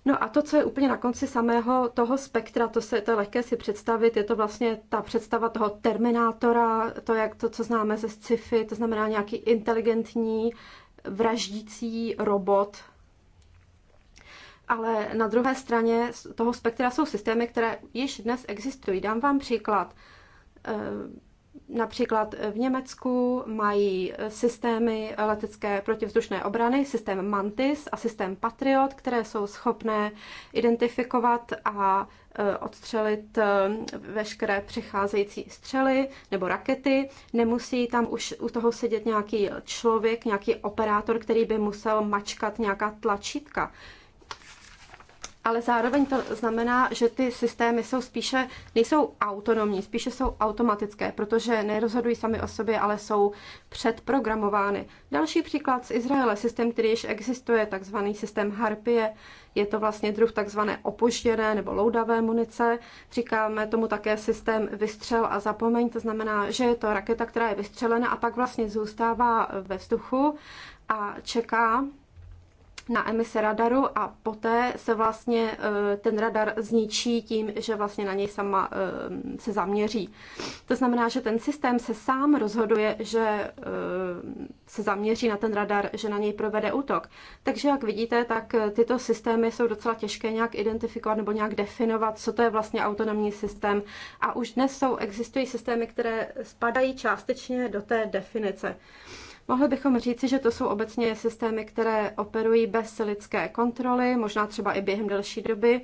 No a to, co je úplně na konci samého toho spektra, to, se, to je lehké si představit, je to vlastně ta představa toho terminátora, to, jak to, co známe ze sci-fi, to znamená nějaký inteligentní, vraždící robot. Ale na druhé straně toho spektra jsou systémy, které již dnes existují. Dám vám příklad ehm, Například v Německu mají systémy letecké protivzdušné obrany, systém Mantis a systém Patriot, které jsou schopné identifikovat a e, odstřelit e, veškeré přicházející střely nebo rakety. Nemusí tam už u toho sedět nějaký člověk, nějaký operátor, který by musel mačkat nějaká tlačítka ale zároveň to znamená, že ty systémy jsou spíše, nejsou autonomní, spíše jsou automatické, protože nerozhodují sami o sobě, ale jsou předprogramovány. Další příklad z Izraele, systém, který již existuje, takzvaný systém Harpie, je to vlastně druh takzvané opožděné nebo loudavé munice. Říkáme tomu také systém vystřel a zapomeň, to znamená, že je to raketa, která je vystřelena a pak vlastně zůstává ve vzduchu a čeká na emise radaru a poté se vlastně e, ten radar zničí tím, že vlastně na něj sama e, se zaměří. To znamená, že ten systém se sám rozhoduje, že e, se zaměří na ten radar, že na něj provede útok. Takže jak vidíte, tak tyto systémy jsou docela těžké nějak identifikovat nebo nějak definovat, co to je vlastně autonomní systém. A už dnes jsou, existují systémy, které spadají částečně do té definice. Mohli bychom říci, že to jsou obecně systémy, které operují bez lidské kontroly, možná třeba i během delší doby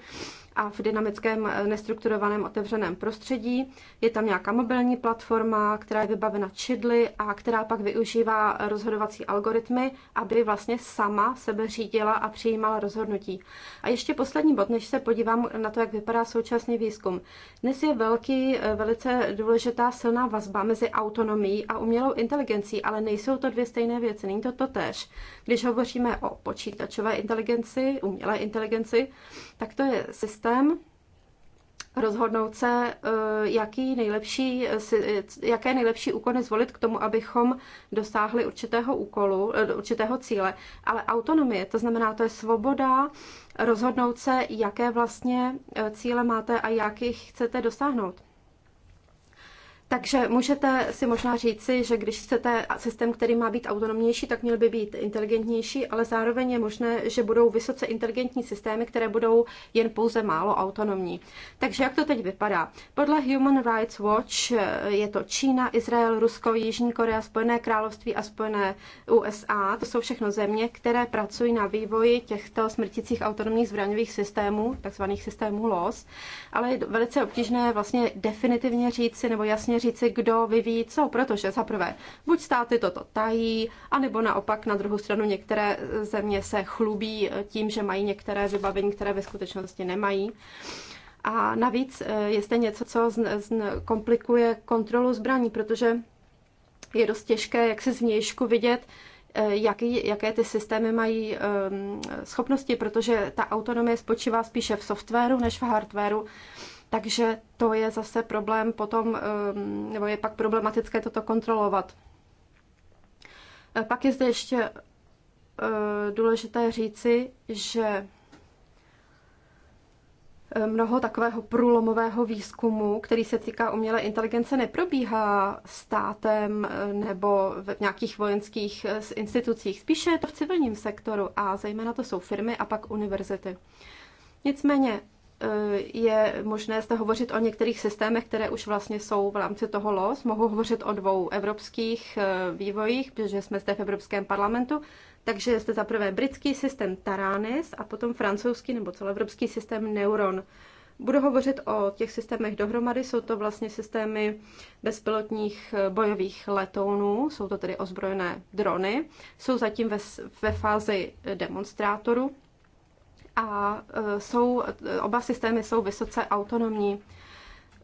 a v dynamickém eh, nestrukturovaném otevřeném prostředí. Je tam nějaká mobilní platforma, která je vybavena čidly a která pak využívá rozhodovací algoritmy, aby vlastně sama sebe řídila a přijímala rozhodnutí. A ještě poslední bod, než se podívám na to, jak vypadá současný výzkum. Dnes je velký, eh, velice důležitá silná vazba mezi autonomií a umělou inteligencí, ale nejsou to dvě stejné věci, není to totéž. Když hovoříme o počítačové inteligenci, umělé inteligenci, tak to je systém rozhodnout se, eh, jaký nejlepší, jaké nejlepší úkony zvolit k tomu, abychom dosáhli určitého úkolu, eh, určitého cíle. Ale autonomie, to znamená, to je svoboda rozhodnout se, jaké vlastně eh, cíle máte a jak jich chcete dosáhnout. Takže můžete si možná říci, že když chcete systém, který má být autonomnější, tak měl by být inteligentnější, ale zároveň je možné, že budou vysoce inteligentní systémy, které budou jen pouze málo autonomní. Takže jak to teď vypadá? Podle Human Rights Watch eh, je to Čína, Izrael, Rusko, Jižní Korea, Spojené království a Spojené USA. To jsou všechno země, které pracují na vývoji těchto smrticích autonomních zbraňových systémů, takzvaných systémů LOS, ale je velice obtížné vlastně definitivně říci nebo jasně říci, kdo vyvíjí co, protože za prvé, buď státy toto tají, anebo naopak na druhou stranu některé země se chlubí tím, že mají některé vybavení, které ve skutečnosti nemají. A navíc eh, je zde něco, co komplikuje kontrolu zbraní, protože je dost těžké, jak se zvnějšku vidět, eh, jaký, jaké ty systémy mají um, schopnosti, protože ta autonomie spočívá spíše v softwaru než v hardwaru. Takže to je zase problém potom, ehm, nebo je pak problematické toto kontrolovat. E, pak je zde ještě e, důležité říci, že e, mnoho takového průlomového výzkumu, který se týká umělé inteligence, neprobíhá státem nebo v nějakých vojenských institucích. Spíše je to v civilním sektoru a zejména to jsou firmy a pak univerzity. Nicméně Eh, je možné zde hovořit o některých systémech, které už vlastně jsou v rámci toho LOS. Mohu hovořit o dvou evropských eh, vývojích, protože jsme zde v Evropském parlamentu. Takže jste zde zaprvé britský systém Taranis a potom francouzský nebo celoevropský systém Neuron. Budu hovořit o těch systémech dohromady. Jsou to vlastně systémy bezpilotních eh, bojových letounů, jsou to tedy ozbrojené drony. Jsou zatím ve, ve fázi demonstrátoru, a e, jsou, oba systémy jsou vysoce autonomní.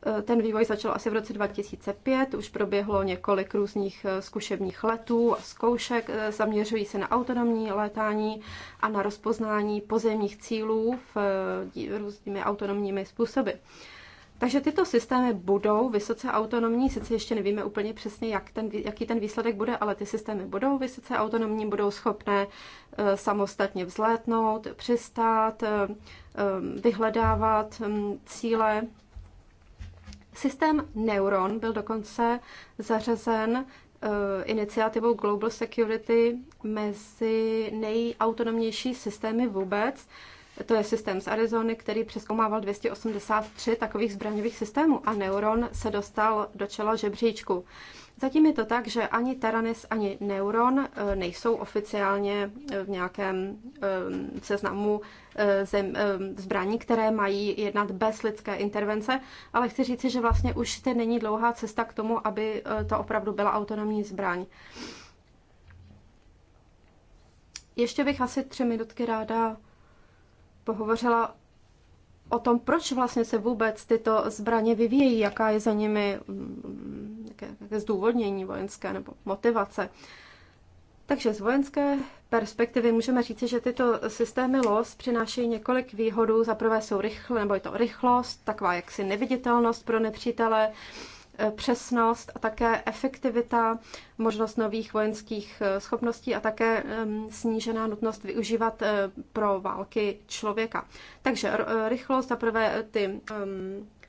E, ten vývoj začal asi v roce 2005, už proběhlo několik různých e, zkušebních letů a zkoušek. Zaměřují se na autonomní létání a na rozpoznání pozemních cílů v různými autonomními způsoby. Takže tyto systémy budou vysoce autonomní, sice ještě nevíme úplně přesně, jak ten, jaký ten výsledek bude, ale ty systémy budou vysoce autonomní, budou schopné e, samostatně vzlétnout, přistát, e, e, vyhledávat cíle. Systém Neuron byl dokonce zařazen iniciativou Global Security mezi nejautonomnější systémy vůbec. To je systém z Arizony, který přeskoumával 283 takových zbraňových systémů a Neuron se dostal do čela žebříčku. Zatím je to tak, že ani Taranis, ani Neuron eh, nejsou oficiálně eh, v nějakém eh, seznamu zem, zbraní, které mají jednat bez lidské intervence, ale chci říci, že vlastně už to není dlouhá cesta k tomu, aby to opravdu byla autonomní zbraň. Ještě bych asi tři minutky ráda pohovořila o tom, proč vlastně se vůbec tyto zbraně vyvíjejí, jaká je za nimi mm, jaké zdůvodnění vojenské nebo motivace. Takže z vojenské perspektivy můžeme říci, že tyto systémy LOS přinášejí několik výhodů. Za prvé jsou rychle, nebo je to rychlost, taková jaksi neviditelnost pro nepřítele, Eh, přesnost a také efektivita, možnost nových vojenských eh, schopností a také snížená nutnost využívat eh, pro války člověka. Takže rychlost, za prvé ty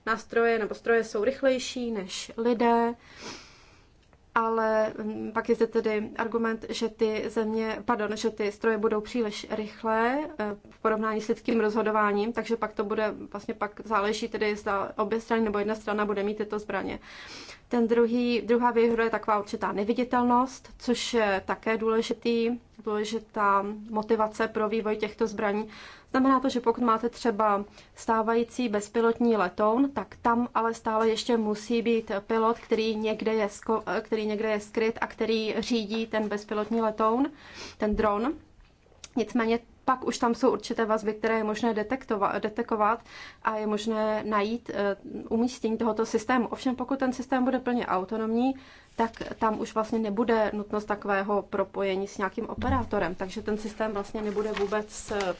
nástroje nebo stroje jsou rychlejší než lidé ale mm, pak je zde tedy argument, že ty země, pardon, že ty stroje budou příliš rychlé eh, v porovnání s lidským rozhodováním, takže pak to bude, vlastně pak záleží tedy, zda obě strany nebo jedna strana bude mít tyto zbraně. Ten druhý, druhá výhoda je taková určitá neviditelnost, což je také důležitý, důležitá motivace pro vývoj těchto zbraní. Znamená to, že pokud máte třeba stávající bezpilotní letoun, tak tam ale stále ještě musí být pilot, který někde je, který někde je skryt a který řídí ten bezpilotní letoun, ten dron. Nicméně pak už tam jsou určité vazby, které je možné detekovat a je možné najít eh, umístění tohoto systému. Ovšem, pokud ten systém bude plně autonomní, tak tam už vlastně nebude nutnost takového propojení s nějakým operátorem, takže ten systém vlastně nebude vůbec eh,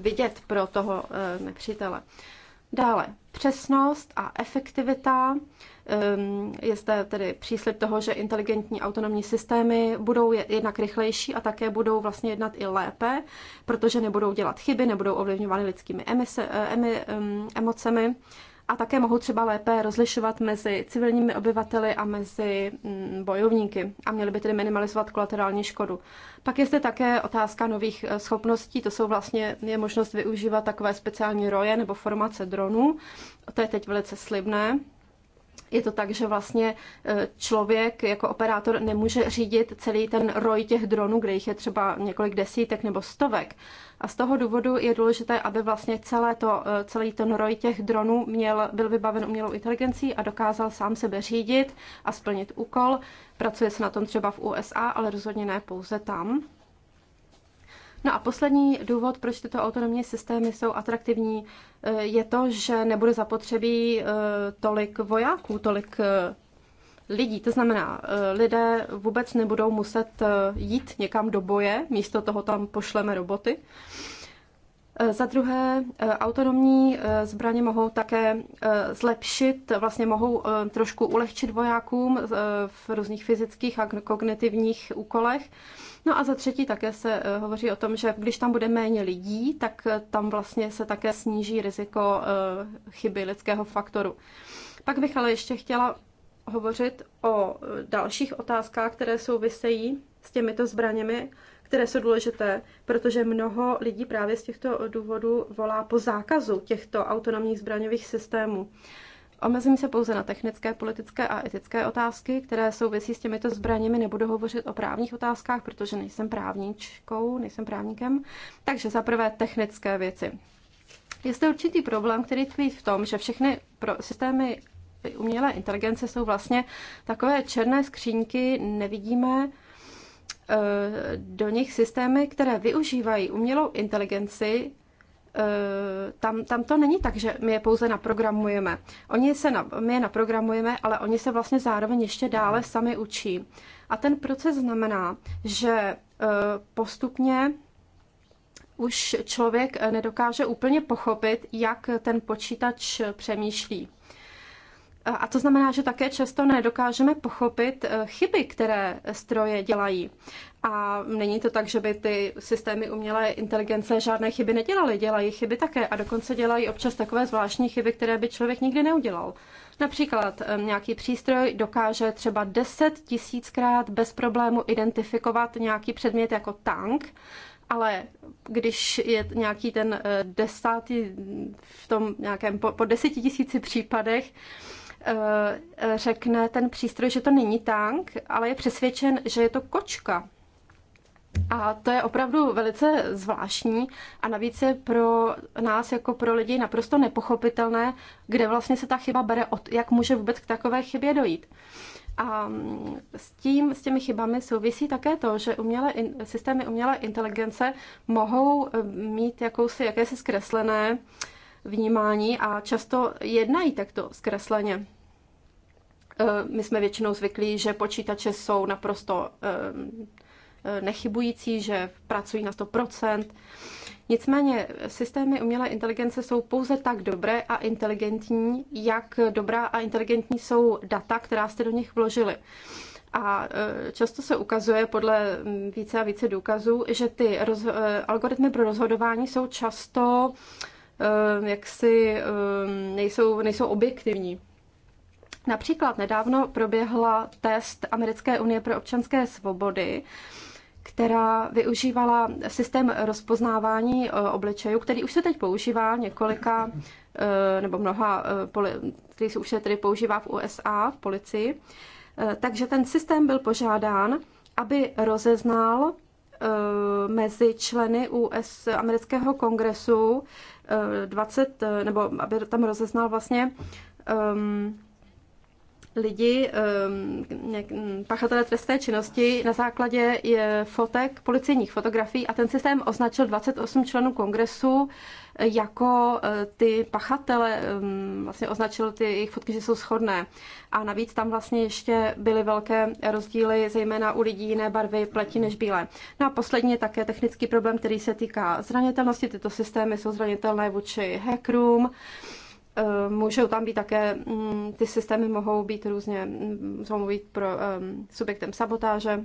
vidět pro toho eh, nepřítele. Dále přesnost a efektivita. Ehm, je zde tedy příslip toho, že inteligentní autonomní systémy budou jednak rychlejší a také budou vlastně jednat i lépe, protože nebudou dělat chyby, nebudou ovlivňovány lidskými emise, eh, emi, ehm, emocemi a také mohou třeba lépe rozlišovat mezi civilními obyvateli a mezi mm, bojovníky a měli by tedy minimalizovat kolaterální škodu. Pak je zde také otázka nových eh, schopností, to jsou vlastně, je možnost využívat takové speciální roje nebo formace dronů, to je teď velice slibné je to tak, že vlastně e, člověk jako operátor nemůže řídit celý ten roj těch dronů, kde jich je třeba několik desítek nebo stovek. A z toho důvodu je důležité, aby vlastně celé to, e, celý ten roj těch dronů měl, byl vybaven umělou inteligencí a dokázal sám sebe řídit a splnit úkol. Pracuje se na tom třeba v USA, ale rozhodně ne pouze tam. No a poslední důvod, proč tyto autonomní systémy jsou atraktivní, eh, je to, že nebude zapotřebí eh, tolik vojáků, tolik eh, lidí. To znamená, lidé vůbec nebudou muset jít někam do boje, místo toho tam pošleme roboty. Za druhé, autonomní zbraně mohou také zlepšit, vlastně mohou trošku ulehčit vojákům v různých fyzických a kognitivních úkolech. No a za třetí také se eh, hovoří o tom, že když tam bude méně lidí, tak eh, tam vlastně se také sníží riziko eh, chyby lidského faktoru. Pak bych ale ještě chtěla hovořit o dalších otázkách, které souvisejí s těmito zbraněmi, které jsou důležité, protože mnoho lidí právě z těchto důvodů volá po zákazu těchto autonomních zbraňových systémů. Omezím se pouze na technické, politické a etické otázky, které souvisí s těmito zbraněmi. Nebudu hovořit o právních otázkách, protože nejsem právničkou, nejsem právníkem. Takže za prvé technické věci. Je zde určitý problém, který tkví v tom, že všechny pro systémy umělé inteligence jsou vlastně takové černé skřínky, nevidíme eh, do nich systémy, které využívají umělou inteligenci Eh, tam, tam to není tak, že my je pouze naprogramujeme. Oni se na, my je naprogramujeme, ale oni se vlastně zároveň ještě dále sami učí. A ten proces znamená, že eh, postupně už člověk nedokáže úplně pochopit, jak ten počítač přemýšlí. A to znamená, že také často nedokážeme pochopit eh, chyby, které stroje dělají. A není to tak, že by ty systémy umělé inteligence žádné chyby nedělaly. Dělají chyby také a dokonce dělají občas takové zvláštní chyby, které by člověk nikdy neudělal. Například eh, nějaký přístroj dokáže třeba 10 tisíckrát bez problému identifikovat nějaký předmět jako tank, ale když je nějaký ten eh, desátý v tom nějakém po, po deseti tisíci případech, Eh, řekne ten přístroj, že to není tank, ale je přesvědčen, že je to kočka. A to je opravdu velice zvláštní a navíc je pro nás jako pro lidi naprosto nepochopitelné, kde vlastně se ta chyba bere, od, jak může vůbec k takové chybě dojít. A mm, s tím, s těmi chybami souvisí také to, že umělé in, systémy umělé inteligence mohou eh, mít jakousi, jakési zkreslené uh, vnímání a často jednají takto zkresleně. Eh, my jsme většinou zvyklí, že počítače jsou naprosto eh, eh, nechybující, že pracují na 100%. Nicméně systémy umělé inteligence jsou pouze tak dobré a inteligentní, jak dobrá a inteligentní jsou data, která jste do nich vložili. A často se ukazuje podle mm, více a více důkazů, že ty roz, algoritmy pro rozhodování jsou často Ehm, jaksi ehm, nejsou, nejsou objektivní. Například nedávno proběhla test Americké unie pro občanské svobody, která využívala systém rozpoznávání e, obličejů, který už se teď používá několika, e, nebo mnoha, e, který se už se tedy používá v USA, v policii. Takže ten systém byl požádán, aby rozeznal mezi členy US amerického kongresu 20, nebo aby tam rozeznal vlastně um, lidi, ehm, mm, pachatelé trestné činnosti na základě fotek, policejních fotografií a ten systém označil 28 členů kongresu eh, jako eh, ty pachatele, ehm, vlastně označil ty jejich fotky, že jsou shodné. A navíc tam vlastně ještě byly velké rozdíly, zejména u lidí jiné barvy pleti než bílé. No a poslední je také technický problém, který se týká zranitelnosti. Tyto systémy jsou zranitelné vůči hackerům, Eh, můžou tam být také, mm, ty systémy mohou být různě, mm, mohou být pro subjektem sabotáže.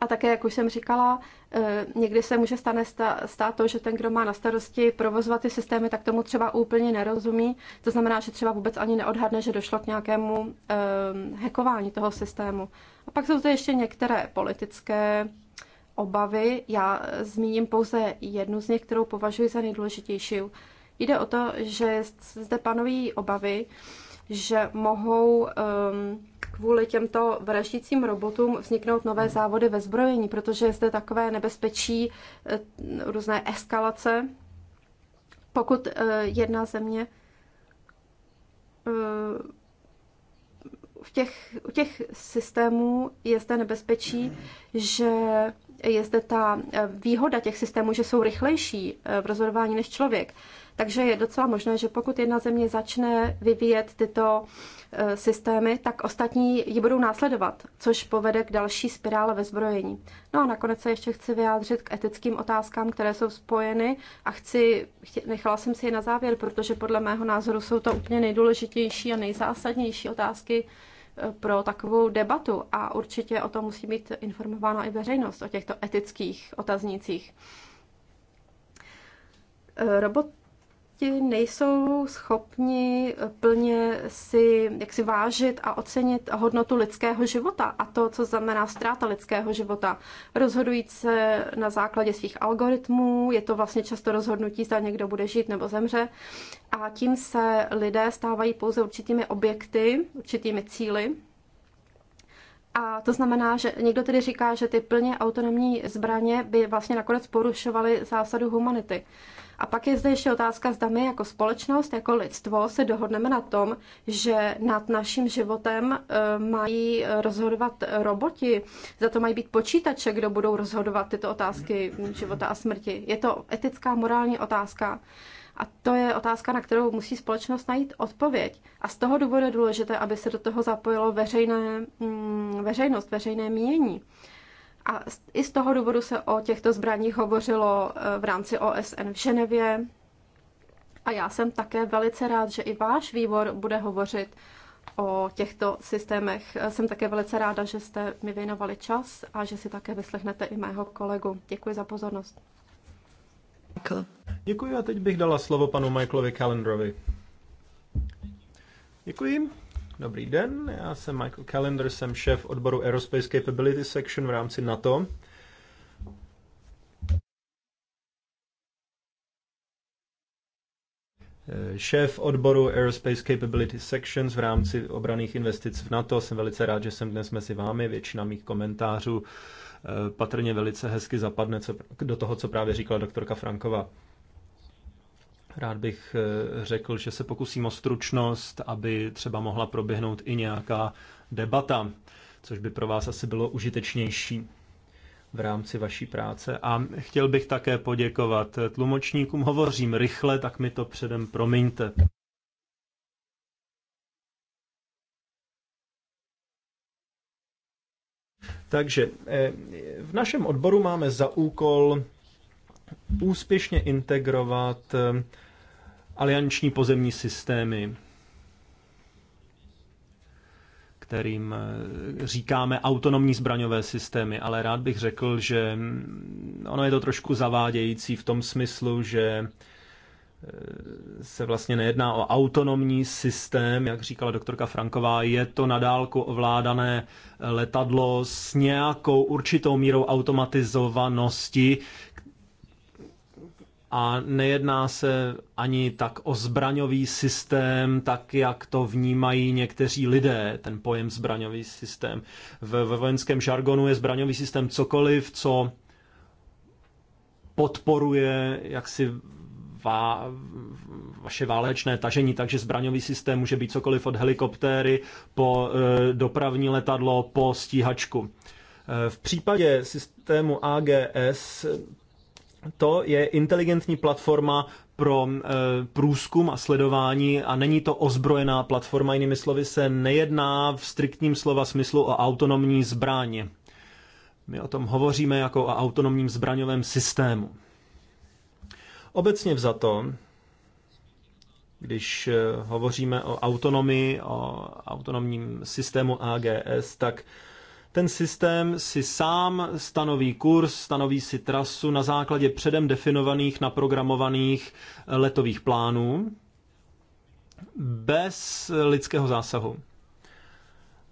A také, jak už jsem říkala, eh, někdy se může stane stát to, že ten, kdo má na starosti provozovat ty systémy, tak tomu třeba úplně nerozumí. To znamená, že třeba vůbec ani neodhadne, že došlo k nějakému hackování toho systému. A pak jsou zde ještě některé politické obavy. Já eh, zmíním pouze jednu z nich, kterou považuji za nejdůležitější. Jde o to, že zde panují obavy, že mohou um, kvůli těmto vraždícím robotům vzniknout nové závody ve zbrojení, protože je zde takové nebezpečí eh, různé eskalace. Pokud eh, jedna země eh, v těch, u těch systémů je zde nebezpečí, že je zde ta výhoda těch systémů, že jsou rychlejší v rozhodování než člověk. Takže je docela možné, že pokud jedna země začne vyvíjet tyto e, systémy, tak ostatní ji budou následovat, což povede k další spirále ve zbrojení. No a nakonec se ještě chci vyjádřit k etickým otázkám, které jsou spojeny a chci, nechala jsem si je na závěr, protože podle mého názoru jsou to úplně nejdůležitější a nejzásadnější otázky, e, pro takovou debatu a určitě o tom musí být informována i veřejnost, o těchto etických otaznících. E, robot, ti nejsou schopni plně si jak si vážit a ocenit hodnotu lidského života a to, co znamená ztráta lidského života. Rozhodují se na základě svých algoritmů, je to vlastně často rozhodnutí, zda někdo bude žít nebo zemře a tím se lidé stávají pouze určitými objekty, určitými cíly. A to znamená, že někdo tedy říká, že ty plně autonomní zbraně by vlastně nakonec porušovaly zásadu humanity. A pak je zde ještě otázka, zda my jako společnost, jako lidstvo se dohodneme na tom, že nad naším životem eh, mají rozhodovat roboti, za to mají být počítače, kdo budou rozhodovat tyto otázky života a smrti. Je to etická, morální otázka. A to je otázka, na kterou musí společnost najít odpověď. A z toho důvodu je důležité, aby se do toho zapojilo veřejné, mm, veřejnost, veřejné mínění. A i z toho důvodu se o těchto zbraních hovořilo eh, v rámci OSN v Ženevě. A já jsem také velice rád, že i váš výbor bude hovořit o těchto systémech. Eh, jsem také velice ráda, že jste mi věnovali čas a že si také vyslechnete i mého kolegu. Děkuji za pozornost. Michael. Děkuji a teď bych dala slovo panu Michaelovi Kalendrovi. Děkuji. Dobrý den, já jsem Michael Callender, jsem šéf odboru Aerospace Capability Section v rámci NATO. Šéf odboru Aerospace Capability Sections v rámci obraných investic v NATO. Jsem velice rád, že jsem dnes mezi vámi. Většina mých komentářů eh, patrně velice hezky zapadne do toho, co právě říkala doktorka Franková. Rád bych eh, řekl, že se pokusím o stručnost, aby třeba mohla proběhnout i nějaká debata, což by pro vás asi bylo užitečnější v rámci vaší práce. A chtěl bych také poděkovat eh, tlumočníkům. Hovořím rychle, tak mi to předem promiňte. Takže eh, v našem odboru máme za úkol úspěšně integrovat alianční pozemní systémy, kterým eh, říkáme autonomní zbraňové systémy, ale rád bych řekl, že mm, ono je to trošku zavádějící v tom smyslu, že eh, se vlastně nejedná o autonomní systém, jak říkala doktorka Franková, je to nadálku ovládané letadlo s nějakou určitou mírou automatizovanosti, a nejedná se ani tak o zbraňový systém, tak jak to vnímají někteří lidé, ten pojem zbraňový systém. V, ve vojenském žargonu je zbraňový systém cokoliv, co podporuje jaksi vá, vaše válečné tažení, takže zbraňový systém může být cokoliv od helikoptéry po e, dopravní letadlo po stíhačku. E, v případě systému AGS to je inteligentní platforma pro e, průzkum a sledování a není to ozbrojená platforma, jinými slovy se nejedná v striktním slova smyslu o autonomní zbraně. My o tom hovoříme jako o autonomním zbraňovém systému. Obecně vzato, když eh, hovoříme o autonomii, o autonomním systému AGS, tak ten systém si sám stanoví kurz, stanoví si trasu na základě předem definovaných, naprogramovaných eh, letových plánů bez lidského zásahu.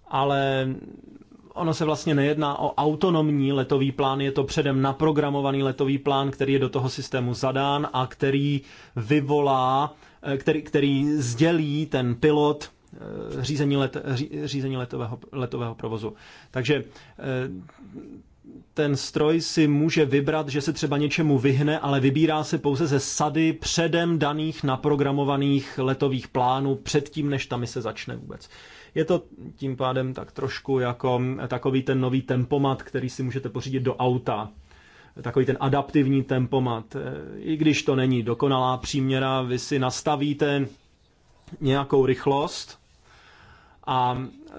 Ale ono se vlastně nejedná o autonomní letový plán, je to předem naprogramovaný letový plán, který je do toho systému zadán a který vyvolá, eh, který, který sdělí ten pilot Eh, řízení, let, řízení letového, letového provozu. Takže eh, ten stroj si může vybrat, že se třeba něčemu vyhne, ale vybírá se pouze ze sady předem daných naprogramovaných letových plánů předtím, než ta mise začne vůbec. Je to tím pádem tak trošku jako eh, takový ten nový tempomat, který si můžete pořídit do auta. Takový ten adaptivní tempomat. I když to není dokonalá příměra, vy si nastavíte nějakou rychlost, a e,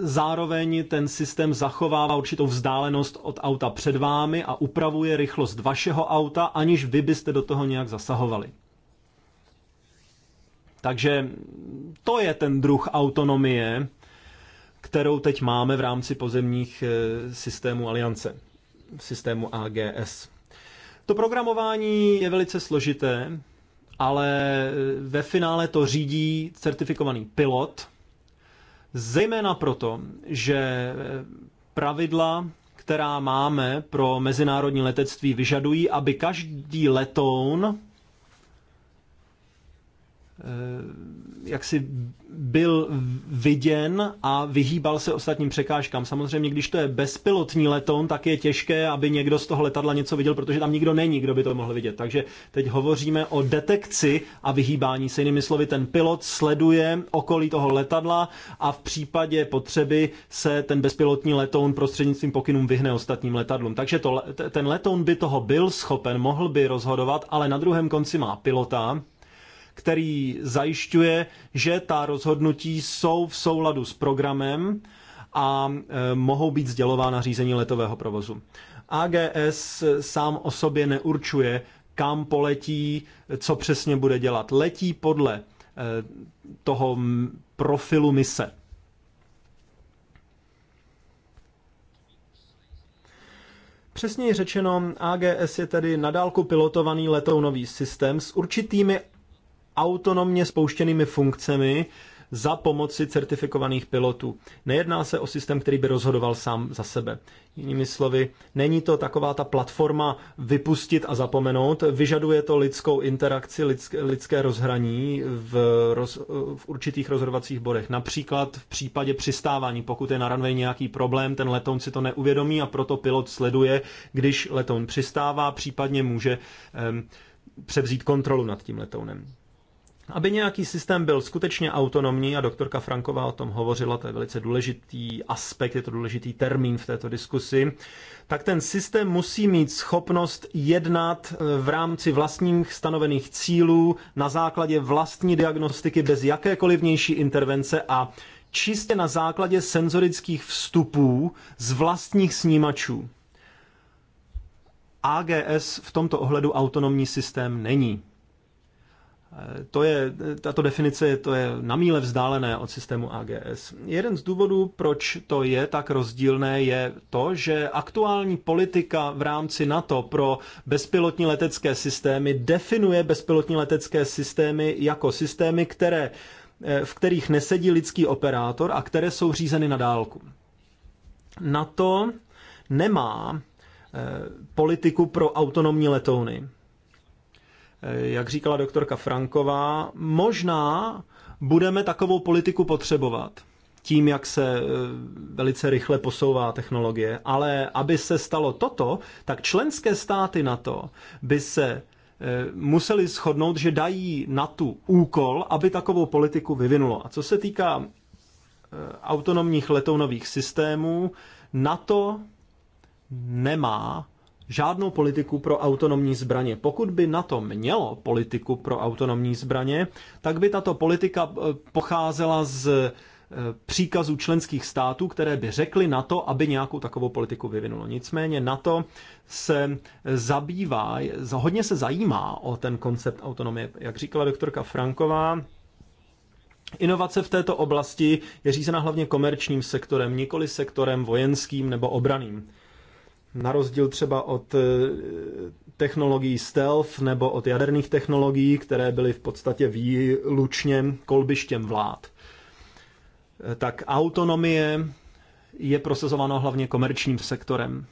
zároveň ten systém zachovává určitou vzdálenost od auta před vámi a upravuje rychlost vašeho auta, aniž vy byste do toho nějak zasahovali. Takže to je ten druh autonomie, kterou teď máme v rámci pozemních e, systémů Aliance, systému AGS. To programování je velice složité, ale e, ve finále to řídí certifikovaný pilot – Zejména proto, že pravidla, která máme pro mezinárodní letectví, vyžadují, aby každý letoun Eh, jak si byl viděn a vyhýbal se ostatním překážkám. Samozřejmě, když to je bezpilotní letoun, tak je těžké, aby někdo z toho letadla něco viděl, protože tam nikdo není, kdo by to mohl vidět. Takže teď hovoříme o detekci a vyhýbání se. Jinými slovy, ten pilot sleduje okolí toho letadla a v případě potřeby se ten bezpilotní letoun prostřednictvím pokynům vyhne ostatním letadlům. Takže to, ten letoun by toho byl schopen, mohl by rozhodovat, ale na druhém konci má pilota, který zajišťuje, že ta rozhodnutí jsou v souladu s programem a e, mohou být sdělována řízení letového provozu. AGS sám o sobě neurčuje, kam poletí, co přesně bude dělat. Letí podle e, toho profilu mise. Přesněji řečeno, AGS je tedy nadálku pilotovaný letounový systém s určitými autonomně spouštěnými funkcemi za pomoci certifikovaných pilotů. Nejedná se o systém, který by rozhodoval sám za sebe. Jinými slovy, není to taková ta platforma vypustit a zapomenout, vyžaduje to lidskou interakci, lidské, rozhraní v, roz, v určitých rozhodovacích bodech. Například v případě přistávání, pokud je na runway nějaký problém, ten letoun si to neuvědomí a proto pilot sleduje, když letoun přistává, případně může ehm, převzít kontrolu nad tím letounem. Aby nějaký systém byl skutečně autonomní, a doktorka Franková o tom hovořila, to je velice důležitý aspekt, je to důležitý termín v této diskusi, tak ten systém musí mít schopnost jednat eh, v rámci vlastních stanovených cílů na základě vlastní diagnostiky bez jakékoliv vnější intervence a čistě na základě senzorických vstupů z vlastních snímačů. AGS v tomto ohledu autonomní systém není. To je, tato definice to je na míle vzdálené od systému AGS. Jeden z důvodů, proč to je tak rozdílné, je to, že aktuální politika v rámci NATO pro bezpilotní letecké systémy definuje bezpilotní letecké systémy jako systémy, které, v kterých nesedí lidský operátor a které jsou řízeny na dálku. NATO nemá eh, politiku pro autonomní letouny Eh, jak říkala doktorka Franková, možná budeme takovou politiku potřebovat tím, jak se eh, velice rychle posouvá technologie. Ale aby se stalo toto, tak členské státy na to by se eh, museli shodnout, že dají na tu úkol, aby takovou politiku vyvinulo. A co se týká autonomních letounových systémů, na to nemá žádnou politiku pro autonomní zbraně. Pokud by na to mělo politiku pro autonomní zbraně, tak by tato politika eh, pocházela z eh, příkazů členských států, které by řekly na to, aby nějakou takovou politiku vyvinulo. Nicméně na to se eh, zabývá, hodně se zajímá o ten koncept autonomie. Jak říkala doktorka Franková, Inovace v této oblasti je řízena hlavně komerčním sektorem, nikoli sektorem vojenským nebo obraným na rozdíl třeba od eh, technologií stealth nebo od jaderných technologií, které byly v podstatě výlučně kolbištěm vlád. Eh, tak autonomie je prosazováno hlavně komerčním sektorem.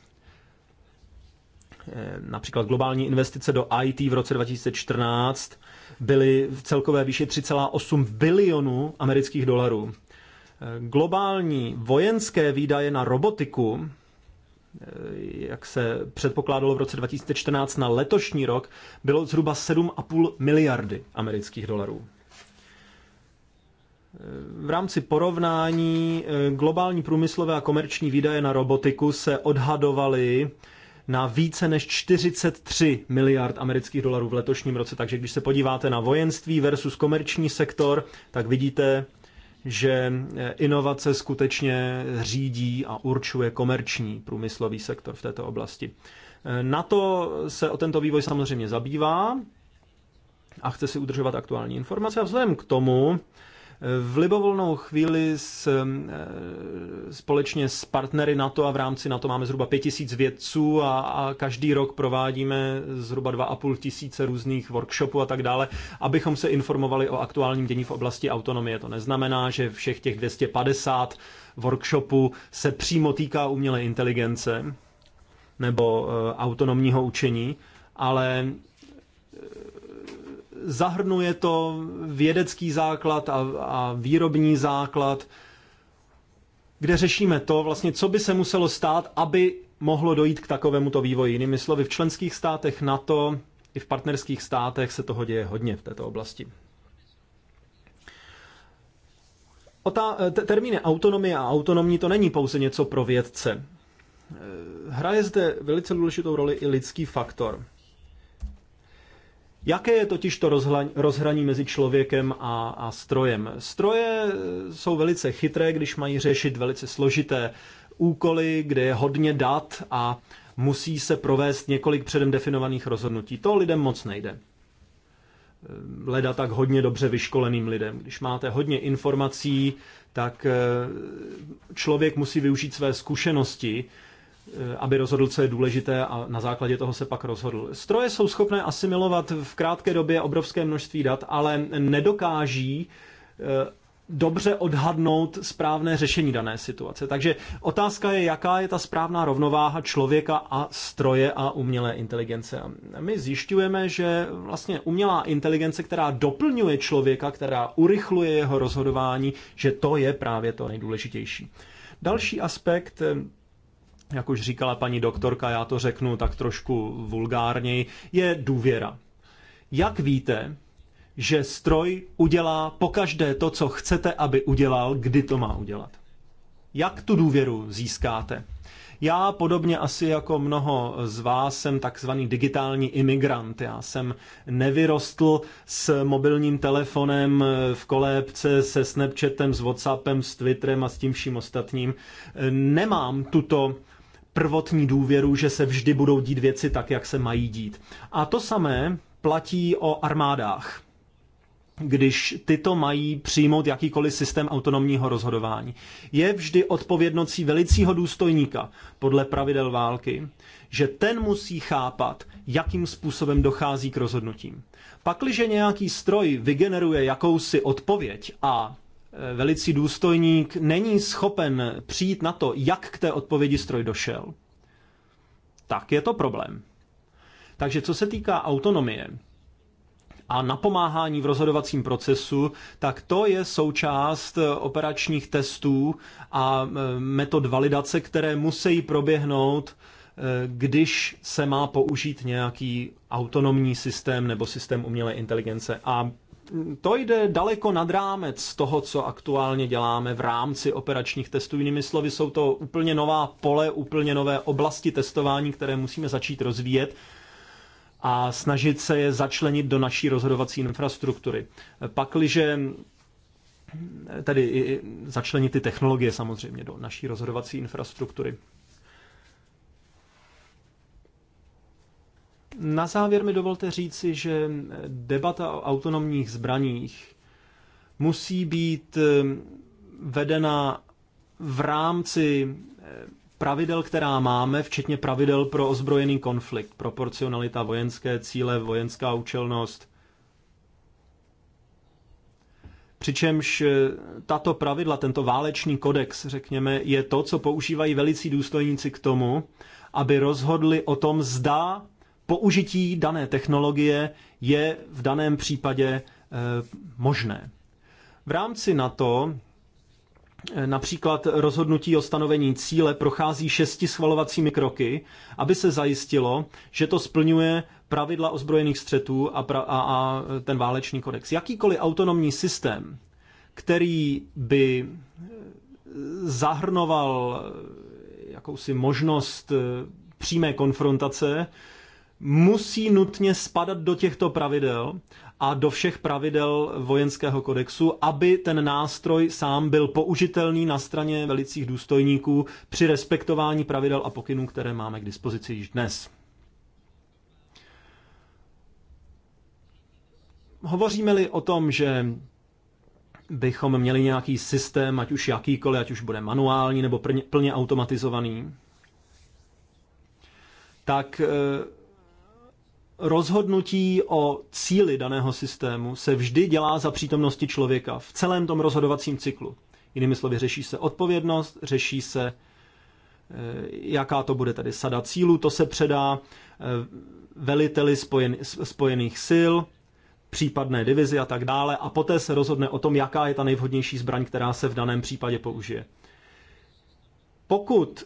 Eh, například globální investice do IT v roce 2014 byly v celkové výši 3,8 bilionů amerických dolarů. Globální vojenské výdaje na robotiku jak se předpokládalo v roce 2014 na letošní rok, bylo zhruba 7,5 miliardy amerických dolarů. V rámci porovnání eh, globální průmyslové a komerční výdaje na robotiku se odhadovaly na více než 43 miliard amerických dolarů v letošním roce. Takže když se podíváte na vojenství versus komerční sektor, tak vidíte, že eh, inovace skutečně řídí a určuje komerční průmyslový sektor v této oblasti. Eh, na to se o tento vývoj samozřejmě zabývá a chce si udržovat aktuální informace a vzhledem k tomu, v libovolnou chvíli s, eh, společně s partnery NATO a v rámci NATO máme zhruba 5000 vědců a, a každý rok provádíme zhruba 2,5 tisíce různých workshopů a tak dále, abychom se informovali o aktuálním dění v oblasti autonomie. To neznamená, že všech těch 250 workshopů se přímo týká umělé inteligence nebo eh, autonomního učení, ale eh, zahrnuje to vědecký základ a, a výrobní základ, kde řešíme to, vlastně, co by se muselo stát, aby mohlo dojít k takovémuto vývoji. Jinými slovy, v členských státech NATO i v partnerských státech se toho děje hodně v této oblasti. Otá, termíny autonomie a autonomní to není pouze něco pro vědce. Hraje zde velice důležitou roli i lidský faktor. Jaké je totiž to rozhraní mezi člověkem a, a strojem? Stroje jsou velice chytré, když mají řešit velice složité úkoly, kde je hodně dat a musí se provést několik předem definovaných rozhodnutí. To lidem moc nejde. Ehm, leda tak hodně dobře vyškoleným lidem. Když máte hodně informací, tak ehm, člověk musí využít své zkušenosti Eh, aby rozhodl, co je důležité a na základě toho se pak rozhodl. Stroje jsou schopné asimilovat v krátké době obrovské množství dat, ale nedokáží eh, dobře odhadnout správné řešení dané situace. Takže otázka je, jaká je ta správná rovnováha člověka a stroje a umělé inteligence. My zjišťujeme, že vlastně umělá inteligence, která doplňuje člověka, která urychluje jeho rozhodování, že to je právě to nejdůležitější. Další aspekt eh, jak už říkala paní doktorka, já to řeknu tak trošku vulgárněji, je důvěra. Jak víte, že stroj udělá pokaždé to, co chcete, aby udělal, kdy to má udělat? Jak tu důvěru získáte? Já podobně asi jako mnoho z vás jsem takzvaný digitální imigrant. Já jsem nevyrostl s mobilním telefonem v kolébce, se Snapchatem, s Whatsappem, s Twitterem a s tím vším ostatním. Nemám tuto prvotní důvěru, že se vždy budou dít věci tak, jak se mají dít. A to samé platí o armádách když tyto mají přijmout jakýkoliv systém autonomního rozhodování. Je vždy odpovědnocí velicího důstojníka podle pravidel války, že ten musí chápat, jakým způsobem dochází k rozhodnutím. Pakliže nějaký stroj vygeneruje jakousi odpověď a velicí důstojník není schopen přijít na to, jak k té odpovědi stroj došel, tak je to problém. Takže co se týká autonomie a napomáhání v rozhodovacím procesu, tak to je součást eh, operačních testů a eh, metod validace, které musí proběhnout, eh, když se má použít nějaký autonomní systém nebo systém umělé inteligence. A to jde daleko nad rámec toho, co aktuálně děláme v rámci operačních testů. Jinými slovy, jsou to úplně nová pole, úplně nové oblasti testování, které musíme začít rozvíjet a snažit se je začlenit do naší rozhodovací infrastruktury. Pakliže tedy začlenit ty technologie samozřejmě do naší rozhodovací infrastruktury. Na závěr mi dovolte říci, že debata o autonomních zbraních musí být eh, vedena v rámci eh, pravidel, která máme, včetně pravidel pro ozbrojený konflikt, proporcionalita, vojenské cíle, vojenská účelnost. Přičemž eh, tato pravidla, tento válečný kodex, řekněme, je to, co používají velicí důstojníci k tomu, aby rozhodli o tom, zda použití dané technologie je v daném případě eh, možné. V rámci NATO eh, například rozhodnutí o stanovení cíle prochází šesti schvalovacími kroky, aby se zajistilo, že to splňuje pravidla ozbrojených střetů a, pra- a, a ten válečný kodex. Jakýkoliv autonomní systém, který by eh, zahrnoval jakousi možnost přímé konfrontace, musí nutně spadat do těchto pravidel a do všech pravidel vojenského kodexu, aby ten nástroj sám byl použitelný na straně velicích důstojníků při respektování pravidel a pokynů, které máme k dispozici již dnes. Hovoříme-li o tom, že bychom měli nějaký systém, ať už jakýkoliv, ať už bude manuální nebo plně automatizovaný, tak eh, rozhodnutí o cíli daného systému se vždy dělá za přítomnosti člověka v celém tom rozhodovacím cyklu. Jinými slovy, řeší se odpovědnost, řeší se, eh, jaká to bude tady sada cílů, to se předá eh, veliteli spojen, spojených sil, případné divizi a tak dále a poté se rozhodne o tom, jaká je ta nejvhodnější zbraň, která se v daném případě použije. Pokud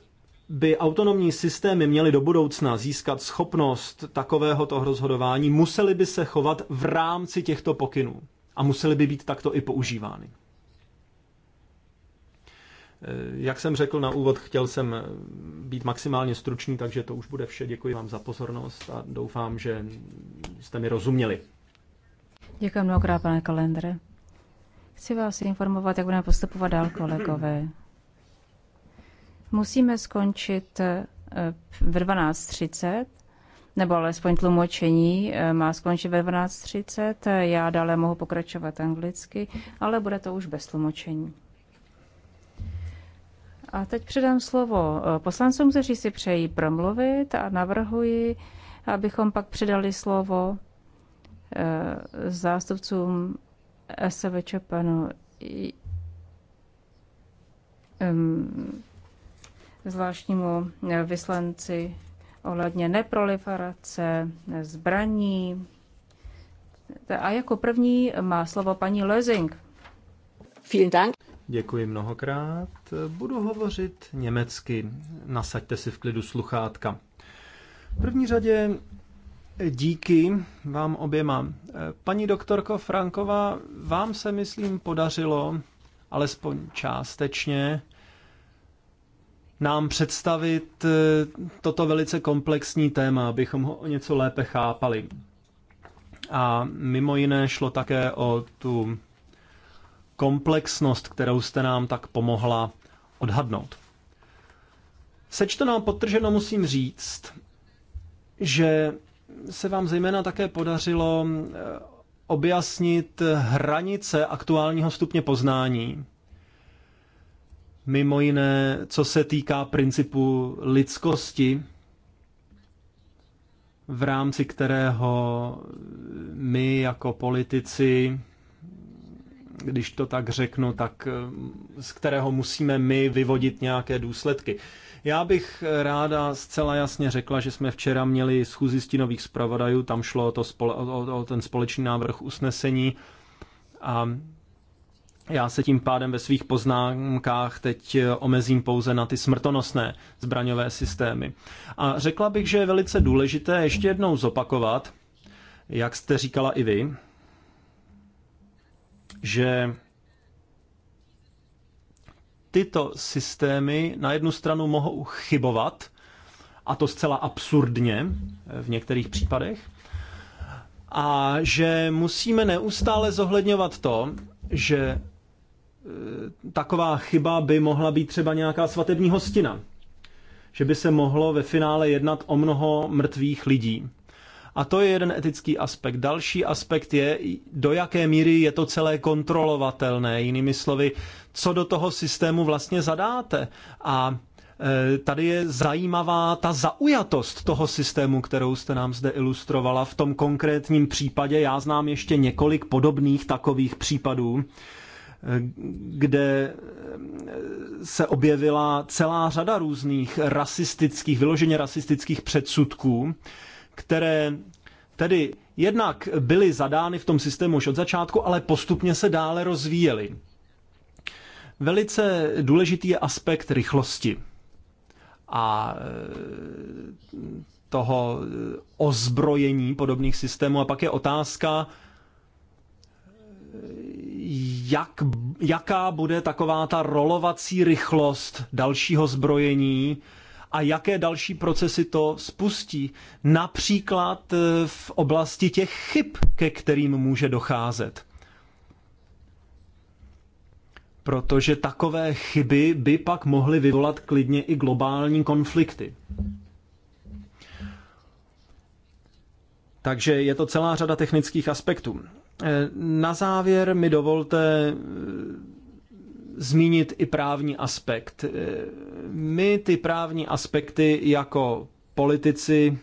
by autonomní systémy měly do budoucna získat schopnost takového rozhodování, musely by se chovat v rámci těchto pokynů a musely by být takto i používány. Eh, jak jsem řekl na úvod, chtěl jsem eh, být maximálně stručný, takže to už bude vše. Děkuji vám za pozornost a doufám, že jste mi rozuměli. Děkuji mnohokrát, pane kalendre. Chci vás informovat, jak budeme postupovat dál, kolegové. Musíme skončit eh, v 12.30, nebo alespoň tlumočení eh, má skončit ve 12.30. Já dále mohu pokračovat anglicky, ale bude to už bez tlumočení. A teď předám slovo eh, poslancům, kteří si přejí promluvit a navrhuji, abychom pak předali slovo zástupcům SVČ panu zvláštnímu vyslanci ohledně neproliferace zbraní. A jako první má slovo paní Lezing. Vielen Dank. Děkuji mnohokrát. Budu hovořit německy. Nasaďte si v klidu sluchátka. V první řadě díky vám oběma. Paní doktorko Franková, vám se, myslím, podařilo alespoň částečně nám představit eh, toto velice komplexní téma, abychom ho o něco lépe chápali. A mimo jiné šlo také o tu komplexnost, kterou jste nám tak pomohla odhadnout. Sečto nám potrženo musím říct, že se vám zejména také podařilo eh, objasnit hranice aktuálního stupně poznání, mimo jiné, co se týká principu lidskosti, v rámci kterého my jako politici, když to tak řeknu, tak eh, z kterého musíme my vyvodit nějaké důsledky. Já bych ráda zcela jasně řekla, že jsme včera měli schůzi stínových zpravodajů, tam šlo o, to spole, o, o ten společný návrh usnesení a já se tím pádem ve svých poznámkách teď eh, omezím pouze na ty smrtonosné zbraňové systémy. A řekla bych, že je velice důležité ještě jednou zopakovat, jak jste říkala i vy, že tyto systémy na jednu stranu mohou chybovat, a to zcela absurdně eh, v některých případech, a že musíme neustále zohledňovat to, že Eh, taková chyba by mohla být třeba nějaká svatební hostina. Že by se mohlo ve finále jednat o mnoho mrtvých lidí. A to je jeden etický aspekt. Další aspekt je, do jaké míry je to celé kontrolovatelné. Jinými slovy, co do toho systému vlastně zadáte. A eh, tady je zajímavá ta zaujatost toho systému, kterou jste nám zde ilustrovala. V tom konkrétním případě já znám ještě několik podobných takových případů, kde se objevila celá řada různých rasistických, vyloženě rasistických předsudků, které tedy jednak byly zadány v tom systému už od začátku, ale postupně se dále rozvíjely. Velice důležitý je aspekt rychlosti a e, toho e, ozbrojení podobných systémů. A pak je otázka, jak, jaká bude taková ta rolovací rychlost dalšího zbrojení a jaké další procesy to spustí, například eh, v oblasti těch chyb, ke kterým může docházet. Protože takové chyby by pak mohly vyvolat klidně i globální konflikty. Takže je to celá řada technických aspektů. Na závěr mi dovolte eh, zmínit i právní aspekt. Eh, my ty právní aspekty jako politici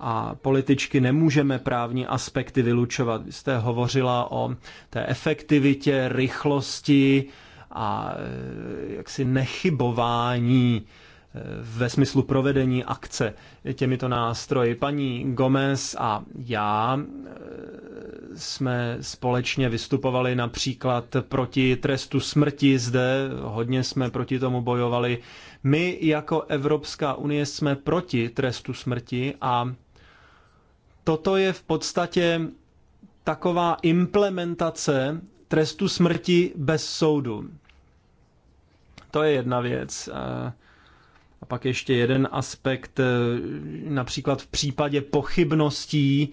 a političky nemůžeme právní aspekty vylučovat. Vy jste hovořila o té efektivitě, rychlosti a eh, jaksi nechybování ve smyslu provedení akce těmito nástroji. Paní Gomez a já eh, jsme společně vystupovali například proti trestu smrti zde, hodně jsme proti tomu bojovali. My jako Evropská unie jsme proti trestu smrti a toto je v podstatě taková implementace trestu smrti bez soudu. To je jedna věc. Eh, a pak ještě jeden aspekt, eh, například v případě pochybností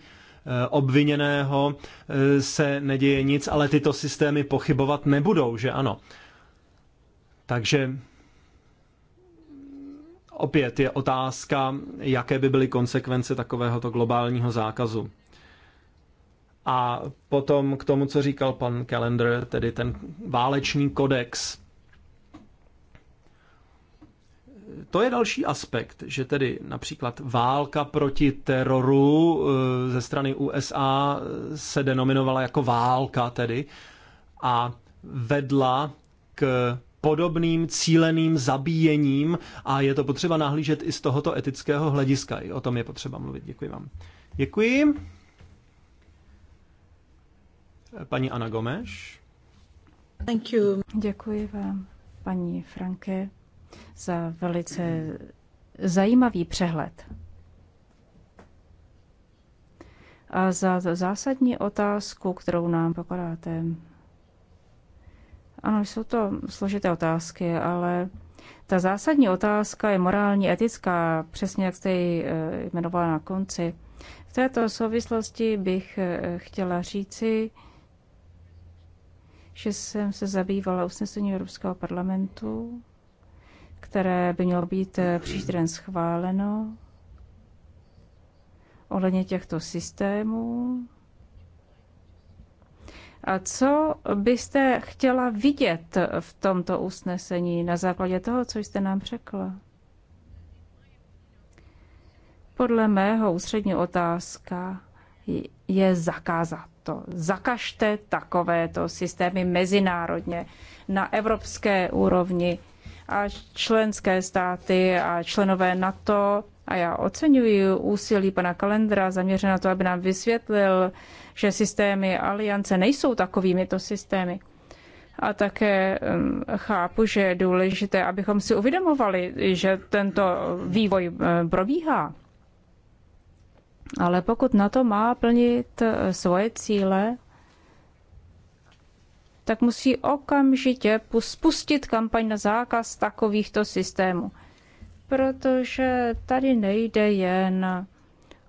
eh, obviněného eh, se neděje nic, ale tyto systémy pochybovat nebudou, že ano. Takže opět je otázka, jaké by byly konsekvence takovéhoto globálního zákazu. A potom k tomu, co říkal pan Kalender, tedy ten válečný kodex to je další aspekt, že tedy například válka proti teroru eh, ze strany USA se denominovala jako válka tedy a vedla k podobným cíleným zabíjením a je to potřeba nahlížet i z tohoto etického hlediska. I o tom je potřeba mluvit. Děkuji vám. Děkuji. Paní Ana Gomeš. Thank you. Děkuji vám, paní Franke za velice zajímavý přehled a za zásadní otázku, kterou nám pokládáte. Ano, jsou to složité otázky, ale ta zásadní otázka je morální, etická, přesně jak jste ji eh, jmenovala na konci. V této souvislosti bych eh, chtěla říci, že jsem se zabývala usnesením Evropského parlamentu které by mělo být eh, příští den schváleno ohledně těchto systémů. A co byste chtěla vidět v tomto usnesení na základě toho, co jste nám řekla? Podle mého ústřední otázka je zakázat to. Zakažte takovéto systémy mezinárodně na evropské úrovni a členské státy a členové NATO. A já oceňuji úsilí pana Kalendra zaměřené na to, aby nám vysvětlil, že systémy aliance nejsou takovými to systémy. A také um, chápu, že je důležité, abychom si uvědomovali, že tento vývoj uh, probíhá. Ale pokud na to má plnit uh, svoje cíle, tak musí okamžitě spustit kampaň na zákaz takovýchto systémů. Protože tady nejde jen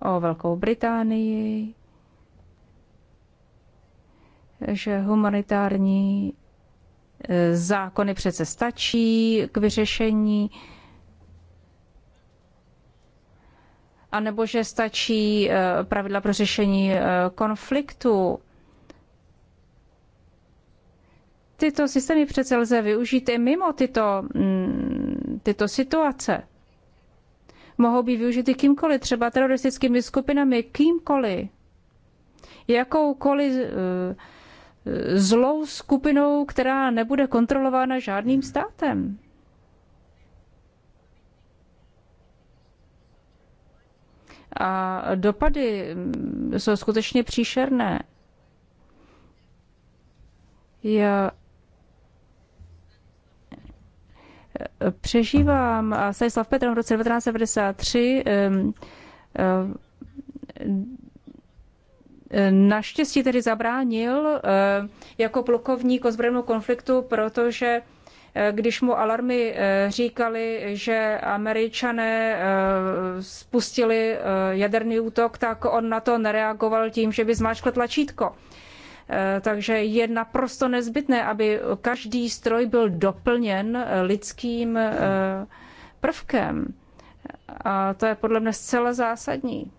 o Velkou Británii, že humanitární e, zákony přece stačí k vyřešení, anebo že stačí e, pravidla pro řešení e, konfliktu tyto systémy přece lze využít i mimo tyto, mm, tyto situace. Mohou být využity kýmkoliv, třeba teroristickými skupinami, kýmkoliv, jakoukoliv eh, eh, zlou skupinou, která nebude kontrolována žádným státem. A dopady mm, jsou skutečně příšerné. Já přežívám a Stanislav Petr v roce 1993 naštěstí tedy zabránil jako plukovník ozbrojenému konfliktu, protože když mu alarmy říkali, že američané spustili jaderný útok, tak on na to nereagoval tím, že by zmáčkl tlačítko. Eh, takže je naprosto nezbytné, aby každý stroj byl doplněn eh, lidským eh, prvkem. A to je podle mě zcela zásadní.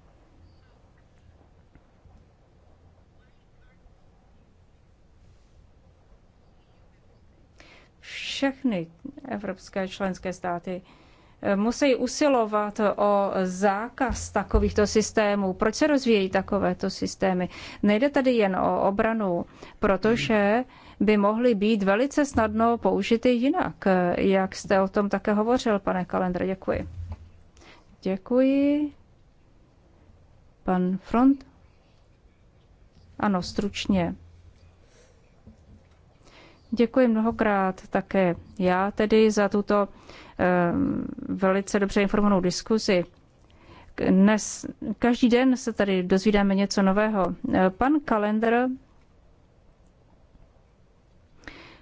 Všechny evropské členské státy musí usilovat o zákaz takovýchto systémů. Proč se rozvíjejí takovéto systémy? Nejde tady jen o obranu, protože by mohly být velice snadno použity jinak, jak jste o tom také hovořil, pane Kalendra, Děkuji. Děkuji. Pan Front? Ano, stručně. Děkuji mnohokrát také já tedy za tuto eh, velice dobře informovanou diskuzi. Dnes, každý den se tady dozvídáme něco nového. Eh, pan Kalender,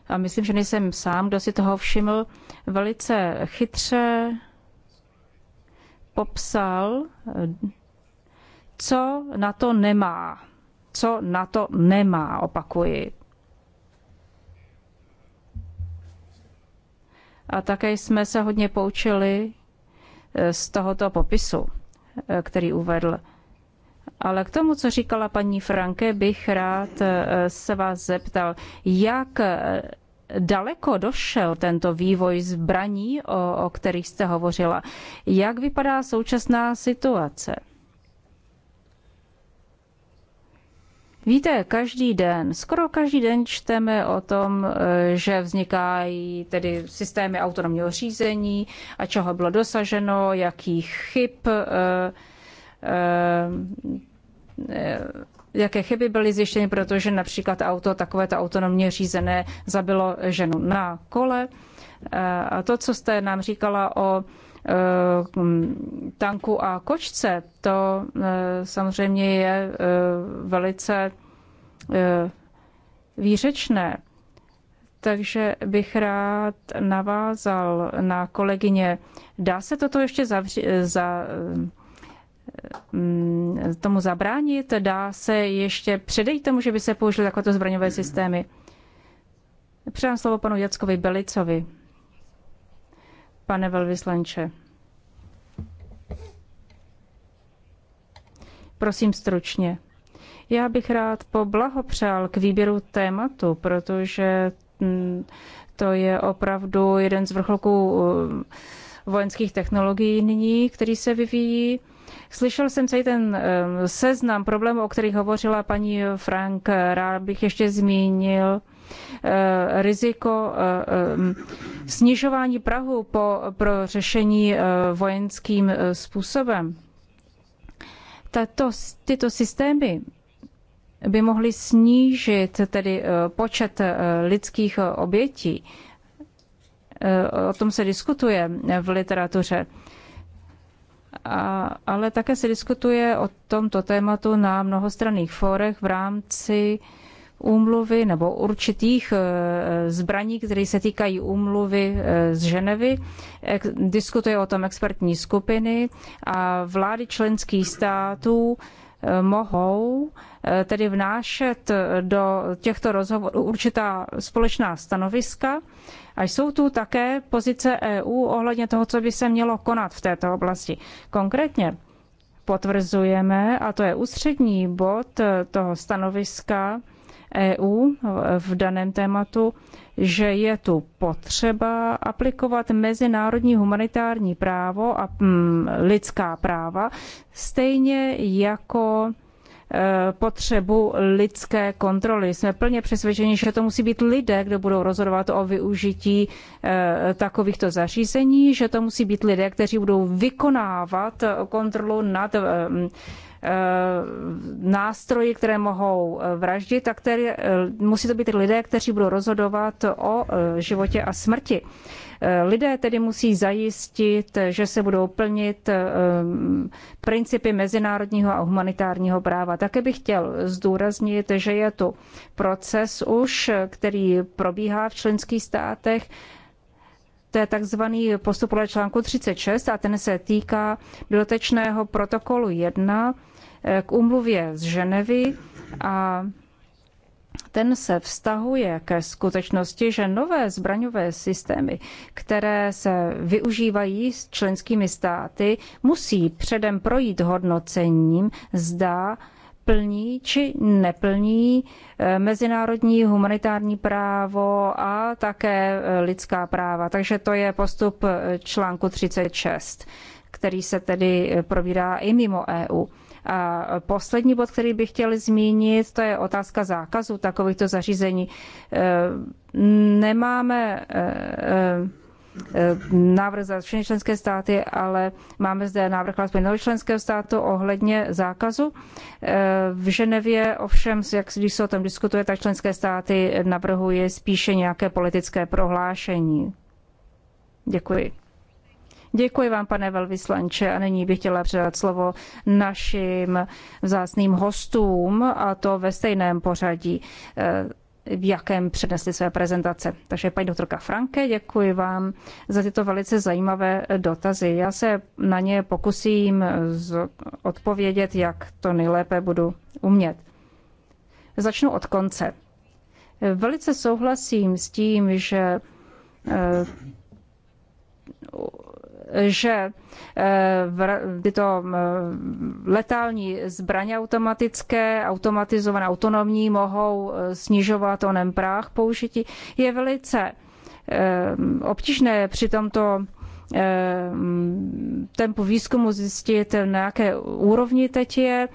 a myslím, že nejsem sám, kdo si toho všiml, velice chytře popsal, eh, co na to nemá. Co na to nemá, opakuji. A také jsme se hodně poučili eh, z tohoto popisu, eh, který uvedl. Ale k tomu, co říkala paní Franke, bych rád eh, se vás zeptal, jak daleko došel tento vývoj zbraní, o, o kterých jste hovořila. Jak vypadá současná situace? Víte, každý den, skoro každý den čteme o tom, eh, že vznikají tedy systémy autonomního řízení a čeho bylo dosaženo, jakých chyb, eh, eh, jaké chyby byly zjištěny, protože například auto, takové to autonomně řízené, zabilo ženu na kole. A to, co jste nám říkala o Eh, mm, tanku a kočce, to eh, samozřejmě je eh, velice výřečné. Takže bych rád navázal na kolegyně. Dá se toto ještě zavři, za, mm, tomu zabránit? Dá se ještě předejít tomu, že by se použily takovéto zbraňové systémy? Předám slovo panu Jackovi Belicovi pane velvyslanče. Prosím stručně. Já bych rád poblahopřál k výběru tématu, protože mm, to je opravdu jeden z vrcholků eh, vojenských technologií nyní, který se vyvíjí. Slyšel jsem celý ten eh, seznam problémů, o kterých hovořila paní Frank. Rád bych ještě zmínil Eh, riziko eh, eh, snižování Prahu po, pro řešení vojenským způsobem. Tato, tyto systémy by mohly snížit tedy počet lidských obětí. O tom se diskutuje v literatuře. A, ale také se diskutuje o tomto tématu na mnohostranných fórech v rámci uh, úmluvy nebo určitých eh, zbraní, které se týkají úmluvy eh, z Ženevy. Diskutuje o tom expertní skupiny a vlády členských států eh, mohou tedy vnášet do těchto rozhovorů určitá společná stanoviska. A jsou tu také pozice EU ohledně toho, co by se mělo konat v této oblasti. Konkrétně potvrzujeme, a to je ústřední bod toho stanoviska, EU v daném tématu, že je tu potřeba aplikovat mezinárodní humanitární právo a hm, lidská práva, stejně jako e, potřebu lidské kontroly. Jsme plně přesvědčeni, že to musí být lidé, kdo budou rozhodovat o využití e, takovýchto zařízení, že to musí být lidé, kteří budou vykonávat kontrolu nad e, Eh, nástroji, které mohou eh, vraždit tak které, eh, musí to být lidé, kteří budou rozhodovat o životě a smrti. Lidé tedy musí zajistit, že se budou plnit principy mezinárodního a humanitárního práva. Také bych chtěl zdůraznit, že je to proces už, který probíhá v členských státech, to je takzvaný postup podle článku 36 a ten se týká dotečného protokolu 1 k úmluvě z Ženevy a ten se vztahuje ke skutečnosti, že nové zbraňové systémy, které se využívají s členskými státy, musí předem projít hodnocením, zda plní či neplní eh, mezinárodní humanitární právo a také eh, lidská práva. Takže to je postup eh, článku 36, který se tedy probírá i mimo EU. A poslední bod, který bych chtěl zmínit, to je otázka zákazu takovýchto zařízení. E, nemáme e, e, návrh za všechny členské státy, ale máme zde návrh alespoň jednoho členského státu ohledně zákazu. V Ženevě ovšem, jak když se o tom diskutuje, tak členské státy navrhuje spíše nějaké politické prohlášení. Děkuji. Děkuji vám, pane velvyslanče, a nyní bych chtěla předat slovo našim vzácným hostům, a to ve stejném pořadí, eh, v jakém přednesli své prezentace. Takže paní doktorka Franke, děkuji vám za tyto velice zajímavé eh, dotazy. Já se na ně pokusím eh, odpovědět, jak to nejlépe budu umět. Začnu od konce. Velice souhlasím s tím, že že eh, tyto letální zbraně automatické, automatizované, autonomní mohou eh, snižovat onem práh použití, je velice eh, obtížné při tomto tempu výzkumu zjistit, na jaké úrovni teď je.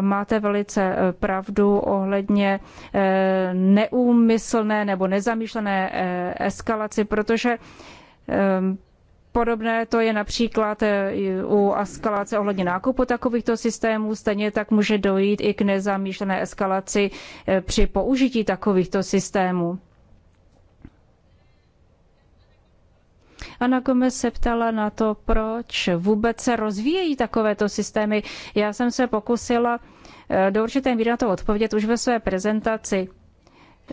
Máte velice pravdu ohledně neúmyslné nebo nezamýšlené eskalaci, protože Podobné to je například e, u eskalace ohledně nákupu takovýchto systémů, stejně tak může dojít i k nezamýšlené eskalaci e, při použití takovýchto systémů. Ana Gomez se ptala na to, proč vůbec se rozvíjejí takovéto systémy. Já jsem se pokusila e, do určité míry na to odpovědět už ve své prezentaci.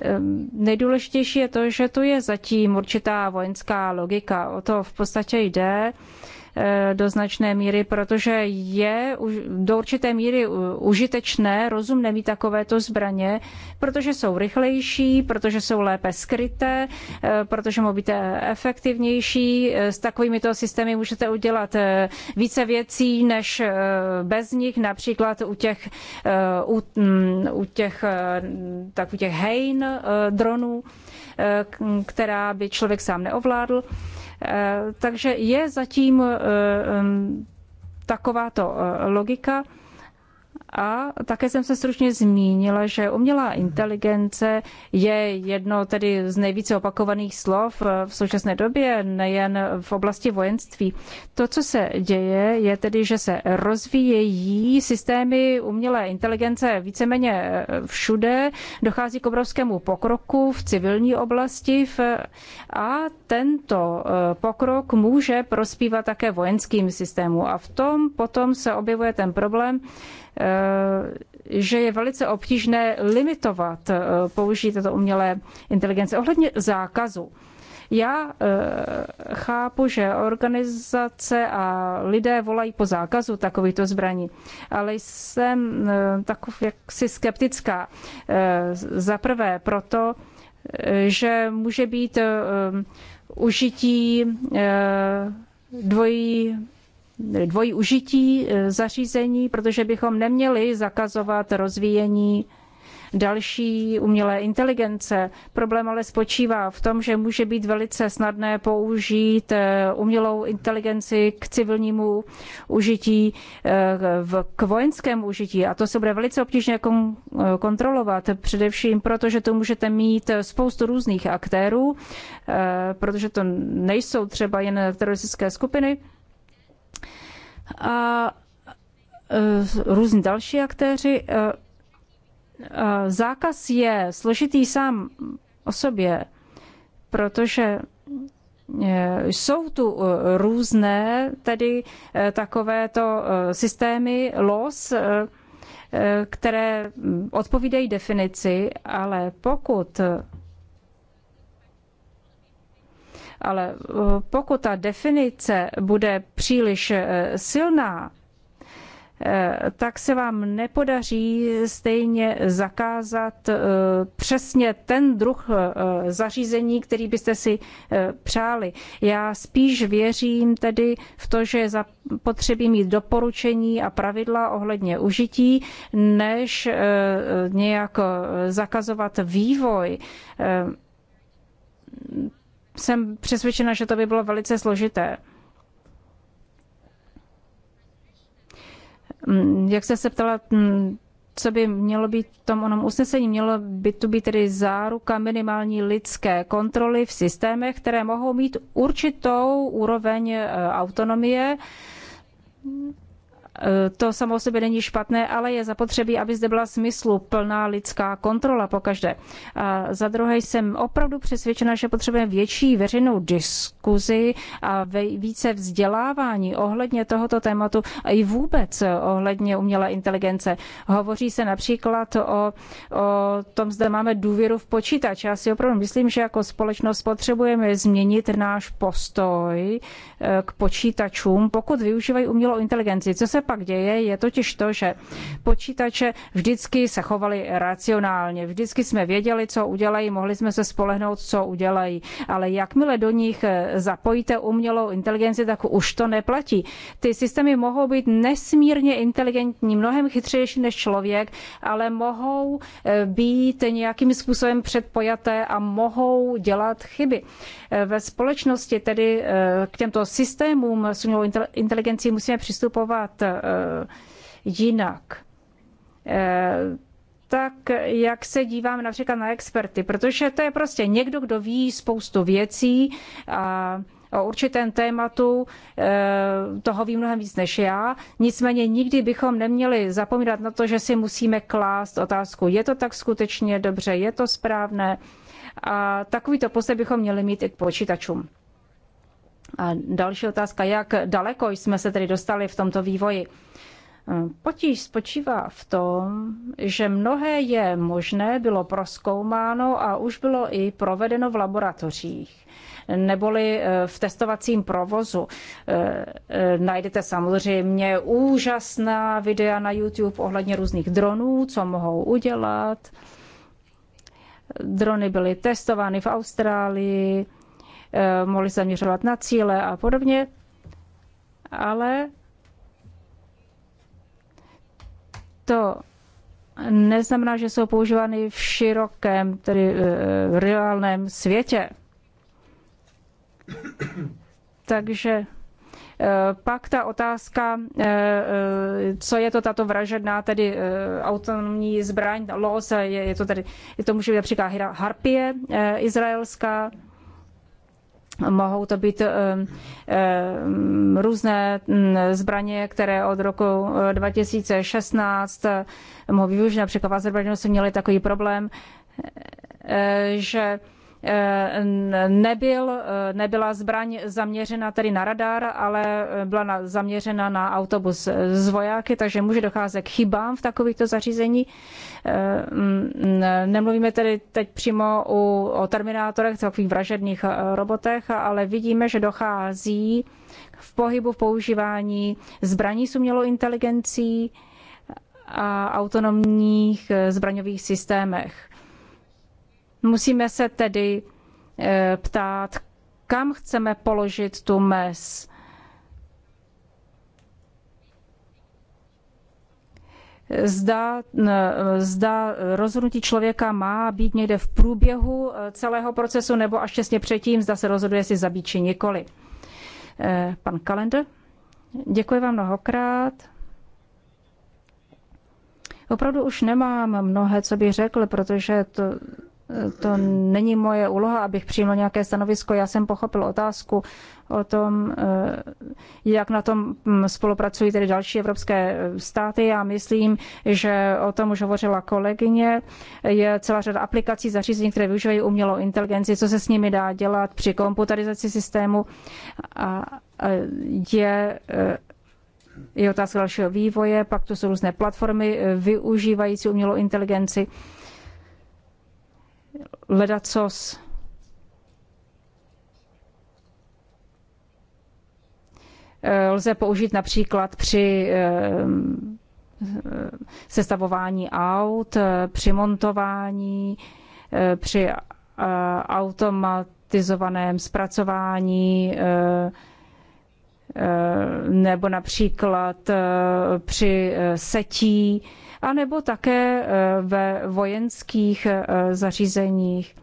Ehm, nejdůležitější je to, že tu je zatím určitá vojenská logika. O to v podstatě jde. Eh, do značné míry, protože je do určité míry užitečné, rozumné mít takovéto zbraně, protože jsou rychlejší, protože jsou lépe skryté, eh, protože mohou být eh, efektivnější. S takovýmito systémy můžete udělat více věcí než bez nich, například u těch, u, mm, u těch, tak u těch hejn dronů, která by člověk sám neovládl. Eh, takže je zatím eh, takováto eh, logika. A také jsem se stručně zmínila, že umělá inteligence je jedno tedy z nejvíce opakovaných slov v současné době, nejen v oblasti vojenství. To, co se děje, je tedy, že se rozvíjejí systémy umělé inteligence víceméně e, všude, dochází k obrovskému pokroku v civilní oblasti a tento e, pokrok může prospívat také vojenským systému. A v tom potom se objevuje ten problém, Eh, že je velice obtížné limitovat eh, použití této umělé inteligence. Ohledně zákazu. Já eh, chápu, že organizace a lidé volají po zákazu takovýchto zbraní, ale jsem takov jaksi skeptická. Za prvé proto, že může být užití dvojí dvojí užití eh, zařízení, protože bychom neměli zakazovat rozvíjení další umělé inteligence. Problém ale spočívá v tom, že může být velice snadné použít eh, umělou inteligenci k civilnímu užití, eh, k vojenskému užití. A to se bude velice obtížně kontrolovat, především proto, že to můžete mít spoustu různých aktérů, protože to nejsou třeba jen teroristické skupiny, a e, různí další aktéři. E, e, zákaz je složitý sám o sobě, protože jsou tu různé tedy takovéto systémy los, které odpovídají definici, ale pokud ale eh, pokud ta definice bude příliš eh, silná, eh, tak se vám nepodaří stejně zakázat přesně ten druh zařízení, který byste si přáli. Já spíš věřím tedy v to, že je potřebí mít doporučení a pravidla ohledně užití, než nějak zakazovat vývoj jsem přesvědčena, že to by bylo velice složité. Mm, jak jste se ptala, mm, co by mělo být v tom onom usnesení? Mělo by tu být tedy záruka minimální lidské kontroly v systémech, které mohou mít určitou úroveň e, autonomie Eh, to samo o sobě není špatné, ale je zapotřebí, aby zde byla smyslu plná lidská kontrola pokaždé. A za druhé jsem opravdu přesvědčena, že potřebujeme větší veřejnou diskusi diskuzi a více vzdělávání ohledně tohoto tématu a i vůbec ohledně umělé inteligence. Hovoří se například o, o tom, zda máme důvěru v počítač. Já si opravdu myslím, že jako společnost potřebujeme změnit náš postoj eh, k počítačům, pokud využívají umělou inteligenci. Co se pak děje, je totiž to, že počítače vždycky se chovaly racionálně. Vždycky jsme věděli, co udělají, mohli jsme se spolehnout, co udělají. Ale jakmile do nich eh, zapojíte umělou inteligenci, tak už to neplatí. Ty systémy mohou být nesmírně inteligentní, mnohem chytřejší než člověk, ale mohou eh, být nějakým způsobem předpojaté a mohou dělat chyby. Eh, ve společnosti tedy eh, k těmto systémům s umělou inteligencí musíme přistupovat jinak tak jak se dívám například na experty, protože to je prostě někdo, kdo ví spoustu věcí a o určitém tématu eh, toho ví mnohem víc než já. Nicméně nikdy bychom neměli zapomínat na to, že si musíme klást otázku, je to tak skutečně dobře, je to správné. A takovýto postoj bychom měli mít i k počítačům. A další otázka, jak daleko jsme se tedy dostali v tomto vývoji. Eh, potíž spočívá v tom, že mnohé je možné, bylo proskoumáno a už bylo i provedeno v laboratořích neboli eh, v testovacím provozu. Eh, najdete samozřejmě úžasná videa na YouTube ohledně různých dronů, co mohou udělat. Drony byly testovány v Austrálii, mohly zaměřovat na cíle a podobně, ale To neznamená, že jsou používány v širokém, tedy eh, v reálném světě. Takže eh, pak ta otázka, eh, co je to tato vražedná, tedy autonomní zbraň, los, je, je to tady, je to může být například harpie izraelská, mohou to být eh, eh, různé mm, zbraně, které od roku 2016 eh, mohou využít. Například v Azerbajdžánu jsme měli takový problém, že Eh, nebyl, eh, nebyla zbraň zaměřena tedy na radar, ale eh, byla na, zaměřena na autobus z vojáky, takže může docházet k chybám v takovýchto zařízení. Nemluvíme tedy teď přímo u, o terminátorech, takových vražedných robotech, ale vidíme, že dochází v pohybu, v používání zbraní s umělou inteligencí a autonomních zbraňových systémech Musíme se tedy eh, ptát, kam chceme položit tu mez. Zda, eh, zda rozhodnutí člověka má být někde v průběhu eh, celého procesu nebo až těsně předtím, zda se rozhoduje, jestli zabít či nikoli. Pan Kalender, děkuji vám mnohokrát. Opravdu už nemám mnohé, co bych řekl, protože to to není moje úloha, abych přijal nějaké stanovisko. Já jsem pochopil otázku o tom, eh, jak na tom hm, spolupracují tedy další evropské eh, státy. Já myslím, že o tom už hovořila kolegyně. Je celá řada aplikací, zařízení, které využívají umělou inteligenci, co se s nimi dá dělat při komputarizaci systému. A eh, je je otázka dalšího vývoje, pak to jsou různé platformy využívající umělou inteligenci ledacos eh, lze použít například při eh, sestavování aut, eh, při montování, při automatizovaném zpracování nebo například při setí anebo také e, ve vojenských e, zařízeních.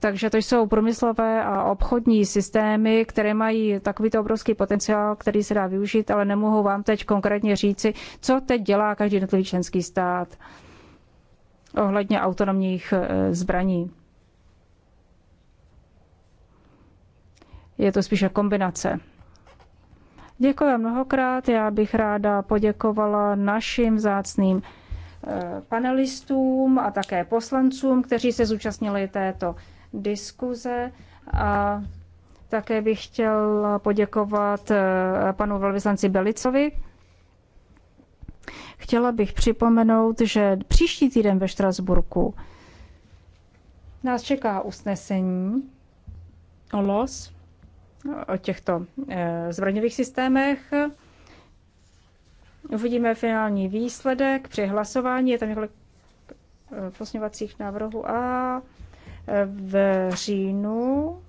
Takže to jsou průmyslové a obchodní systémy, které mají takovýto obrovský potenciál, který se dá využít, ale nemohu vám teď konkrétně říci, co teď dělá každý jednotlivý členský stát ohledně autonomních e, zbraní. Je to spíše kombinace. Děkuji mnohokrát, já bych ráda poděkovala našim zácným Eh, panelistům a také poslancům, kteří se zúčastnili této diskuze. A také bych chtěl poděkovat eh, panu velvyslanci Belicovi. Chtěla bych připomenout, že příští týden ve Štrasburku nás čeká usnesení o los, o těchto eh, zbraňových systémech Uvidíme finální výsledek při hlasování. Je tam několik eh, posměvacích návrhů a eh, v říjnu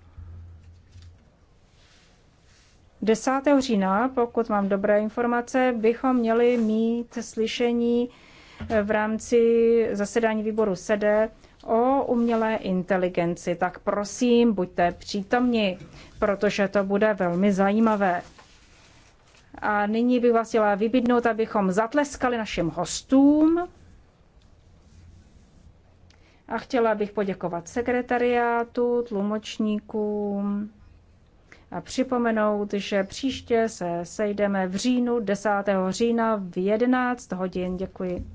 10. října, pokud mám dobré informace, bychom měli mít slyšení eh, v rámci zasedání výboru SEDE o umělé inteligenci. Tak prosím, buďte přítomni, protože to bude velmi zajímavé. A nyní bych vás chtěla vybídnout, abychom zatleskali našim hostům. A chtěla bych poděkovat sekretariátu, tlumočníkům a připomenout, že příště se sejdeme v říjnu 10. října v 11 hodin. Děkuji.